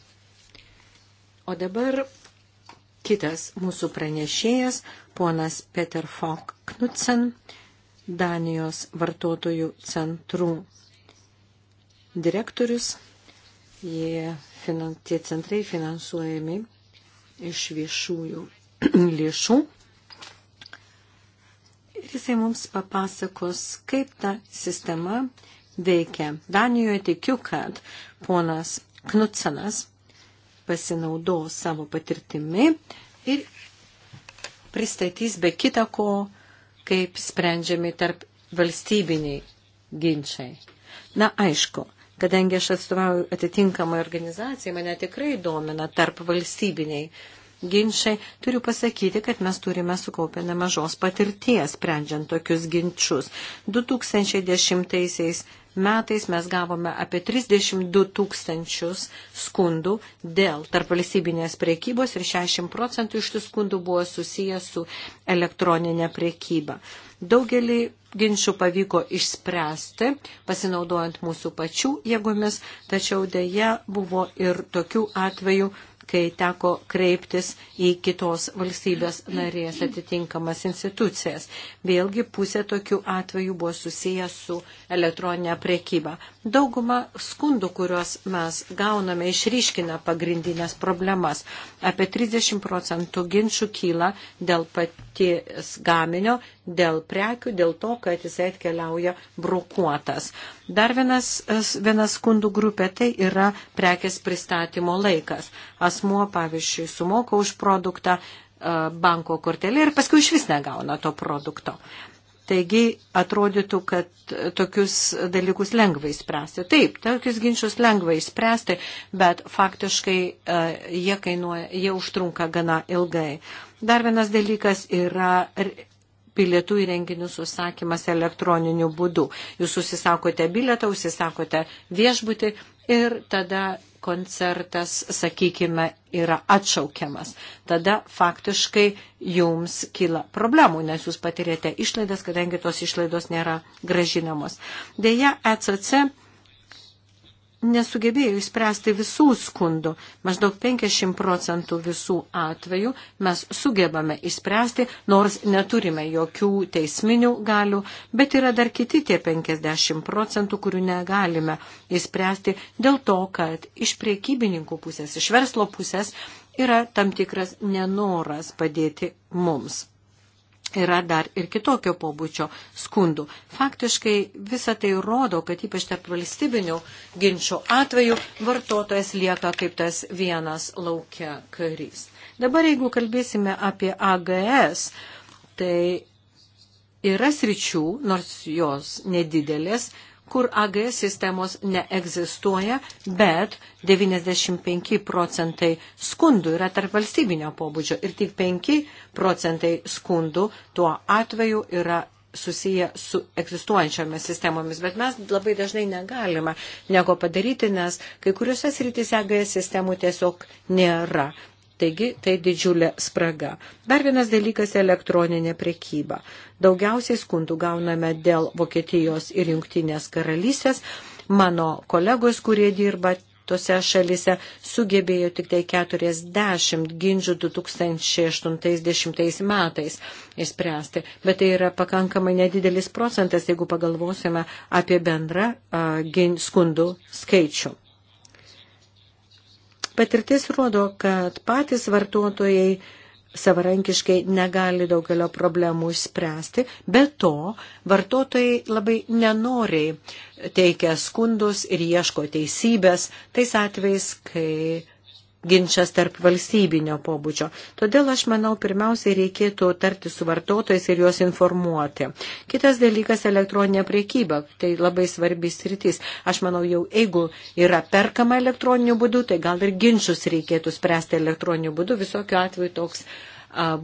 O dabar kitas mūsų pranešėjas, ponas Peter Fock Knudsen, Danijos vartotojų centrų direktorius. Jie, tie centrai finansuojami iš viešųjų [CLEARS THROAT] lėšų ir jisai mums papasakos, kaip ta sistema veikia. Danijoje tikiu, kad ponas Knutsenas pasinaudos savo patirtimi ir pristatys be kita ko, kaip sprendžiami tarp valstybiniai ginčiai. Na, aišku, kadangi aš atstovauju atitinkamą organizaciją, mane tikrai domina tarp valstybiniai ginčiai, turiu pasakyti, kad mes turime sukaupę nemažos patirties, sprendžiant tokius ginčius. 2010 metais mes gavome apie 32 tūkstančius skundų dėl tarpvalstybinės priekybos ir 60 procentų iš tų skundų buvo susijęs su elektroninė priekyba. Daugelį ginčių pavyko išspręsti, pasinaudojant mūsų pačių jėgomis, tačiau dėja buvo ir tokių atvejų, kai teko kreiptis į kitos valstybės narės atitinkamas institucijas. Vėlgi pusė tokių atvejų buvo susijęs su elektroninė prekyba. Dauguma skundų, kuriuos mes gauname, išryškina pagrindinės problemas. Apie 30 procentų ginčių kyla dėl paties gaminio, dėl prekių, dėl to, kad jisai atkeliauja brokuotas. Dar vienas, vienas skundų grupė tai yra prekės pristatymo laikas. Asmuo, pavyzdžiui, sumoka už produktą banko kortelį ir paskui iš vis negauna to produkto. Taigi atrodytų, kad tokius dalykus lengvai spręsti. Taip, tokius ginčius lengvai spręsti, bet faktiškai e, jie, kainuoja, jie užtrunka gana ilgai. Dar vienas dalykas yra bilietų į renginius užsakymas elektroniniu būdu. Jūs užsisakote bilietą, užsisakote viešbutį ir tada koncertas, sakykime, yra atšaukiamas. Tada faktiškai jums kyla problemų, nes jūs patirėte išlaidas, kadangi tos išlaidos nėra gražinamos. Deja, ECC nesugebėjo įspręsti visų skundų. Maždaug 50 procentų visų atvejų mes sugebame įspręsti, nors neturime jokių teisminių galių, bet yra dar kiti tie 50 procentų, kurių negalime įspręsti dėl to, kad iš priekybininkų pusės, iš verslo pusės yra tam tikras nenoras padėti mums yra dar ir kitokio pobūdžio skundų. Faktiškai visa tai rodo, kad ypač tarp valstybinių ginčių atveju vartotojas lieka kaip tas vienas laukia karys. Dabar jeigu kalbėsime apie AGS, tai yra sričių, nors jos nedidelės, kur AG sistemos neegzistuoja, bet 95 procentai skundų yra tarp valstybinio pobūdžio ir tik 5 procentai skundų tuo atveju yra susiję su egzistuojančiomis sistemomis, bet mes labai dažnai negalime nieko padaryti, nes kai kuriuose srityse AGS sistemų tiesiog nėra. Taigi tai didžiulė spraga. Dar vienas dalykas - elektroninė prekyba. Daugiausiai skundų gauname dėl Vokietijos ir Junktinės karalystės. Mano kolegos, kurie dirba tose šalise sugebėjo tik tai 40 ginčių 2080 metais įspręsti. Bet tai yra pakankamai nedidelis procentas, jeigu pagalvosime apie bendrą uh, skundų skaičių. Patirtis rodo, kad patys vartotojai savarankiškai negali daugelio problemų išspręsti, bet to vartotojai labai nenoriai teikia skundus ir ieško teisybės tais atvejais, kai ginčias tarp valstybinio pobūdžio. Todėl aš manau, pirmiausiai reikėtų tarti su vartotojais ir juos informuoti. Kitas dalykas - elektroninė priekyba. Tai labai svarbis rytis. Aš manau, jau jeigu yra perkama elektroniniu būdu, tai gal ir ginčius reikėtų spręsti elektroniniu būdu. Visokiu atveju toks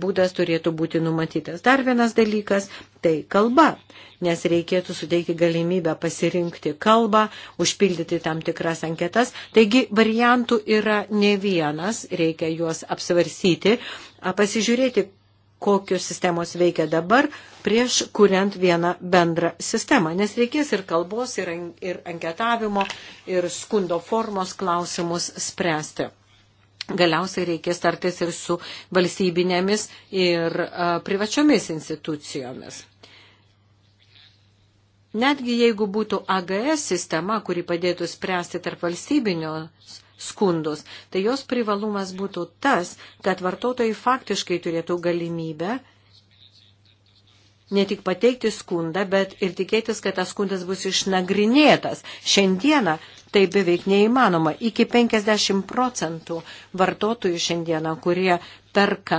būdas turėtų būti numatytas. Dar vienas dalykas - tai kalba, nes reikėtų suteikti galimybę pasirinkti kalbą, užpildyti tam tikras anketas. Taigi variantų yra ne vienas, reikia juos apsvarsyti, pasižiūrėti, kokios sistemos veikia dabar, prieš kuriant vieną bendrą sistemą. Nes reikės ir kalbos, ir, ir anketavimo, ir skundo formos klausimus spręsti galiausiai reikės tartis ir su valstybinėmis ir a, privačiomis institucijomis. Netgi jeigu būtų AGS sistema, kuri padėtų spręsti tarp valstybinio skundus, tai jos privalumas būtų tas, kad vartotojai faktiškai turėtų galimybę ne tik pateikti skundą, bet ir tikėtis, kad tas skundas bus išnagrinėtas. Šiandieną tai beveik neįmanoma. Iki 50 procentų vartotojų šiandieną, kurie perka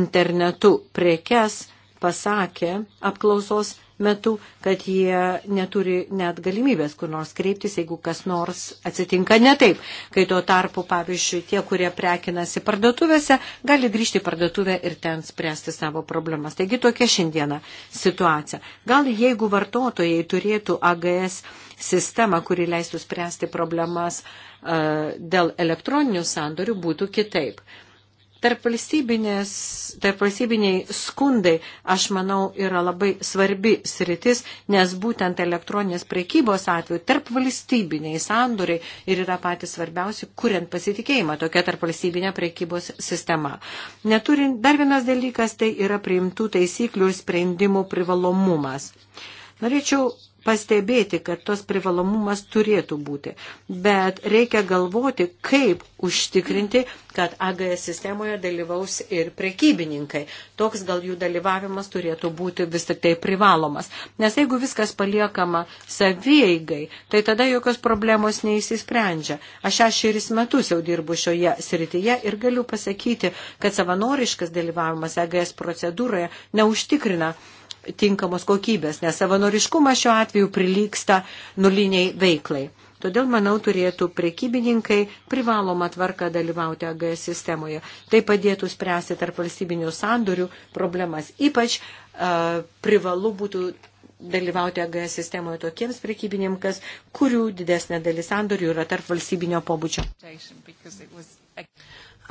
internetu prekes, pasakė apklausos, metu, kad jie neturi net galimybės kur nors kreiptis, jeigu kas nors atsitinka ne taip. Kai tuo tarpu, pavyzdžiui, tie, kurie prekinasi parduotuvėse, gali grįžti į parduotuvę ir ten spręsti savo problemas. Taigi tokia šiandiena situacija. Gal jeigu vartotojai turėtų AGS sistemą, kuri leistų spręsti problemas e, dėl elektroninių sandorių, būtų kitaip. Tarp, tarp valstybiniai skundai, aš manau, yra labai svarbi sritis, nes būtent elektroninės prekybos atveju tarp valstybiniai sandoriai ir yra patys svarbiausi, kuriant pasitikėjimą tokia tarp valstybinė prekybos sistema. Neturint, dar vienas dalykas tai yra priimtų taisyklių ir sprendimų privalomumas. Norėčiau pastebėti, kad tos privalomumas turėtų būti, bet reikia galvoti, kaip užtikrinti, kad AGS sistemoje dalyvaus ir prekybininkai. Toks gal jų dalyvavimas turėtų būti vis tik tai privalomas. Nes jeigu viskas paliekama savieigai, tai tada jokios problemos neįsisprendžia. Aš šešeris metus jau dirbu šioje srityje ir galiu pasakyti, kad savanoriškas dalyvavimas AGS procedūroje neužtikrina tinkamos kokybės, nes savanoriškumas šiuo atveju prilyksta nuliniai veiklai. Todėl, manau, turėtų prekybininkai privalomą tvarką dalyvauti AGS sistemoje. Tai padėtų spręsti tarp valstybinių sandorių problemas. Ypač uh, privalu būtų dalyvauti AGS sistemoje tokiems prekybininkas, kurių didesnė dalis sandorių yra tarp valstybinio pobūdžio.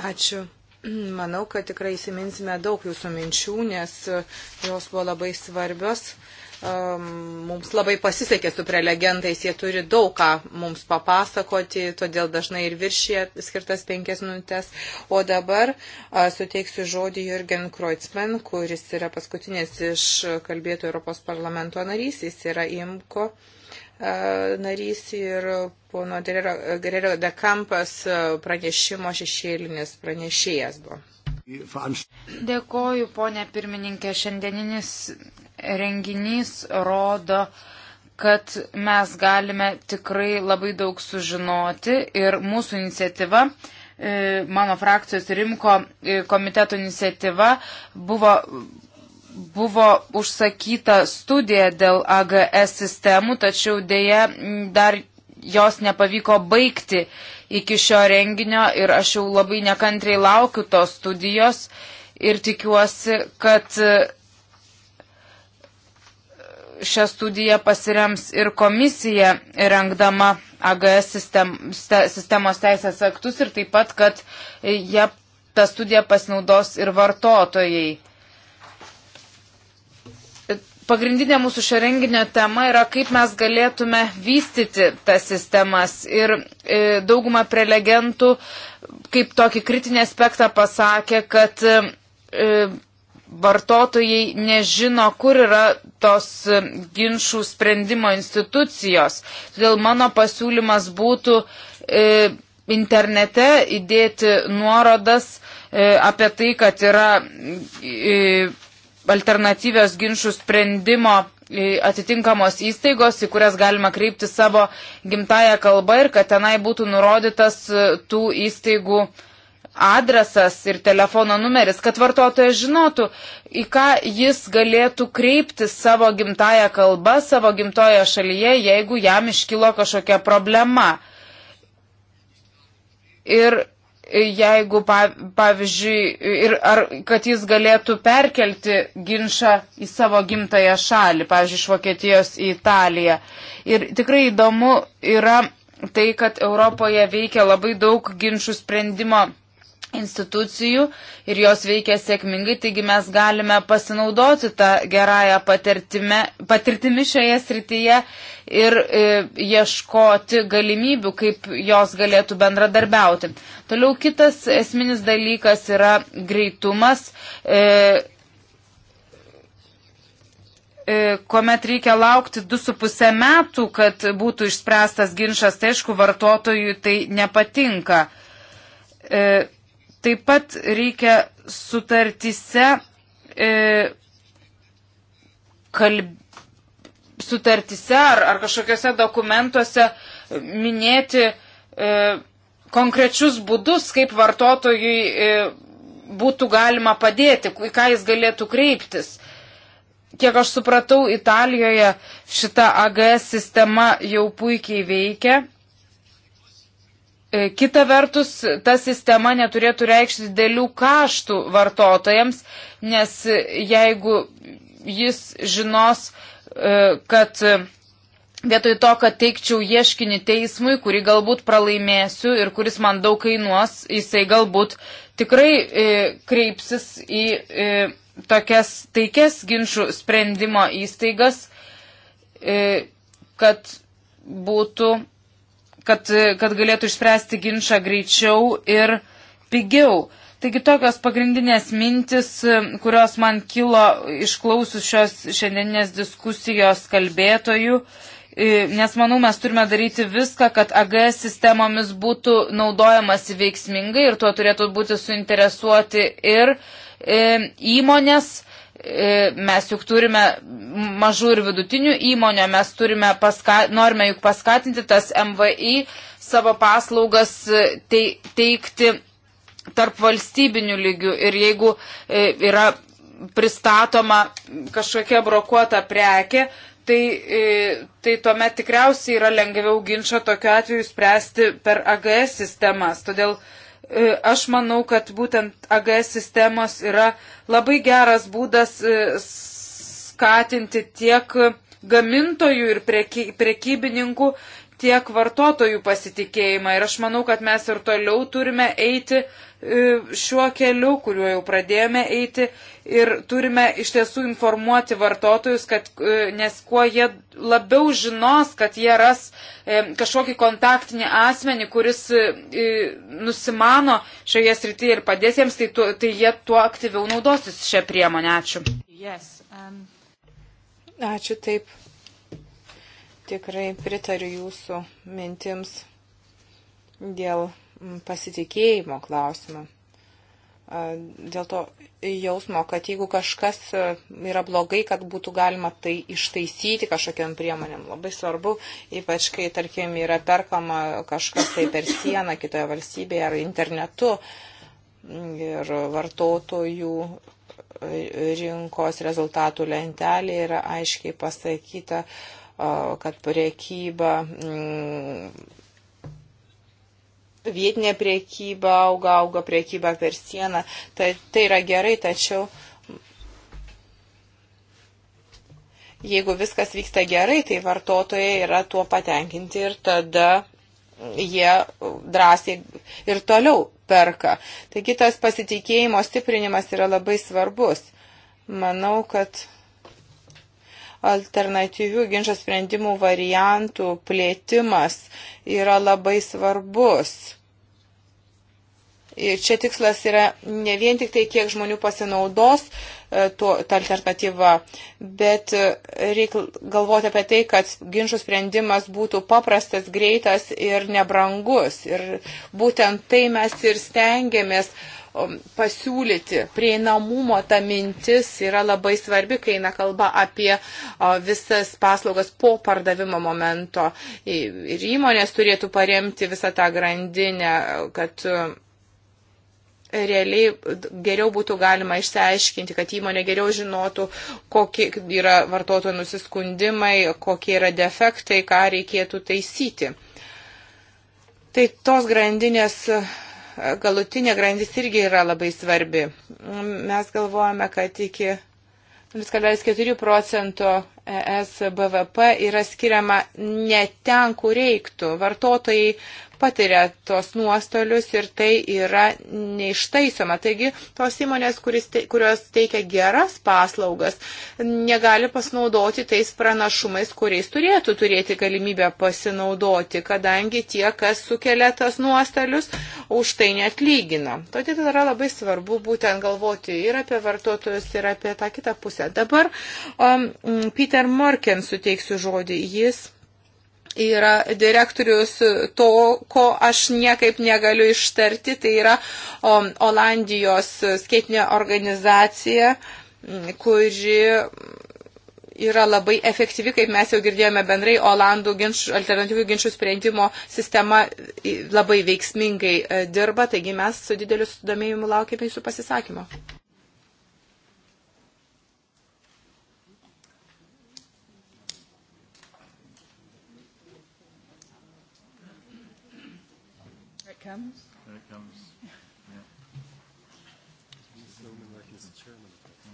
Ačiū. Manau, kad tikrai įsiminsime daug jūsų minčių, nes e, jos buvo labai svarbios. Mums labai pasisekė su prelegentais, jie turi daug ką mums papasakoti, todėl dažnai ir viršė skirtas penkias minutės. O dabar suteiksiu žodį Jürgen Kreutzmann, kuris yra paskutinis iš kalbėtų Europos parlamento narys, jis yra IMKO. Uh, narys ir pono Gerero de Kampas pranešimo šešėlinis pranešėjas buvo. Dėkoju, ponė pirmininkė. Šiandieninis renginys rodo, kad mes galime tikrai labai daug sužinoti ir mūsų iniciatyva e, mano frakcijos Rimko e, komiteto iniciatyva buvo buvo užsakyta studija dėl AGS sistemų, tačiau dėja dar jos nepavyko baigti iki šio renginio ir aš jau labai nekantriai laukiu tos studijos ir tikiuosi, kad e, šią studiją pasirems ir komisija rengdama AGS sistem, sistemos teisės aktus ir taip pat, kad jie tą studiją pasinaudos ir vartotojai pagrindinė mūsų šio renginio tema yra, kaip mes galėtume vystyti tas sistemas. Ir e, dauguma prelegentų kaip tokį kritinį aspektą pasakė, kad e, vartotojai nežino, kur yra tos e, ginčių sprendimo institucijos. Todėl mano pasiūlymas būtų e, internete įdėti nuorodas e, apie tai, kad yra. E, alternatyvios ginčių sprendimo atitinkamos įstaigos, į kurias galima kreipti savo gimtają kalbą ir kad tenai būtų nurodytas e, tų įstaigų adresas ir telefono numeris, kad vartotojas žinotų, į ką jis galėtų kreipti savo gimtają kalbą, savo gimtoje šalyje, jeigu jam iškilo kažkokia problema. Ir jeigu, pavyzdžiui, ir ar, kad jis galėtų perkelti ginčą į savo gimtają šalį, pavyzdžiui, iš Vokietijos į Italiją. Ir tikrai įdomu yra tai, kad Europoje veikia labai daug ginčių sprendimo institucijų ir jos veikia sėkmingai, taigi mes galime pasinaudoti tą gerąją patirtimi šioje srityje ir e, ieškoti galimybių, kaip jos galėtų bendradarbiauti. Toliau kitas esminis dalykas yra greitumas. E, e kuomet reikia laukti 2,5 metų, kad būtų išspręstas ginčas, tai aišku, vartotojui tai nepatinka. E, Taip pat reikia sutartise e, kalbėti sutartise ar, ar kažkokiuose dokumentuose minėti e, konkrečius būdus, kaip vartotojui e, būtų galima padėti, į ką jis galėtų kreiptis. Kiek aš supratau, Italijoje šita AGS sistema jau puikiai veikia. E, kita vertus, ta sistema neturėtų reikšti dėlių kaštų vartotojams, nes jeigu jis žinos, e, kad e, vietoj to, kad teikčiau ieškinį teismui, kurį galbūt pralaimėsiu ir kuris man daug kainuos, jisai galbūt tikrai kreipsis į tokias taikės ginčių sprendimo įstaigas, kad būtų kad, kad galėtų išspręsti ginčą greičiau ir pigiau. Taigi tokios pagrindinės mintis, kurios man kilo išklausus šios šiandieninės diskusijos kalbėtojų, nes manau mes turime daryti viską, kad AGS sistemomis būtų naudojamas veiksmingai ir tuo turėtų būti suinteresuoti ir įmonės E, mes juk turime mažų ir vidutinių įmonių, mes turime paska, norime juk paskatinti tas MVI savo paslaugas e, teikti tarp valstybinių lygių ir jeigu e, yra pristatoma kažkokia brokuota prekė, tai, tai tuomet tikriausiai yra lengviau ginčio tokiu atveju spręsti per AGS sistemas. Todėl uh, E, aš manau, kad būtent AGS sistemos yra labai geras būdas e, skatinti tiek gamintojų ir preky, prekybininkų tiek vartotojų pasitikėjimą. Ir aš manau, kad mes ir toliau turime eiti e, šiuo keliu, kuriuo jau pradėjome eiti. Ir turime iš tiesų informuoti vartotojus, kad, e, nes kuo jie labiau žinos, kad jie ras e, kažkokį kontaktinį asmenį, kuris nusimano šioje srityje ir padės jiems, tai, tu, tai jie tuo aktyviau naudosis šią priemonę. Ačiū. Yes, um... Ačiū taip Tikrai pritariu jūsų mintims dėl mm, pasitikėjimo klausimo. Dėl to jausmo, kad jeigu kažkas e, yra blogai, kad būtų galima tai ištaisyti kažkokiam priemonėm. Labai svarbu, ypač kai, tarkim, yra perkama kažkas tai per sieną kitoje valstybėje ar internetu ir vartotojų e, rinkos rezultatų lentelė yra aiškiai pasakyta, uh, kad priekyba, mm, vietinė priekyba auga, auga priekyba per sieną. Tai, tai yra gerai, tačiau jeigu viskas vyksta gerai, tai vartotojai yra tuo patenkinti ir tada jie drąsiai ir toliau perka. Taigi tas pasitikėjimo stiprinimas yra labai svarbus. Manau, kad alternatyvių ginčio sprendimų variantų plėtimas yra labai svarbus. Ir čia tikslas yra ne vien tik tai, kiek žmonių pasinaudos e, tuo, tą alternatyvą, bet e, reikia galvoti apie tai, kad ginčių sprendimas būtų paprastas, greitas ir nebrangus. Ir būtent tai mes ir stengiamės uh, Um, pasiūlyti. Prieinamumo ta mintis yra labai svarbi, kai eina kalba apie uh, visas paslaugas po pardavimo momento. Ir įmonės turėtų paremti visą tą grandinę, kad uh, realiai geriau būtų galima išsiaiškinti, kad įmonė geriau žinotų, kokie yra vartotojų nusiskundimai, kokie yra defektai, ką reikėtų taisyti. Tai tos grandinės galutinė grandis irgi yra labai svarbi. Mes galvojame, kad iki 0,4 procento ES BVP yra skiriama ne ten, kur reiktų. Vartotojai patiria tos nuostolius ir tai yra neištaisoma. Taigi tos įmonės, kuris, kurios teikia geras paslaugas, negali pasinaudoti tais pranašumais, kuriais turėtų turėti galimybę pasinaudoti, kadangi tie, kas sukelia tas nuostolius, už tai net lygina. Todėl tai yra labai svarbu būtent galvoti ir apie vartotojus, ir apie tą kitą pusę. Dabar um, Peter Morken suteiksiu žodį. Jis yra direktorius to, ko aš niekaip negaliu ištarti, tai yra um, Olandijos skaitinė organizacija, kuri yra labai efektyvi, kaip mes jau girdėjome bendrai, Olandų ginčių, alternatyvių ginčių sprendimo sistema labai veiksmingai e, dirba, taigi mes su dideliu sudomėjimu laukime jūsų pasisakymo.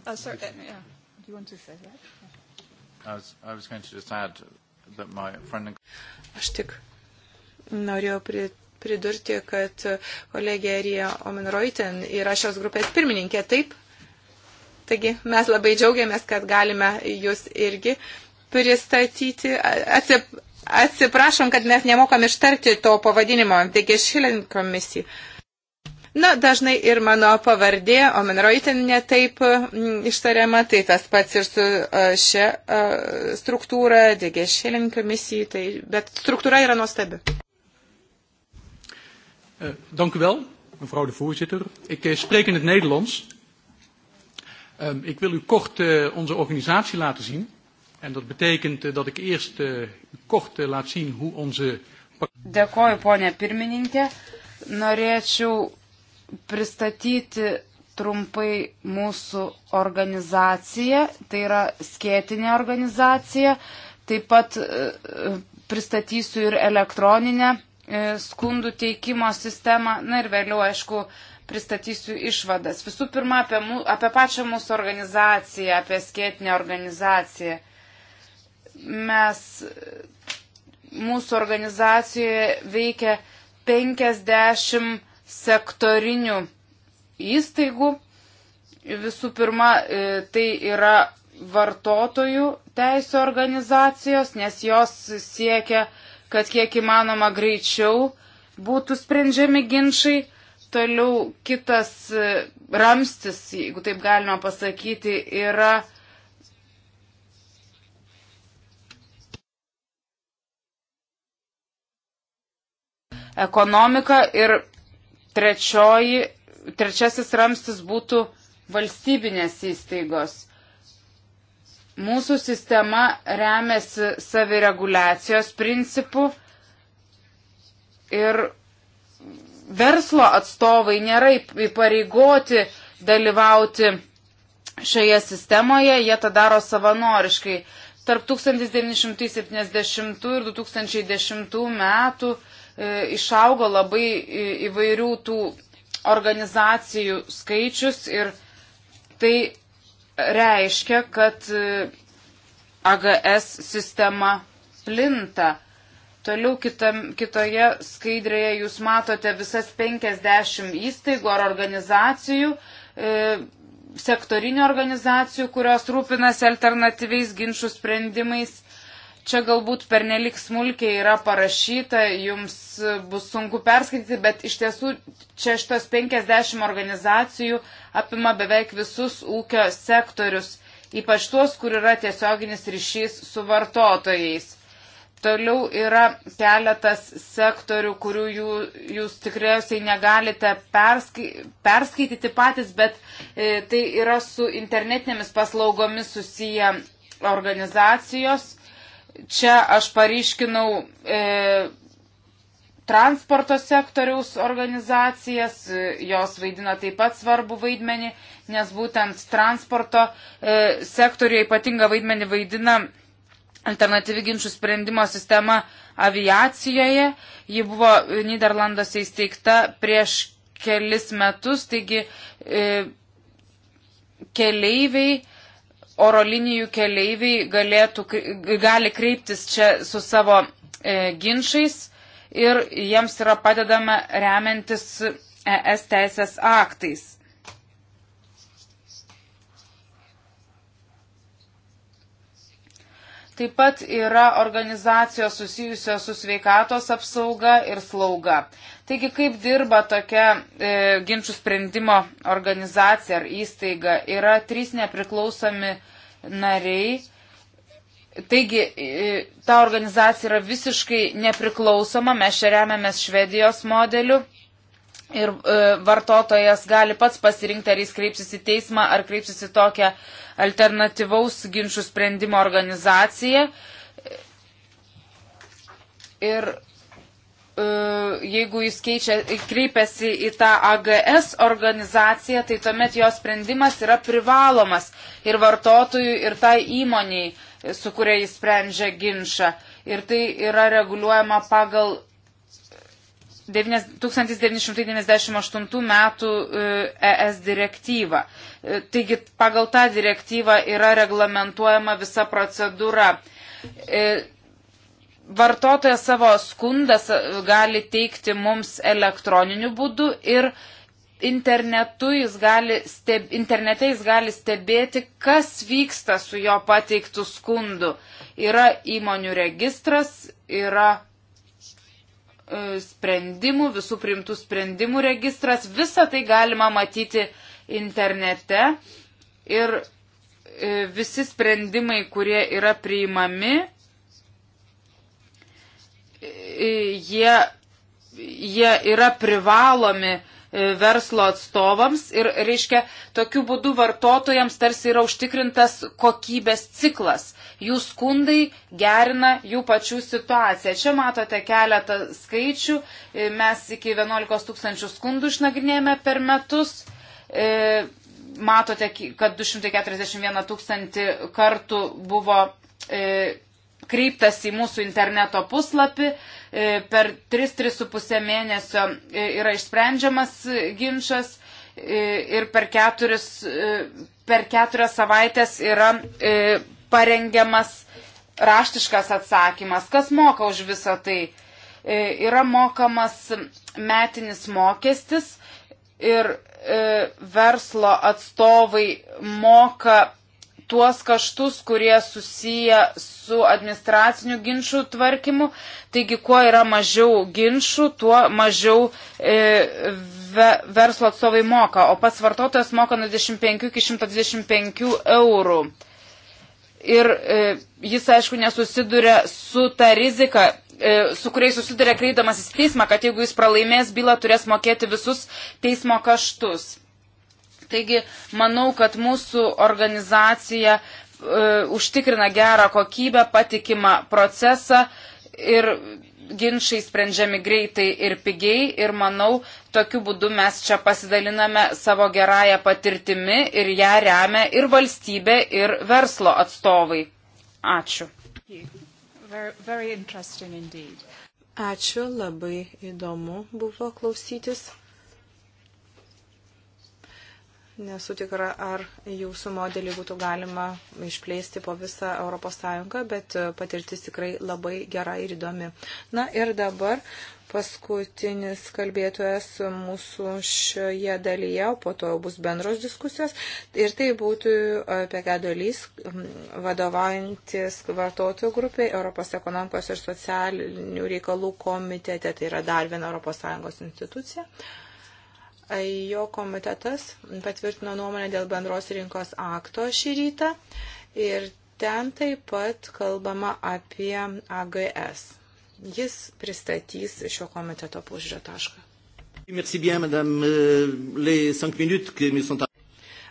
Oh, sorry. Uh, yeah. Do you want to say that? Yeah. I was, I was going to just add that my friend... Aš tik norėjau pridėti pridurti, kad kolegė Rija Omenroiten yra šios grupės pirmininkė, taip? Taigi mes labai džiaugiamės, kad galime jūs irgi pristatyti. Atsip, atsiprašom, kad mes nemokam ištarti to pavadinimo, taigi Šilin komisija. Na, dažnai ir mano pavardė, o mineroitin netaip mm, ištariama, tai tas pats ir su e, šia e, struktūra, degešėlink misijai, tai, bet struktūra yra nuostabi. Eh, dank u wel, mevrouw de voorzitter. Ik eh, spreek in het Nederlands. Ehm, ik wil u kort eh, onze organisatie laten zien. En dat betekent dat ik eerst kort laat zien hoe onze. Dėkoju, ponė pirmininkė. Norėčiau pristatyti trumpai mūsų organizaciją, tai yra skėtinė organizacija. Taip pat e, pristatysiu ir elektroninę e, skundų teikimo sistemą. Na ir vėliau, aišku, pristatysiu išvadas. Visų pirma, apie, mū, apie pačią mūsų organizaciją, apie skėtinę organizaciją. Mes e, mūsų organizacijoje veikia 50 sektorinių įstaigų. Visų pirma, e, tai yra vartotojų teisų organizacijos, nes jos siekia, kad kiek įmanoma greičiau būtų sprendžiami ginčiai. Toliau kitas e, ramstis, jeigu taip galima pasakyti, yra ekonomika ir Trečioji, trečiasis ramstis būtų valstybinės įstaigos. Mūsų sistema remiasi savireguliacijos principu ir verslo atstovai nėra įpareigoti dalyvauti šioje sistemoje, jie tą daro savanoriškai. Tarp 1970 ir 2010 metų E, išaugo labai įvairių tų organizacijų skaičius ir tai reiškia, kad e, AGS sistema plinta. Toliau kitam, kitoje skaidrėje jūs matote visas 50 įstaigų ar organizacijų, e, sektorinių organizacijų, kurios rūpinasi alternatyviais ginčių sprendimais. Čia galbūt pernelik smulkiai yra parašyta, jums bus sunku perskaityti, bet iš tiesų čia šitos 50 organizacijų apima beveik visus ūkio sektorius, ypač tuos, kur yra tiesioginis ryšys su vartotojais. Toliau yra keletas sektorių, kurių jų, jūs tikriausiai negalite perskai, perskaityti patys, bet e, tai yra su internetinėmis paslaugomis susiję organizacijos. Čia aš paryškinau e, transporto sektoriaus organizacijas, jos vaidina taip pat svarbu vaidmenį, nes būtent transporto e, sektoriuje ypatinga vaidmenį vaidina alternatyvi ginčių sprendimo sistema aviacijoje. Ji buvo Niderlanduose įsteigta prieš kelis metus, taigi e, keleiviai oro linijų keleiviai galėtų, gali kreiptis čia su savo e, ginčiais ir jiems yra padedama remiantis ES teisės aktais. Taip pat yra organizacijos susijusios su sveikatos apsauga ir slauga. Taigi, kaip dirba tokia e, ginčių sprendimo organizacija ar įstaiga, yra trys nepriklausomi nariai. Taigi, e, ta organizacija yra visiškai nepriklausoma, mes čia remiamės Švedijos modeliu ir e, vartotojas gali pats pasirinkti, ar jis kreipsis į teismą, ar kreipsis į tokią alternatyvaus ginčių sprendimo organizaciją. Ir e, jeigu jis keičia, kreipiasi į tą AGS organizaciją, tai tuomet jo sprendimas yra privalomas ir vartotojui, ir tai įmoniai, su kuria jis sprendžia ginčą. Ir tai yra reguliuojama pagal 1998 metų ES e direktyvą. E, taigi pagal tą direktyvą yra reglamentuojama visa procedūra. E, vartotojas savo skundas gali teikti mums elektroniniu būdu ir internetu jis gali steb, internete jis gali stebėti, kas vyksta su jo pateiktų skundu. Yra įmonių registras, yra E, sprendimų, visų priimtų sprendimų registras, visą tai galima matyti internete ir e, visi sprendimai, kurie yra priimami, e, jie, jie yra privalomi verslo atstovams ir, reiškia, tokiu būdu vartotojams tarsi yra užtikrintas kokybės ciklas jų skundai gerina jų pačių situaciją. Čia matote keletą skaičių, e, mes iki 11 tūkstančių skundų išnagrinėjame per metus. E, matote, kad 241 tūkstantį kartų buvo e, kreiptas į mūsų interneto puslapį, per 3-3,5 mėnesio yra išsprendžiamas ginčas ir per, keturis, per keturias savaitės yra parengiamas raštiškas atsakymas. Kas moka už visą tai? E, yra mokamas metinis mokestis ir e, verslo atstovai moka tuos kaštus, kurie susiję su administraciniu ginčių tvarkymu. Taigi, kuo yra mažiau ginčių, tuo mažiau e, ve, verslo atstovai moka, o pats vartotojas moka nuo 25 iki 125 eurų ir e, jis, aišku, nesusiduria su ta rizika, e, su kuriai susiduria kreidamas į teismą, kad jeigu jis pralaimės bylą, turės mokėti visus teismo kaštus. Taigi, manau, kad mūsų organizacija e, užtikrina gerą kokybę, patikimą procesą ir ginčiai sprendžiami greitai ir pigiai ir manau, tokiu būdu mes čia pasidaliname savo gerąją patirtimi ir ją remia ir valstybė, ir verslo atstovai. Ačiū. Ačiū, labai įdomu buvo klausytis. Nesu tikra, ar jūsų modelį būtų galima išplėsti po visą ES, bet e, patirtis tikrai labai gera ir įdomi. Na ir dabar paskutinis kalbėtojas mūsų šioje dalyje, o po to jau bus bendros diskusijos. Ir tai būtų e, Pegedolys, vadovaujantis vartotojų grupiai Europos ekonomikos ir socialinių reikalų komitete, tai yra dar viena ES institucija. Uh, Jo komitetas patvirtino nuomonę dėl bendros rinkos akto šį rytą ir ten taip pat kalbama apie AGS. Jis pristatys šio komiteto požiūrio tašką. Merci bien, madame, euh, les cinq minutes que nous sont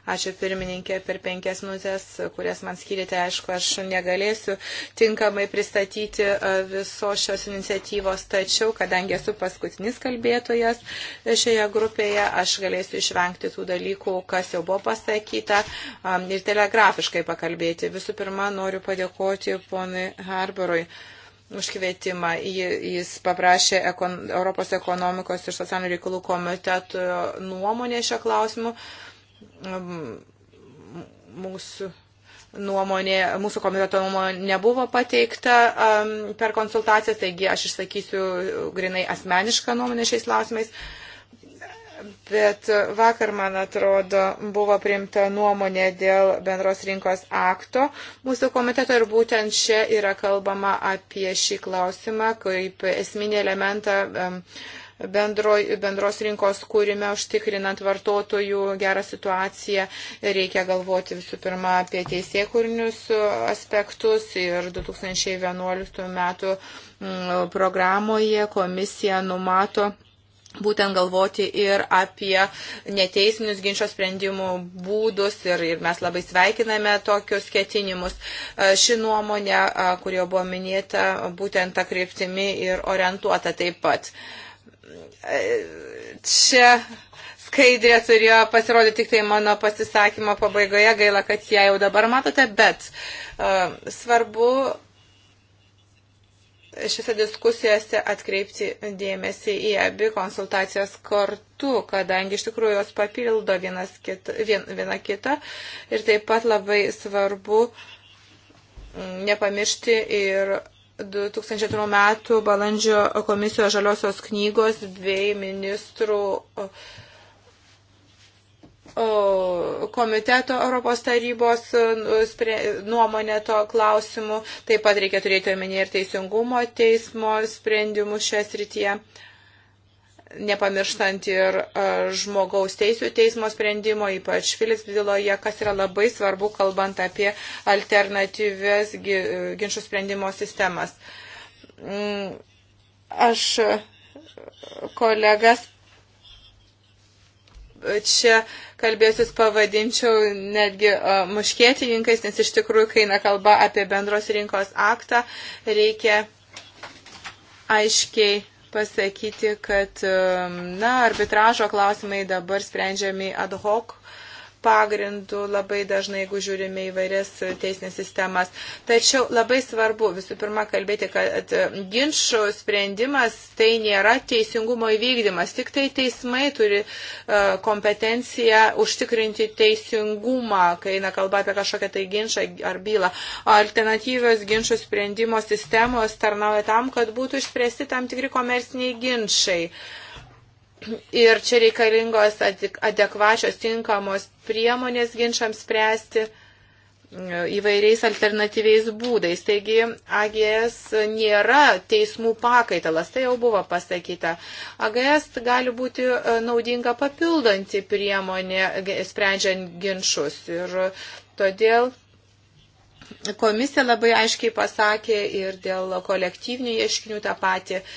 Ačiū pirmininkė per penkias minutės, kurias man skirite. Aišku, aš negalėsiu tinkamai pristatyti e, visos šios iniciatyvos, tačiau, kadangi esu paskutinis kalbėtojas e, šioje grupėje, aš galėsiu išvengti tų dalykų, kas jau buvo pasakyta ir telegrafiškai pakalbėti. Visų pirma, noriu padėkoti ponui Harborui už kvietimą. Jis paprašė Europos ekonomikos ir socialinių reikalų komiteto nuomonę šio klausimu mūsų nuomonė, mūsų komiteto nuomonė nebuvo pateikta um, per konsultacijas, taigi aš išsakysiu grinai asmenišką nuomonę šiais klausimais. Bet vakar, man atrodo, buvo priimta nuomonė dėl bendros rinkos akto mūsų komiteto ir būtent čia yra kalbama apie šį klausimą kaip esminį elementą. Um, bendro, bendros rinkos kūrime, užtikrinant vartotojų gerą situaciją. Reikia galvoti visų pirma apie teisėkūrinius aspektus ir 2011 metų mm, programoje komisija numato būtent galvoti ir apie neteisminius ginčio sprendimų būdus ir, ir mes labai sveikiname tokius ketinimus. E, ši nuomonė, kurio buvo minėta, būtent tą kryptimi ir orientuota taip pat. Uh, čia skaidrė turėjo pasirodyti tik tai mano pasisakymo pabaigoje, gaila, kad ją jau dabar matote, bet uh, svarbu šiose diskusijose atkreipti dėmesį į abi konsultacijas kartu, kadangi iš tikrųjų jos papildo vienas kita, vien, viena kitą ir taip pat labai svarbu nepamiršti ir 2002 metų balandžio komisijos žaliosios knygos bei ministrų komiteto Europos tarybos e, nuomonė to klausimu. Taip pat reikia turėti omenyje ir teisingumo teismo sprendimus šią srityje nepamirštant ir e, žmogaus teisų teismo sprendimo, ypač Filips byloje, kas yra labai svarbu, kalbant apie alternatyves e, ginčių sprendimo sistemas. Mm, aš e, kolegas čia kalbėsius pavadinčiau netgi muškėtininkais, nes iš tikrųjų, kai eina kalba apie bendros rinkos aktą, reikia aiškiai pasakyti, kad na, arbitražo klausimai dabar sprendžiami ad hoc pagrindų labai dažnai, jeigu žiūrime į vairias teisinės sistemas. Tačiau labai svarbu visų pirma kalbėti, kad ginčių sprendimas tai nėra teisingumo įvykdymas. Tik tai teismai turi e, kompetenciją užtikrinti teisingumą, kai eina kalba apie kažkokią tai ginčą ar bylą. Alternatyvios ginčių sprendimo sistemos tarnauja tam, kad būtų išspręsti tam tikri komerciniai ginčiai. Uh, Ir čia reikalingos adekvačios tinkamos priemonės ginčiams spręsti e, įvairiais alternatyviais būdais. Taigi AGS nėra teismų pakaitalas, tai jau buvo pasakyta. AGS gali būti e, naudinga papildanti priemonė sprendžiant ginčius. Ir todėl komisija labai aiškiai pasakė ir dėl kolektyvinių ieškinių tą patį. Uh,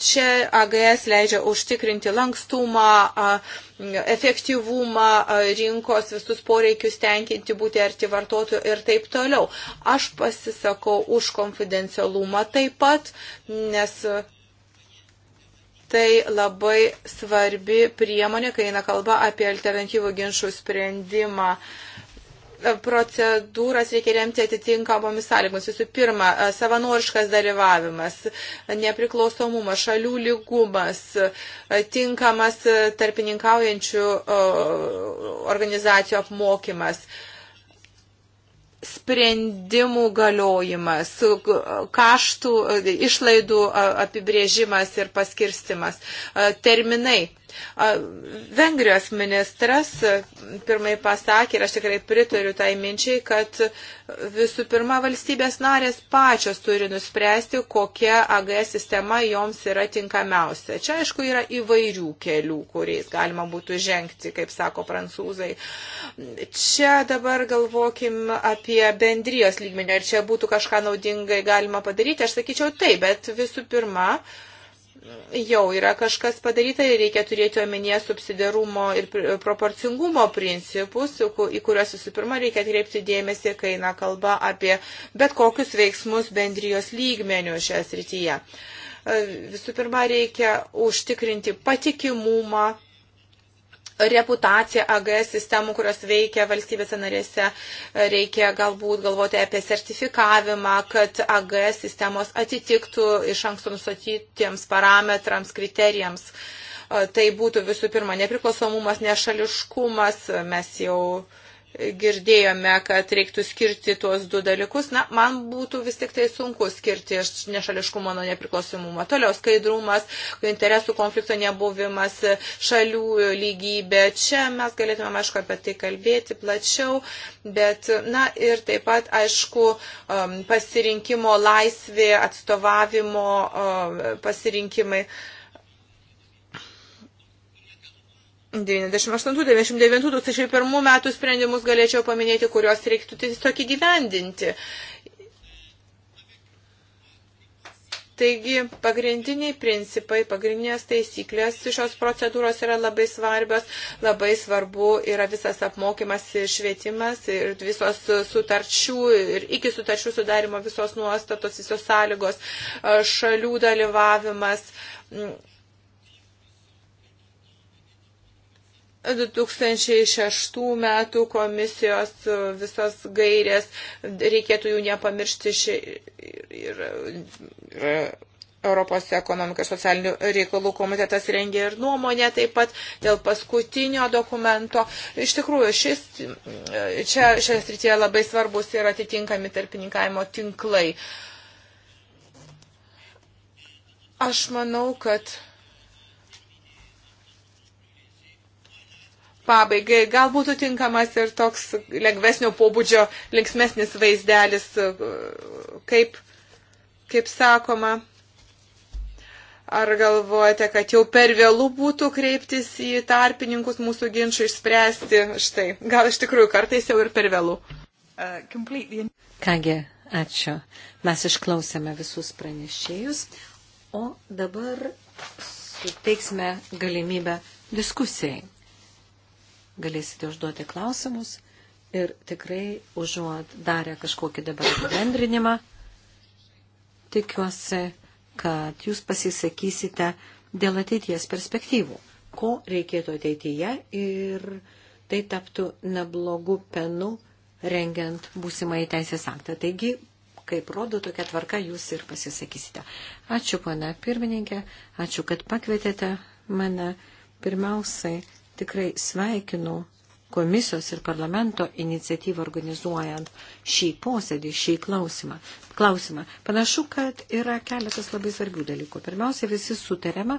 Čia AGS leidžia užtikrinti lankstumą, efektyvumą, rinkos visus poreikius tenkinti, būti arti vartotojų ir taip toliau. Aš pasisakau už konfidencialumą taip pat, nes tai labai svarbi priemonė, kai eina kalba apie alternatyvų ginčių sprendimą. Uh, procedūras reikia remti atitinkamomis sąlygomis. Visų pirma, savanoriškas dalyvavimas, nepriklausomumas, šalių lygumas, tinkamas tarpininkaujančių organizacijų apmokymas sprendimų galiojimas, kaštų, išlaidų apibrėžimas ir paskirstimas, terminai Vengrijos ministras e, pirmai pasakė, ir aš tikrai pritariu tai minčiai, kad visų pirma valstybės narės pačios turi nuspręsti, kokia AGS sistema joms yra tinkamiausia. Čia, aišku, yra įvairių kelių, kuriais galima būtų žengti, kaip sako prancūzai. Čia dabar galvokim apie bendrijos lygmenį, ar čia būtų kažką naudingai galima padaryti. Aš sakyčiau taip, bet visų pirma, uh, jau yra kažkas padaryta ir reikia turėti omenyje subsidiarumo ir proporcingumo principus, į kuriuos visų pirma reikia atkreipti dėmesį, kai eina kalba apie bet kokius veiksmus bendrijos lygmenių šioje srityje. Visų pirma, reikia užtikrinti patikimumą reputaciją AGS sistemų, kurios veikia valstybėse narėse. Reikia galbūt galvoti apie sertifikavimą, kad AGS sistemos atitiktų iš anksto nustatytiems parametrams, kriterijams. Tai būtų visų pirma nepriklausomumas, nešališkumas. Mes jau girdėjome, kad reiktų skirti tuos du dalykus, na, man būtų vis tik tai sunku skirti nešališkumo nuo nepriklausomumo. Toliau skaidrumas, interesų konflikto nebuvimas, šalių lygybė. Čia mes galėtume, aišku, apie tai kalbėti plačiau, bet, na, ir taip pat, aišku, um, pasirinkimo laisvė, atstovavimo um, pasirinkimai. 98-99-2001 metų sprendimus galėčiau paminėti, kuriuos reiktų tiesiog įgyvendinti. Taigi pagrindiniai principai, pagrindinės taisyklės šios procedūros yra labai svarbios, labai svarbu yra visas apmokymas ir švietimas ir visos sutarčių ir iki sutarčių sudarimo visos nuostatos, visos sąlygos, šalių dalyvavimas 2006 metų komisijos e, visas gairės, reikėtų jų nepamiršti ši, ir, ir, ir e, Europos ekonomikos socialinių reikalų komitetas rengė ir nuomonę taip pat dėl paskutinio dokumento. Iš tikrųjų, šis, e, čia šioje srityje labai svarbus yra atitinkami tarpininkavimo tinklai. Aš manau, kad pabaigai gal būtų tinkamas ir toks lengvesnio pobūdžio, linksmesnis vaizdelis, e, kaip, kaip sakoma. Ar galvojate, kad jau per vėlų būtų kreiptis į tarpininkus mūsų ginčių išspręsti? Štai, gal iš tikrųjų kartais jau ir per vėlų. Uh, Kągi, ačiū. Mes išklausėme visus pranešėjus, o dabar suteiksime galimybę diskusijai galėsite užduoti klausimus ir tikrai užuot darę kažkokį dabar apibendrinimą, tikiuosi, kad jūs pasisakysite dėl ateities perspektyvų, ko reikėtų ateityje ir tai taptų neblogų penų rengiant būsimąjį teisės aktą. Taigi, kaip rodo tokia tvarka, jūs ir pasisakysite. Ačiū, pana pirmininkė, ačiū, kad pakvietėte mane. Pirmiausiai Tikrai sveikinu komisijos ir parlamento iniciatyvą organizuojant šį posėdį, šį klausimą. klausimą. Panašu, kad yra keletas labai svarbių dalykų. Pirmiausia, visi sutarėme,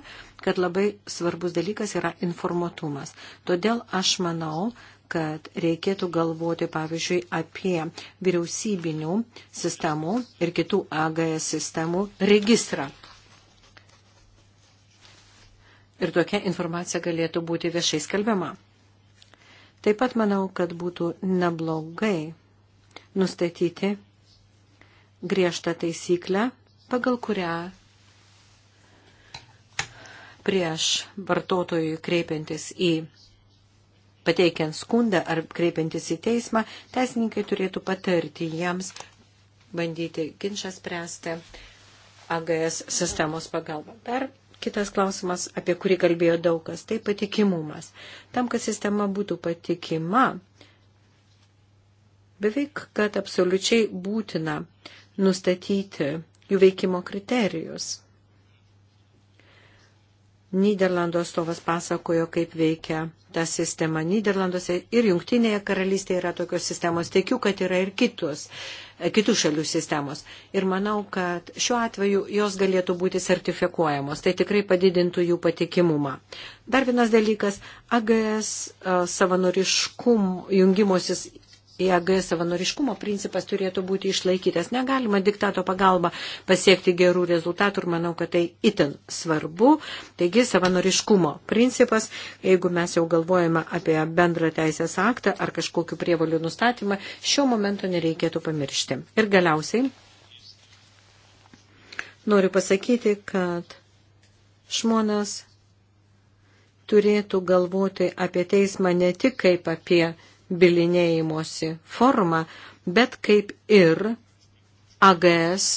kad labai svarbus dalykas yra informuotumas. Todėl aš manau, kad reikėtų galvoti, pavyzdžiui, apie vyriausybinių sistemų ir kitų AGS sistemų registrą ir tokia informacija galėtų būti viešai skelbiama. Taip pat manau, kad būtų neblogai nustatyti griežtą taisyklę, pagal kurią prieš vartotojui kreipiantis į pateikiant skundą ar kreipiantis į teismą, teisininkai turėtų patarti jiems bandyti ginčą spręsti AGS sistemos pagalba. Dar Kitas klausimas, apie kurį kalbėjo daugas, tai patikimumas. Tam, kad sistema būtų patikima, beveik, kad absoliučiai būtina nustatyti jų veikimo kriterijus. Niderlandų atstovas pasakojo, kaip veikia ta sistema Niderlanduose ir Jungtinėje karalystėje yra tokios sistemos. Tikiu, kad yra ir kitos, e, kitų šalių sistemos. Ir manau, kad šiuo atveju jos galėtų būti sertifikuojamos. Tai tikrai padidintų jų patikimumą. Dar vienas dalykas - AGS e, savanoriškum, jungimosis EAG savanoriškumo principas turėtų būti išlaikytas. Negalima diktato pagalba pasiekti gerų rezultatų ir manau, kad tai itin svarbu. Taigi savanoriškumo principas, jeigu mes jau galvojame apie bendrą teisės aktą ar kažkokiu prievaliu nustatymą, šio momento nereikėtų pamiršti. Ir galiausiai noriu pasakyti, kad žmonės turėtų galvoti apie teismą ne tik kaip apie bilinėjimosi formą, bet kaip ir AGS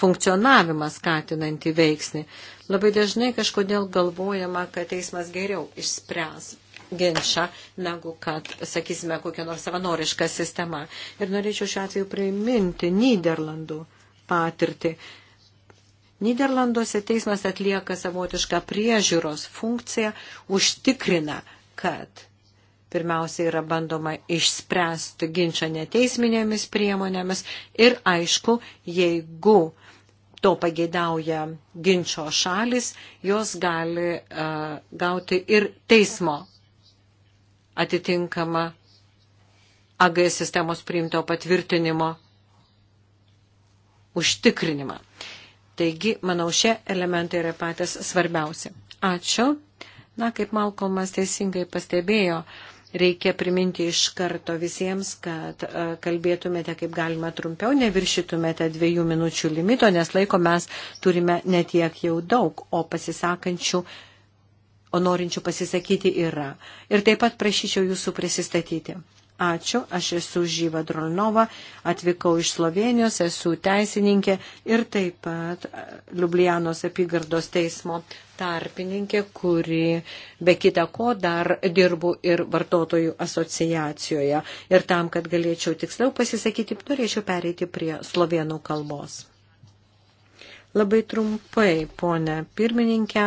funkcionavimą skatinantį veiksnį. Labai dažnai kažkodėl galvojama, kad teismas geriau išspręs ginčą, negu kad, sakysime, kokia nors savanoriška sistema. Ir norėčiau šiuo atveju priminti Niderlandų patirtį. Niderlanduose teismas atlieka savotišką priežiūros funkciją, užtikrina, kad Pirmiausia, yra bandoma išspręsti ginčą neteisminėmis priemonėmis ir aišku, jeigu to pageidauja ginčio šalis, jos gali uh, gauti ir teismo atitinkamą AG sistemos priimto patvirtinimo užtikrinimą. Taigi, manau, šie elementai yra patys svarbiausi. Ačiū. Na, kaip Malkomas teisingai pastebėjo, uh, Reikia priminti iš karto visiems, kad e, kalbėtumėte kaip galima trumpiau, neviršytumėte dviejų minučių limito, nes laiko mes turime netiek jau daug, o pasisakančių o norinčių pasisakyti yra. Ir taip pat prašyčiau jūsų prisistatyti. Ačiū, aš esu Žyva Drolnova, atvykau iš Slovenijos, esu teisininkė ir taip pat e, Liublianos apygardos teismo tarpininkė, kuri be kita ko dar dirbu ir vartotojų asociacijoje. Ir tam, kad galėčiau tiksliau pasisakyti, norėčiau pereiti prie slovenų kalbos. Labai trumpai, ponė pirmininkė,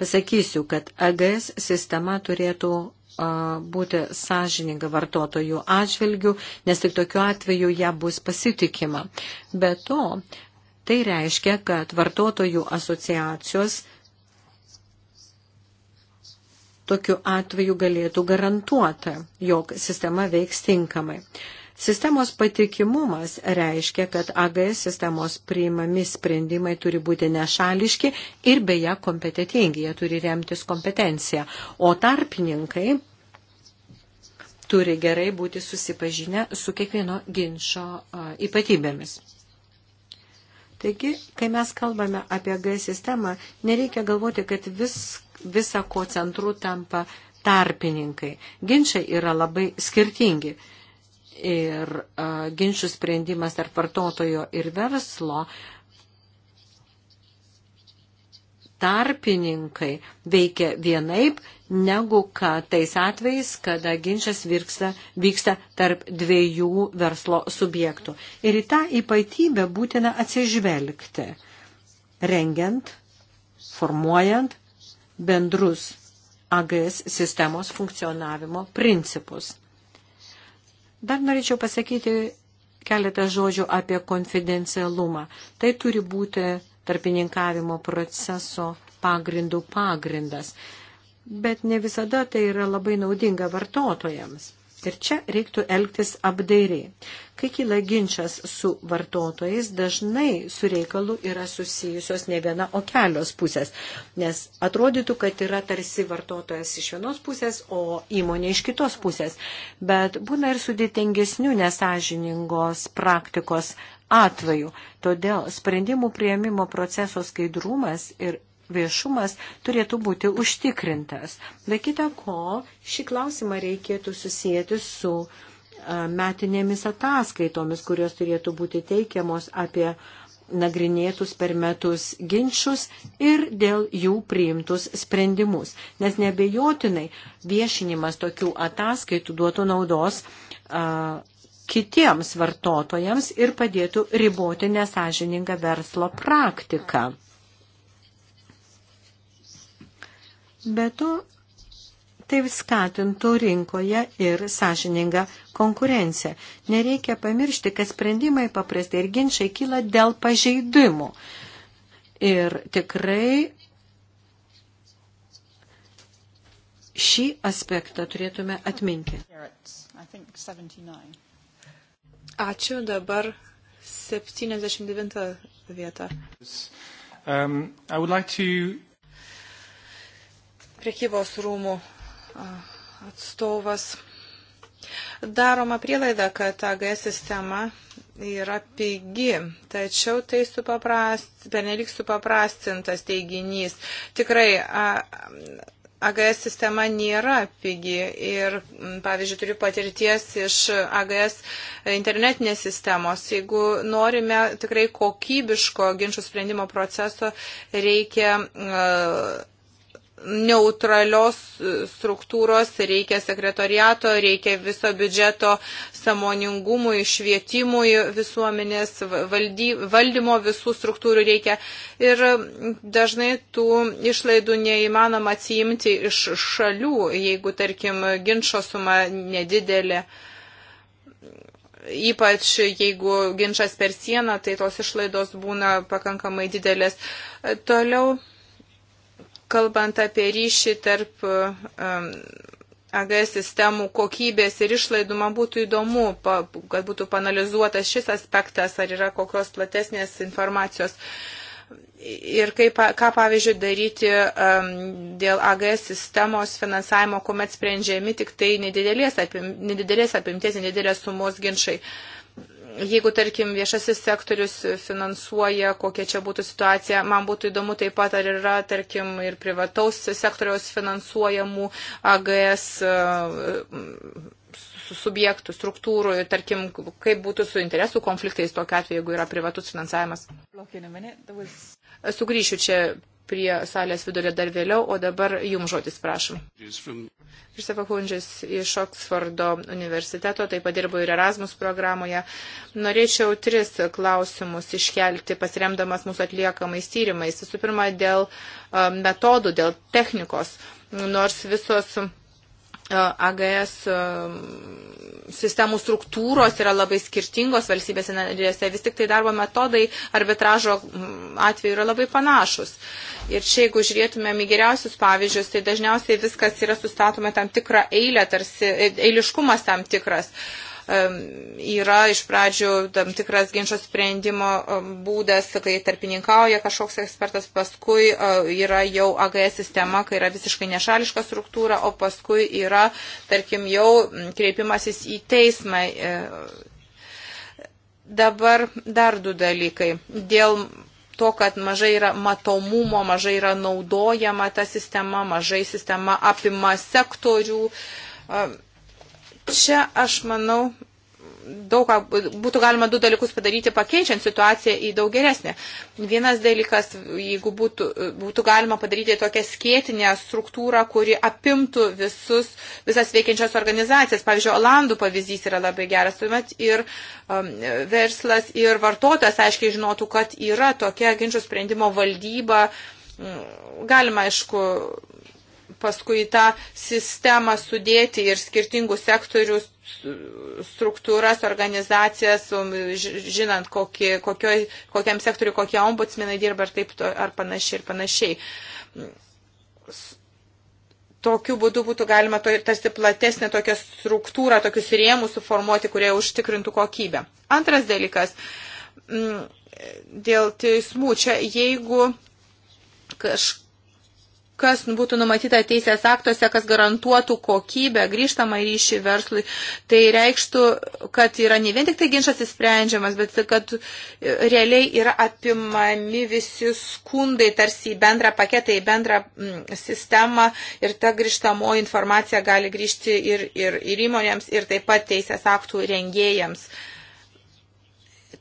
pasakysiu, kad AGS sistema turėtų būti sąžininga vartotojų atžvilgių, nes tik tokiu atveju ją bus pasitikima. Be to, tai reiškia, kad vartotojų asociacijos tokiu atveju galėtų garantuoti, jog sistema veiks tinkamai. Sistemos patikimumas reiškia, kad AGS sistemos priimami sprendimai turi būti nešališki ir beje kompetitingi, jie turi remtis kompetenciją. O tarpininkai turi gerai būti susipažinę su kiekvieno ginčio ypatybėmis. Taigi, kai mes kalbame apie G sistemą, nereikia galvoti, kad vis, visa ko centru tampa tarpininkai. Ginčiai yra labai skirtingi. Ir a, ginčių sprendimas tarp vartotojo ir verslo a, tarpininkai veikia vienaip, negu kad tais atvejais, kada ginčas vyksta, vyksta tarp dviejų verslo subjektų. Ir į tą ypatybę būtina atsižvelgti, rengiant, formuojant bendrus AGS sistemos funkcionavimo principus. Dar norėčiau pasakyti keletą žodžių apie konfidencialumą. Tai turi būti tarpininkavimo proceso pagrindų pagrindas. Bet ne visada tai yra labai naudinga vartotojams. Ir čia reiktų elgtis apdairiai. Kai kyla ginčas su vartotojais, dažnai su reikalu yra susijusios ne viena, o kelios pusės. Nes atrodytų, kad yra tarsi vartotojas iš vienos pusės, o įmonė iš kitos pusės. Bet būna ir sudėtingesnių nesažiningos praktikos atveju. Todėl sprendimų prieimimo proceso skaidrumas ir viešumas turėtų būti užtikrintas. Be kita ko, šį klausimą reikėtų susijęti su metinėmis ataskaitomis, kurios turėtų būti teikiamos apie nagrinėtus per metus ginčius ir dėl jų priimtus sprendimus. Nes nebejotinai viešinimas tokių ataskaitų duotų naudos uh, kitiems vartotojams ir padėtų riboti nesažiningą verslo praktiką. Be to, tai skatintų rinkoje ir sąžiningą konkurenciją. Nereikia pamiršti, kad sprendimai paprastai ir ginčiai kyla dėl pažeidimų. Ir tikrai šį aspektą turėtume atminti. I think 79. Ačiū dabar 79 vieta. Um, like to... Prekybos rūmų atstovas. Daroma prielaida, kad AGS sistema yra pigi, tačiau tai supaprast, benelik supaprastintas teiginys. Tikrai a, AGS sistema nėra pigi ir, pavyzdžiui, turiu patirties iš AGS internetinės sistemos. Jeigu norime tikrai kokybiško ginčių sprendimo proceso, reikia uh, neutralios struktūros, reikia sekretoriato, reikia viso biudžeto samoningumui, švietimui visuomenės, valdy, valdymo visų struktūrų reikia. Ir dažnai tų išlaidų neįmanoma atsiimti iš šalių, jeigu, tarkim, ginčio suma nedidelė. Ypač jeigu ginčas per sieną, tai tos išlaidos būna pakankamai didelės. Toliau kalbant apie ryšį tarp um, AGS sistemų kokybės ir išlaidų, man būtų įdomu, pa, kad būtų panalizuotas šis aspektas, ar yra kokios platesnės informacijos. Ir kaip, ką pavyzdžiui daryti um, dėl AGS sistemos finansavimo, kuomet sprendžiami tik tai nedidelės, apim, nedidelės apimties, nedidelės sumos ginčiai. Uh, jeigu, tarkim, viešasis sektorius finansuoja, kokia čia būtų situacija, man būtų įdomu taip pat, ar yra, tarkim, ir privataus sektoriaus finansuojamų AGS e, subjektų, struktūrų, tarkim, kaip būtų su interesų konfliktais tokiu atveju, jeigu yra privatus finansavimas. Sugrįšiu čia prie salės vidurio dar vėliau, o dabar jums žodis prašom. Kristofa Hundžis iš Oksfordo universiteto, taip pat dirbo ir Erasmus programoje. Norėčiau tris klausimus iškelti, pasiremdamas mūsų atliekamais tyrimais. Visų pirma, dėl um, metodų, dėl technikos. Nors visos AGS sistemų struktūros yra labai skirtingos valstybėse narėse, vis tik tai darbo metodai arbitražo atveju yra labai panašus. Ir čia, jeigu žiūrėtumėm į geriausius pavyzdžius, tai dažniausiai viskas yra sustatoma tam tikrą eilę, tarsi e, eiliškumas tam tikras. Uh, yra iš pradžių tam tikras ginčio sprendimo būdas, kai tarpininkauja kažkoks ekspertas, paskui e, yra jau AGS sistema, kai yra visiškai nešališka struktūra, o paskui yra, tarkim, jau kreipimasis į teismą. E. Dabar dar du dalykai. Dėl to, kad mažai yra matomumo, mažai yra naudojama ta sistema, mažai sistema apima sektorių. Čia aš manau, daug ką būtų galima du dalykus padaryti, pakeičiant situaciją į daug geresnę. Vienas dalykas, jeigu būtų, būtų galima padaryti tokią skėtinę struktūrą, kuri apimtų visus, visas veikiančias organizacijas. Pavyzdžiui, Olandų pavyzdys yra labai geras. Tuomet ir um, verslas, ir vartotojas aiškiai žinotų, kad yra tokia ginčių sprendimo valdyba. Mm, galima, aišku, paskui tą sistemą sudėti ir skirtingų sektorių struktūras, organizacijas, um, žinant, kokie, kokio, kokiam sektoriu kokie ombudsmenai dirba ir taip ar panašiai ir panašiai. Tokiu būdu būtų galima to, tarsi platesnę tokią struktūrą, tokius rėmus suformuoti, kurie užtikrintų kokybę. Antras dalykas, mm, dėl teismų, čia jeigu kažkas kas būtų numatyta teisės aktuose, kas garantuotų kokybę, grįžtamą ryšį verslui, tai reikštų, kad yra ne vien tik tai ginčas įsprendžiamas, bet kad e, realiai yra apimami visi skundai tarsi į bendrą paketą, į bendrą sistemą ir ta grįžtamoji informacija gali grįžti ir, ir, ir įmonėms, ir taip pat teisės aktų rengėjams. Uh,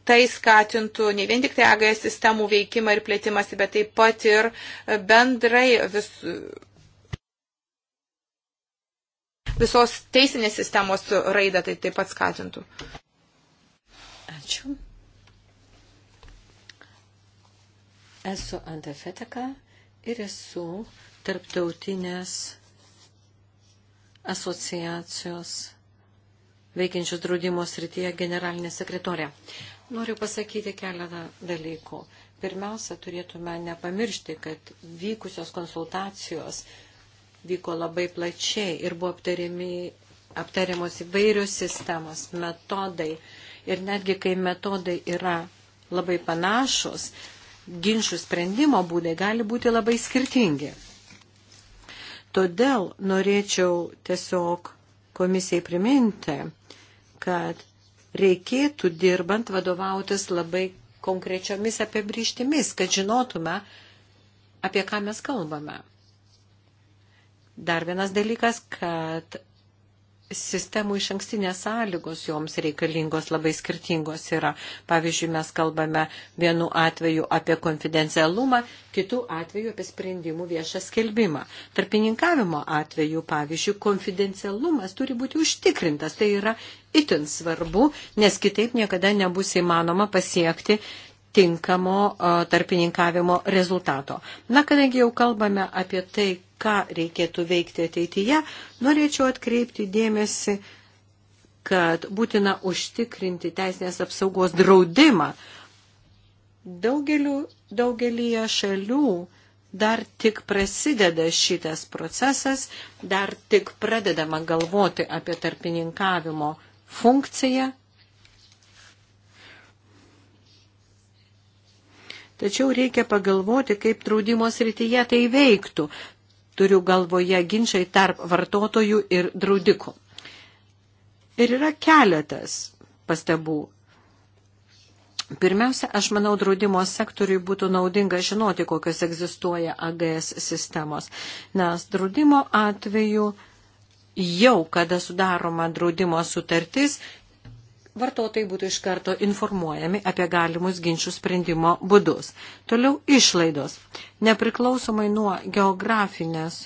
Tai skatintų ne vien tik tai AGS sistemų veikimą ir plėtimasi, bet taip pat ir bendrai vis, visos teisinės sistemos raidą tai taip pat skatintų. Ačiū. Esu Antefeteka ir esu tarptautinės asociacijos veikiančios draudimo srityje generalinė sekretorė. Noriu pasakyti keletą dalykų. Pirmiausia, turėtume nepamiršti, kad vykusios konsultacijos vyko labai plačiai ir buvo aptariami, aptariamos įvairios sistemos, metodai. Ir netgi kai metodai yra labai panašus, ginčių sprendimo būdai gali būti labai skirtingi. Todėl norėčiau tiesiog komisijai priminti, kad reikėtų dirbant vadovautis labai konkrečiomis apibrištimis, kad žinotume, apie ką mes kalbame. Dar vienas dalykas, kad sistemų iš ankstinės sąlygos joms reikalingos labai skirtingos yra. Pavyzdžiui, mes kalbame vienu atveju apie konfidencialumą, kitų atveju apie sprendimų viešą skelbimą. Tarpininkavimo atveju, pavyzdžiui, konfidencialumas turi būti užtikrintas. Tai yra itin svarbu, nes kitaip niekada nebus įmanoma pasiekti tinkamo tarpininkavimo rezultato. Na, kadangi jau kalbame apie tai, ką reikėtų veikti ateityje, norėčiau atkreipti dėmesį, kad būtina užtikrinti teisinės apsaugos draudimą. Daugeliu, daugelyje šalių dar tik prasideda šitas procesas, dar tik pradedama galvoti apie tarpininkavimo funkciją. Tačiau reikia pagalvoti, kaip draudimo srityje tai veiktų turiu galvoje ginčiai tarp vartotojų ir draudikų. Ir yra keletas pastabų. Pirmiausia, aš manau, draudimo sektoriui būtų naudinga žinoti, kokios egzistuoja AGS sistemos, nes draudimo atveju jau, kada sudaroma draudimo sutartis, vartotojai būtų iš karto informuojami apie galimus ginčių sprendimo būdus. Toliau išlaidos. Nepriklausomai nuo geografinės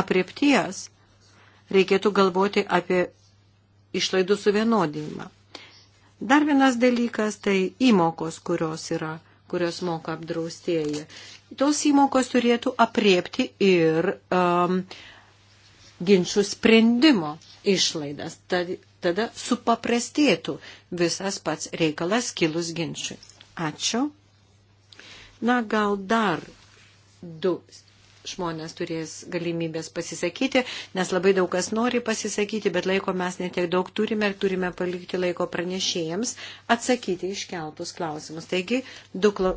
apriepties reikėtų galvoti apie išlaidų suvienodinimą. Dar vienas dalykas tai įmokos, kurios yra kurios moka apdraustieji. Tos įmokos turėtų apriepti ir um, ginčių sprendimo išlaidas. Tad tada supaprastėtų visas pats reikalas kilus ginčiui. Ačiū. Na, gal dar du žmonės turės galimybės pasisakyti, nes labai daug kas nori pasisakyti, bet laiko mes netiek daug turime ir turime palikti laiko pranešėjams atsakyti iškeltus klausimus. Taigi, du, kla...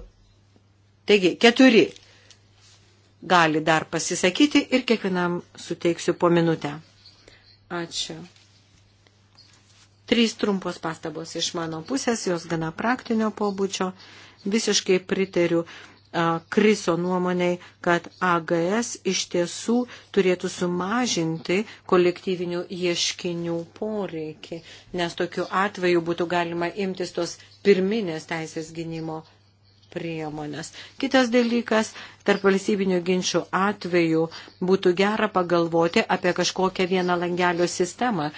Taigi keturi gali dar pasisakyti ir kiekvienam suteiksiu po minutę. Ačiū. Trys trumpos pastabos iš mano pusės, jos gana praktinio pobūdžio. Visiškai pritariu Kriso nuomoniai, kad AGS iš tiesų turėtų sumažinti kolektyvinių ieškinių poreikį, nes tokiu atveju būtų galima imtis tos pirminės teisės gynimo priemonės. Kitas dalykas, tarp valstybinių ginčių atveju būtų gera pagalvoti apie kažkokią vieną langelio sistemą,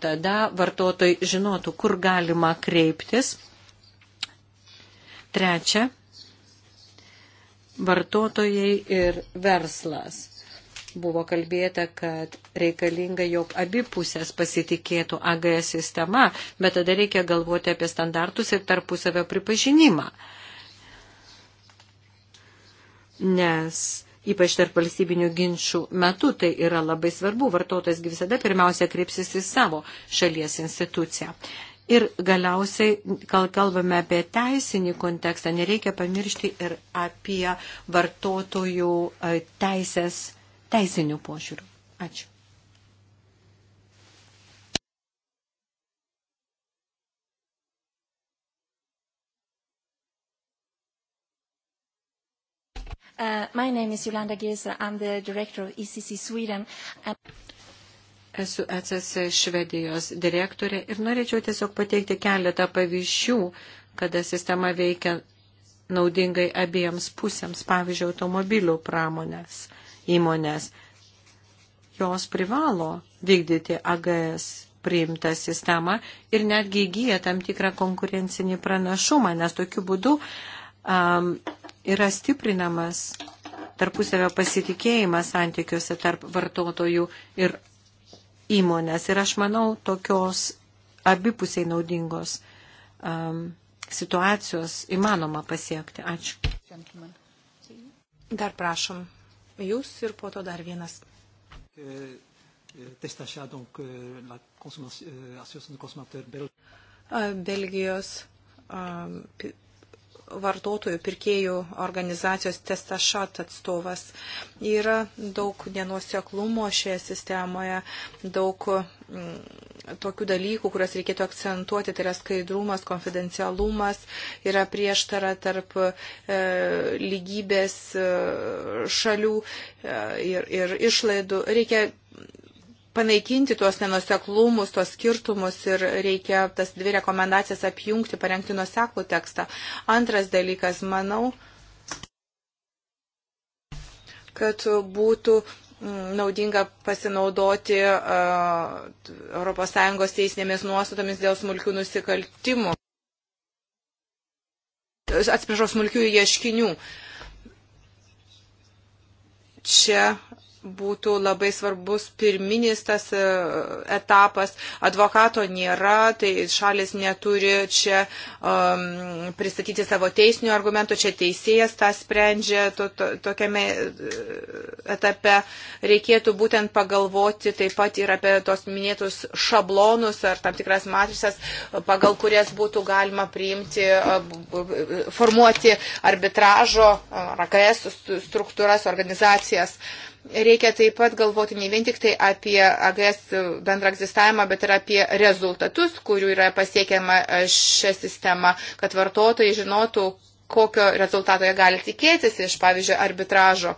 tada vartotojai žinotų, kur galima kreiptis. Trečia, vartotojai ir verslas. Buvo kalbėta, kad reikalinga, jog abi pusės pasitikėtų AGS sistema, bet tada reikia galvoti apie standartus ir tarpusavio pripažinimą. Nes ypač tarp valstybinių ginčių metu, tai yra labai svarbu, vartotojas visada pirmiausia kreipsis į savo šalies instituciją. Ir galiausiai, kal kalbame apie teisinį kontekstą, nereikia pamiršti ir apie vartotojų e, teisės teisinių požiūrių. Ačiū. Uh, my name is Yolanda Gilsa. I'm the director of ECC Sweden. And... Esu ECC Švedijos direktorė ir norėčiau tiesiog pateikti keletą pavyzdžių, kada sistema veikia naudingai abiems pusėms, pavyzdžiui, automobilių pramonės įmonės. Jos privalo vykdyti AGS priimtą sistemą ir netgi įgyja tam tikrą konkurencinį pranašumą, nes tokiu būdu um, yra stiprinamas tarpusavio pasitikėjimas santykiuose tarp vartotojų ir įmonės. Ir aš manau, tokios abipusiai naudingos um, situacijos įmanoma pasiekti. Ačiū. Dar prašom. Jūs ir po to dar vienas. Uh, uh, Belgijos vartotojų pirkėjų organizacijos Testašat atstovas. Yra daug nenuoseklumo šioje sistemoje, daug mm, tokių dalykų, kurias reikėtų akcentuoti, tai yra skaidrumas, konfidencialumas, yra prieštara tarp e, lygybės e, šalių e, ir, ir išlaidų. Reikia panaikinti tuos nenuseklumus, tuos skirtumus ir reikia tas dvi rekomendacijas apjungti, parengti nuseklų tekstą. Antras dalykas, manau, kad būtų mm, naudinga pasinaudoti uh, ES teisinėmis nuostatomis dėl smulkių nusikaltimų. Atsiprašau, smulkių ieškinių. Čia būtų labai svarbus pirminis tas e, etapas. Advokato nėra, tai šalis neturi čia um, pristatyti savo teisinių argumentų, čia teisėjas tą sprendžia to, to, tokiame e, etape. Reikėtų būtent pagalvoti taip pat ir apie tos minėtus šablonus ar tam tikras matrisas, pagal kurias būtų galima priimti, e, formuoti arbitražo ar AKS struktūras, organizacijas. Uh, reikia taip pat galvoti ne vien tik tai apie AGS bendrą egzistavimą, bet ir apie rezultatus, kurių yra pasiekiama e, šią sistemą, kad vartotojai žinotų, kokio rezultato jie gali tikėtis iš, pavyzdžiui, arbitražo.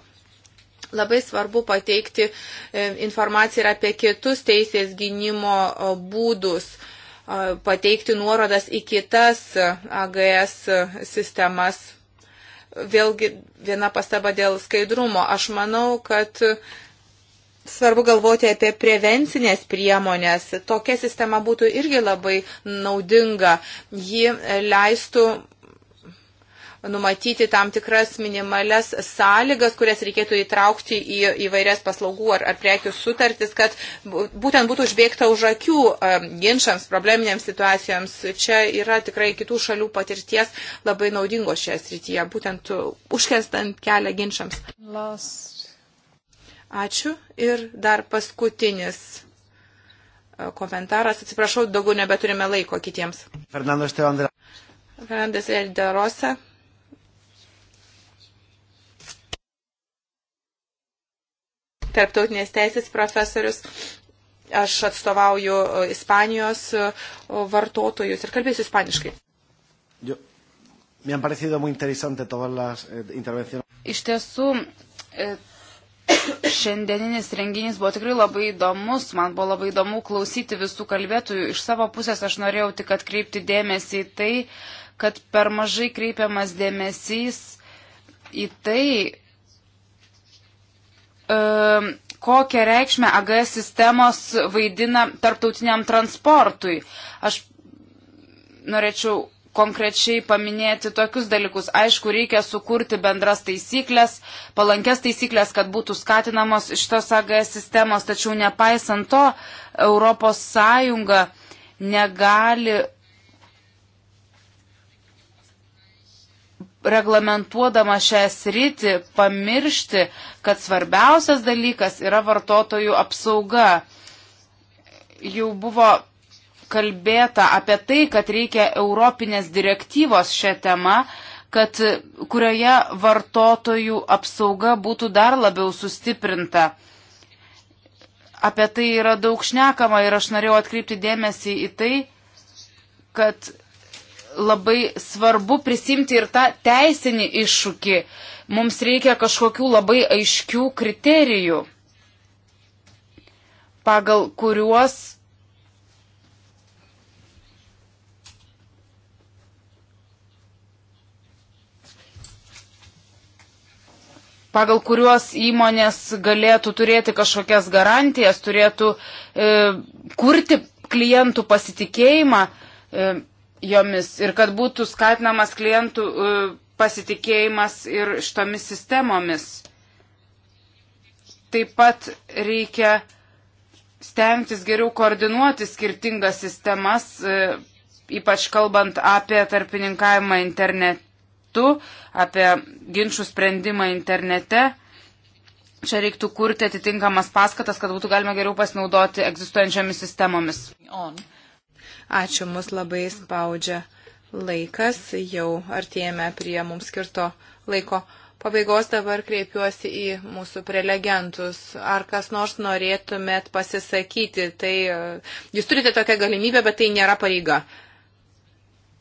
Labai svarbu pateikti e, informaciją ir apie kitus teisės gynimo e, būdus pateikti nuorodas į kitas AGS sistemas, Vėlgi viena pastaba dėl skaidrumo. Aš manau, kad Svarbu galvoti apie prevencinės priemonės. Tokia sistema būtų irgi labai naudinga. Ji leistų numatyti tam tikras minimales sąlygas, kurias reikėtų įtraukti į įvairias paslaugų ar, ar prekių sutartis, kad būtent būtų užbėgta už akių um, ginčiams, probleminėms situacijoms. Čia yra tikrai kitų šalių patirties labai naudingo šioje srityje, būtent užkestant kelią ginčiams. Last. Ačiū. Ir dar paskutinis uh, komentaras. Atsiprašau, daugiau nebeturime laiko kitiems. Fernandas Teandra. Fernandas Elderosa. tarptautinės teisės profesorius. Aš atstovauju Ispanijos vartotojus ir kalbėsiu ispaniškai. Yo, me han parecido muy interesante todas las eh, intervenciones. Iš tiesų, e, šiandieninis renginys buvo tikrai labai įdomus, man buvo labai įdomu klausyti visų kalbėtojų. Iš savo pusės aš norėjau tik atkreipti dėmesį į tai, kad per mažai kreipiamas dėmesys į tai, Ehm, kokią reikšmę AGS sistemos vaidina tarptautiniam transportui. Aš norėčiau konkrečiai paminėti tokius dalykus. Aišku, reikia sukurti bendras taisyklės, palankės taisyklės, kad būtų skatinamos šitos AGS sistemos, tačiau nepaisant to, ES negali reglamentuodama šią sritį pamiršti, kad svarbiausias dalykas yra vartotojų apsauga. Jau buvo kalbėta apie tai, kad reikia Europinės direktyvos šią temą, kad, kurioje vartotojų apsauga būtų dar labiau sustiprinta. Apie tai yra daug šnekama ir aš norėjau atkreipti dėmesį į tai, kad labai svarbu prisimti ir tą teisinį iššūkį. Mums reikia kažkokių labai aiškių kriterijų, pagal kuriuos pagal kuriuos įmonės galėtų turėti kažkokias garantijas, turėtų e, kurti klientų pasitikėjimą. E, jomis ir kad būtų skatinamas klientų e, pasitikėjimas ir šitomis sistemomis. Taip pat reikia stengtis geriau koordinuoti skirtingas sistemas, e, ypač kalbant apie tarpininkavimą internetu, apie ginčių sprendimą internete. Čia reiktų kurti atitinkamas paskatas, kad būtų galima geriau pasinaudoti egzistuojančiamis sistemomis. On. Ačiū, mus labai spaudžia laikas, jau artėjame prie mums skirto laiko. Pabaigos dabar kreipiuosi į mūsų prelegentus. Ar kas nors norėtumėt pasisakyti? Tai e, jūs turite tokią galimybę, bet tai nėra pareiga.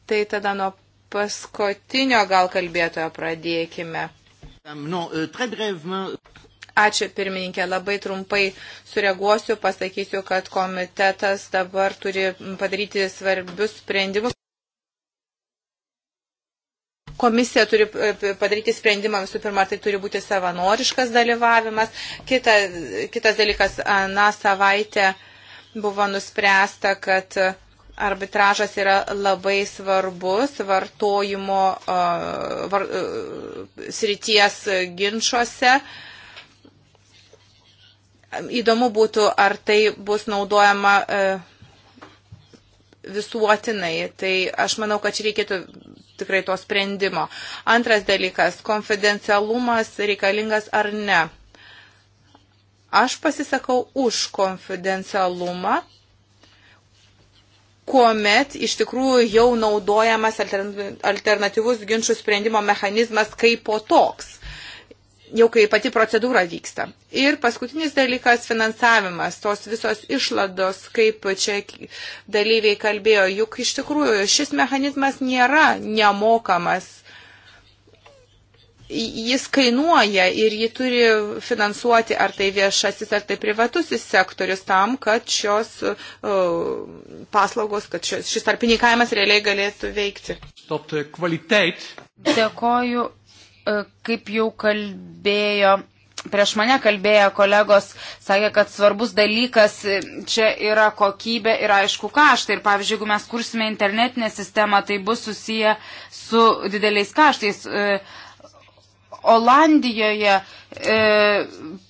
Tai tada nuo paskutinio gal kalbėtojo pradėkime. Um, uh, Ačiū pirmininkė, labai trumpai sureaguosiu, pasakysiu, kad komitetas dabar turi padaryti svarbius sprendimus. Komisija turi e, padaryti sprendimą, visų pirma, tai turi būti savanoriškas dalyvavimas. Kita, kitas dalykas, na, savaitę buvo nuspręsta, kad arbitražas yra labai svarbus vartojimo var, e, srities ginčiuose. Uh, Įdomu būtų, ar tai bus naudojama e, visuotinai. Tai aš manau, kad čia reikėtų tikrai to sprendimo. Antras dalykas - konfidencialumas reikalingas ar ne. Aš pasisakau už konfidencialumą, kuomet iš tikrųjų jau naudojamas alternatyvus ginčių sprendimo mechanizmas kaip po toks jau kai pati procedūra vyksta. Ir paskutinis dalykas - finansavimas, tos visos išlados, kaip čia dalyviai kalbėjo, juk iš tikrųjų šis mechanizmas nėra nemokamas. Jis kainuoja ir jį turi finansuoti ar tai viešasis, ar tai privatusis sektorius tam, kad šios uh, paslaugos, kad šios, šis tarpininkavimas realiai galėtų veikti. Dėkoju E, kaip jau kalbėjo, prieš mane kalbėjo kolegos, sakė, kad svarbus dalykas čia yra kokybė ir aišku kaštai. Ir pavyzdžiui, jeigu mes kursime internetinę sistemą, tai bus susiję su dideliais kaštais. E, Olandijoje e,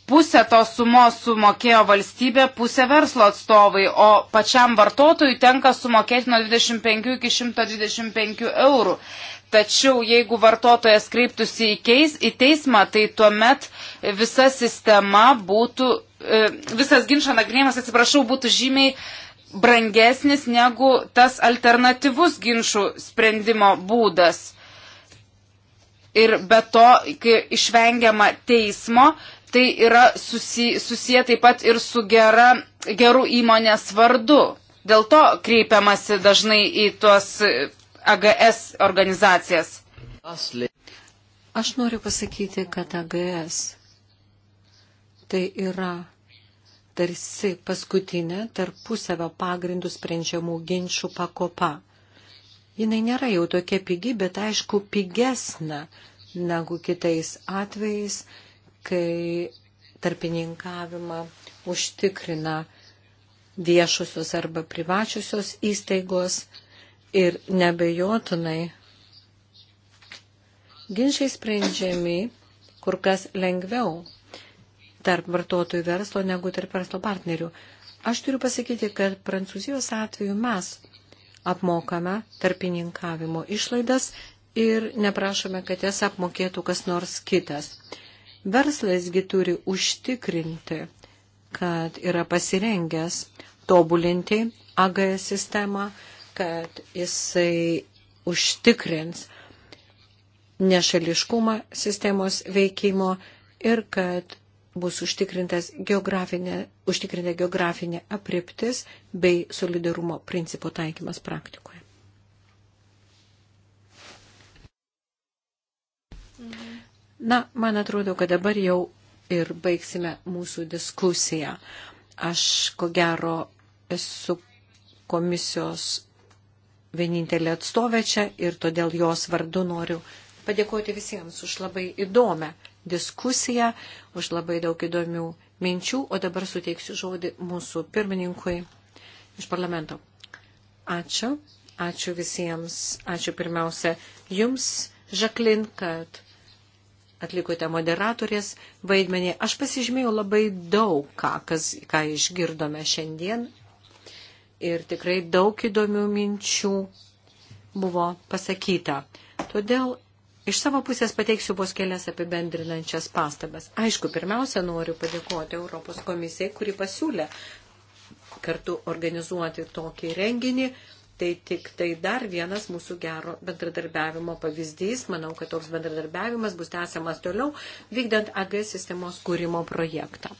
pusę tos sumos sumokėjo valstybė, pusę verslo atstovai, o pačiam vartotojui tenka sumokėti nuo 25 iki 125 eurų. E, Tačiau jeigu vartotojas kreiptųsi į, keis, į teismą, tai tuomet visa sistema būtų, e, visas ginčio nagrinėjimas, atsiprašau, būtų žymiai brangesnis negu tas alternatyvus ginčių sprendimo būdas. Ir be to, kai išvengiama teismo, tai yra susi, susiję taip pat ir su gera, geru įmonės vardu. Dėl to kreipiamasi dažnai į tuos AGS organizacijas? Aš noriu pasakyti, kad AGS tai yra tarsi paskutinė tarpusavio pagrindų sprendžiamų ginčių pakopa. Jinai nėra jau tokia pigi, bet aišku pigesnė negu kitais atvejais, kai tarpininkavimą užtikrina viešusios arba privačiusios įstaigos Ir nebejotinai ginčiai sprendžiami kur kas lengviau tarp vartotojų verslo negu tarp verslo partnerių. Aš turiu pasakyti, kad Prancūzijos atveju mes apmokame tarpininkavimo išlaidas ir neprašome, kad jas apmokėtų kas nors kitas. Verslasgi turi užtikrinti, kad yra pasirengęs tobulinti AGS sistemą, kad jisai užtikrins nešališkumą sistemos veikimo ir kad bus užtikrintas geografinė, užtikrinta geografinė apriptis bei solidarumo principų taikymas praktikoje. Na, man atrodo, kad dabar jau ir baigsime mūsų diskusiją. Aš, ko gero, esu komisijos vienintelė atstovė čia ir todėl jos vardu noriu padėkoti visiems už labai įdomią diskusiją, už labai daug įdomių minčių, o dabar suteiksiu žodį mūsų pirmininkui iš parlamento. Ačiū, ačiū visiems, ačiū pirmiausia jums, Žaklin, kad atlikote moderatorės vaidmenį. Aš pasižymėjau labai daug ką, kas, ką išgirdome šiandien ir tikrai daug įdomių minčių buvo pasakyta. Todėl iš savo pusės pateiksiu vos kelias apibendrinančias pastabas. Aišku, pirmiausia, noriu padėkoti Europos komisijai, kuri pasiūlė kartu organizuoti tokį renginį. Tai tik tai dar vienas mūsų gero bendradarbiavimo pavyzdys. Manau, kad toks bendradarbiavimas bus tęsiamas toliau, vykdant AG sistemos kūrimo projektą.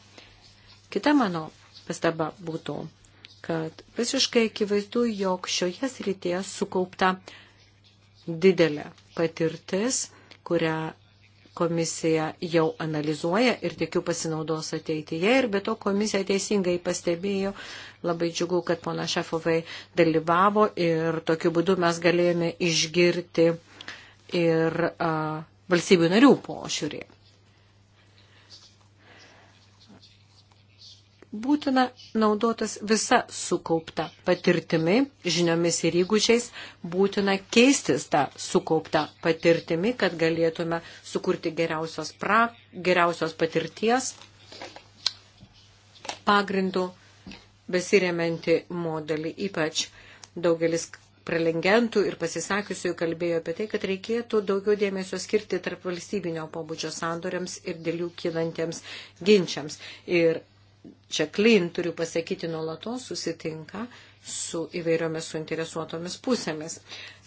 Kita mano pastaba būtų kad visiškai akivaizdu, jog šioje srityje sukaupta didelė patirtis, kurią komisija jau analizuoja ir tikiu pasinaudos ateityje. Ir be to komisija teisingai pastebėjo, labai džiugu, kad pona Šefovai dalyvavo ir tokiu būdu mes galėjome išgirti ir a, valstybių narių pošiūrį. būtina naudotis visa sukaupta patirtimi, žiniomis ir įgūdžiais, būtina keistis tą sukauptą patirtimi, kad galėtume sukurti geriausios, pra, geriausios patirties pagrindų besiriamenti modelį. Ypač daugelis prelengentų ir pasisakiusiųjų kalbėjo apie tai, kad reikėtų daugiau dėmesio skirti tarp valstybinio pobūdžio sandoriams ir dėl jų kilantiems ginčiams. Ir Čeklin, turiu pasakyti, nuolatos susitinka su įvairiomis suinteresuotomis pusėmis,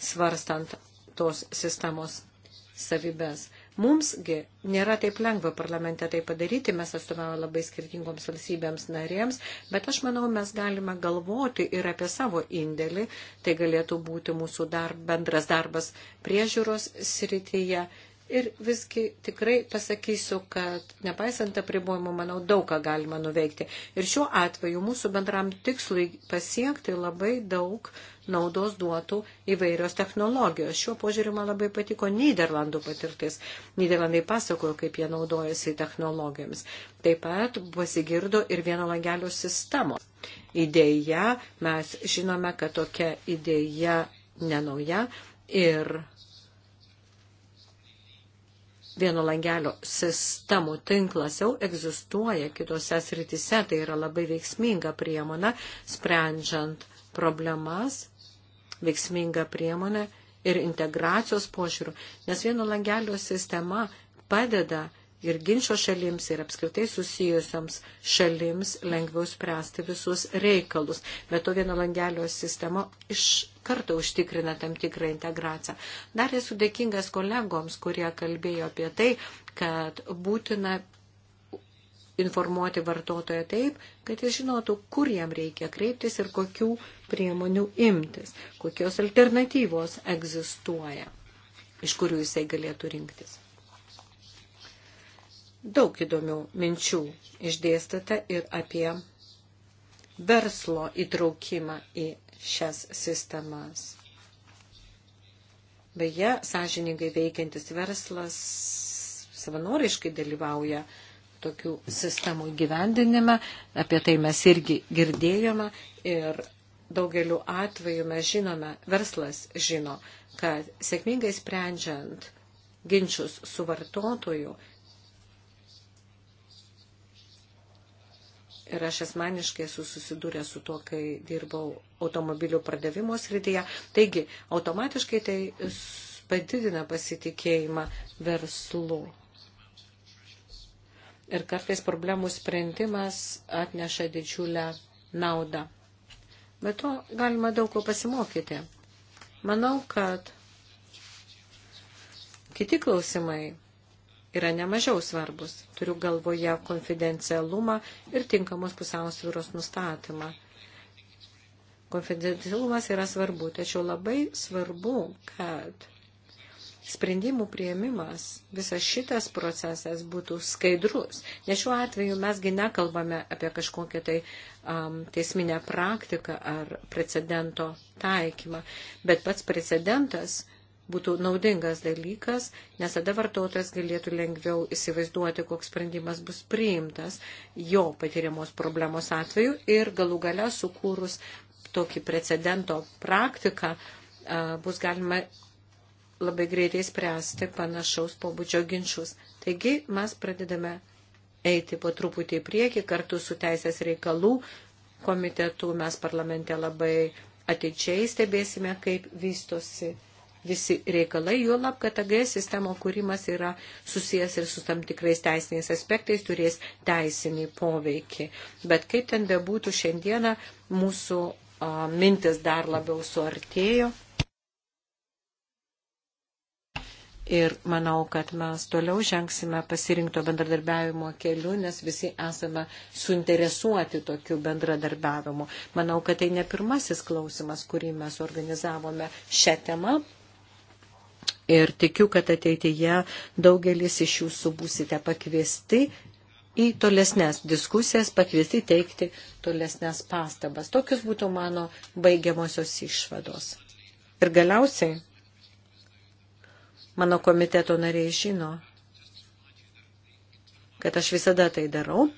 svarstant tos sistemos savybės. Mumsgi nėra taip lengva parlamente tai padaryti, mes atstovavome labai skirtingoms valstybėms narėms, bet aš manau, mes galime galvoti ir apie savo indėlį, tai galėtų būti mūsų dar, bendras darbas priežiūros srityje Ir visgi tikrai pasakysiu, kad nepaisant apribojimų, manau, daug ką galima nuveikti. Ir šiuo atveju mūsų bendram tikslui pasiekti labai daug naudos duotų įvairios technologijos. Šiuo požiūriu man labai patiko Niderlandų patirtis. Niderlandai pasakojo, kaip jie naudojasi technologijomis. Taip pat pasigirdo ir vieno langelio sistemos. Idėja, mes žinome, kad tokia idėja nenauja ir vieno langelio sistemų tinklas jau egzistuoja kitose sritise, tai yra labai veiksminga priemona, sprendžiant problemas, veiksminga priemonė ir integracijos požiūrių, nes vieno langelio sistema padeda ir ginčio šalims, ir apskritai susijusiams šalims lengviau spręsti visus reikalus. Bet to vieno langelio sistema iš kartą užtikrina tam tikrą integraciją. Dar esu dėkingas kolegoms, kurie kalbėjo apie tai, kad būtina informuoti vartotoją taip, kad jis žinotų, kur jam reikia kreiptis ir kokių priemonių imtis, kokios alternatyvos egzistuoja, iš kurių jisai galėtų rinktis. Daug įdomių minčių išdėstata ir apie verslo įtraukimą į šias sistemas. Beje, sąžiningai veikiantis verslas savanoriškai dalyvauja tokių sistemų gyvendinime, apie tai mes irgi girdėjome ir daugeliu atveju mes žinome, verslas žino, kad sėkmingai sprendžiant ginčius su vartotoju ir aš asmeniškai esu susidūrę su tuo, kai dirbau automobilių pardavimo srityje. Taigi, automatiškai tai padidina pasitikėjimą verslu. Ir kartais problemų sprendimas atneša didžiulę naudą. Bet to galima daug ko pasimokyti. Manau, kad kiti klausimai yra nemažiau svarbus. Turiu galvoje konfidencialumą ir tinkamos pusiausvyros nustatymą. Konfidencialumas yra svarbu, tačiau labai svarbu, kad sprendimų prieimimas, visas šitas procesas būtų skaidrus. Nes šiuo atveju mesgi nekalbame apie kažkokią tai um, teisminę praktiką ar precedento taikymą, bet pats precedentas būtų naudingas dalykas, nes tada vartotojas galėtų lengviau įsivaizduoti, koks sprendimas bus priimtas jo patiriamos problemos atveju ir galų gale sukūrus tokį precedento praktiką bus galima labai greitai spręsti panašaus pobūdžio ginčius. Taigi mes pradedame eiti po truputį į priekį kartu su teisės reikalų komitetu. Mes parlamente labai ateičiai stebėsime, kaip vystosi visi reikalai, juolab, kad AGS sistemo kūrimas yra susijęs ir su tam tikrais teisiniais aspektais, turės teisinį poveikį. Bet kaip ten bebūtų šiandieną, mūsų a, mintis dar labiau suartėjo. Ir manau, kad mes toliau žengsime pasirinkto bendradarbiavimo keliu, nes visi esame suinteresuoti tokiu bendradarbiavimu. Manau, kad tai ne pirmasis klausimas, kurį mes organizavome šią temą. Ir tikiu, kad ateityje daugelis iš jūsų būsite pakviesti į tolesnės diskusijas, pakviesti teikti tolesnės pastabas. Tokius būtų mano baigiamosios išvados. Ir galiausiai mano komiteto nariai žino, kad aš visada tai darau.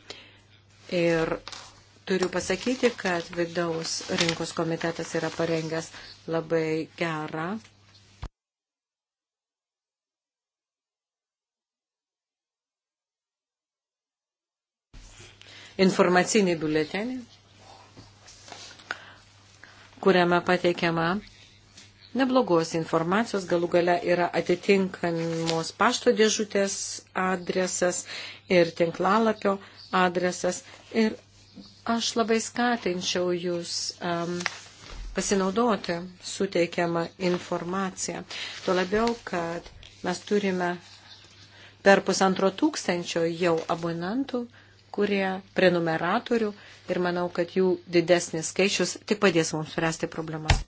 Ir turiu pasakyti, kad vidaus rinkos komitetas yra parengęs labai gerą informacinį biuletenį, kuriame pateikiama neblogos informacijos, galų gale yra atitinkamos pašto dėžutės adresas ir tinklalapio adresas. Ir aš labai skatinčiau jūs um, pasinaudoti suteikiamą informaciją. Tuo labiau, kad mes turime per pusantro tūkstančio jau abonentų kuria prenumeratorių ir manau, kad jų didesnis skaičius tik padės mums spręsti problemas.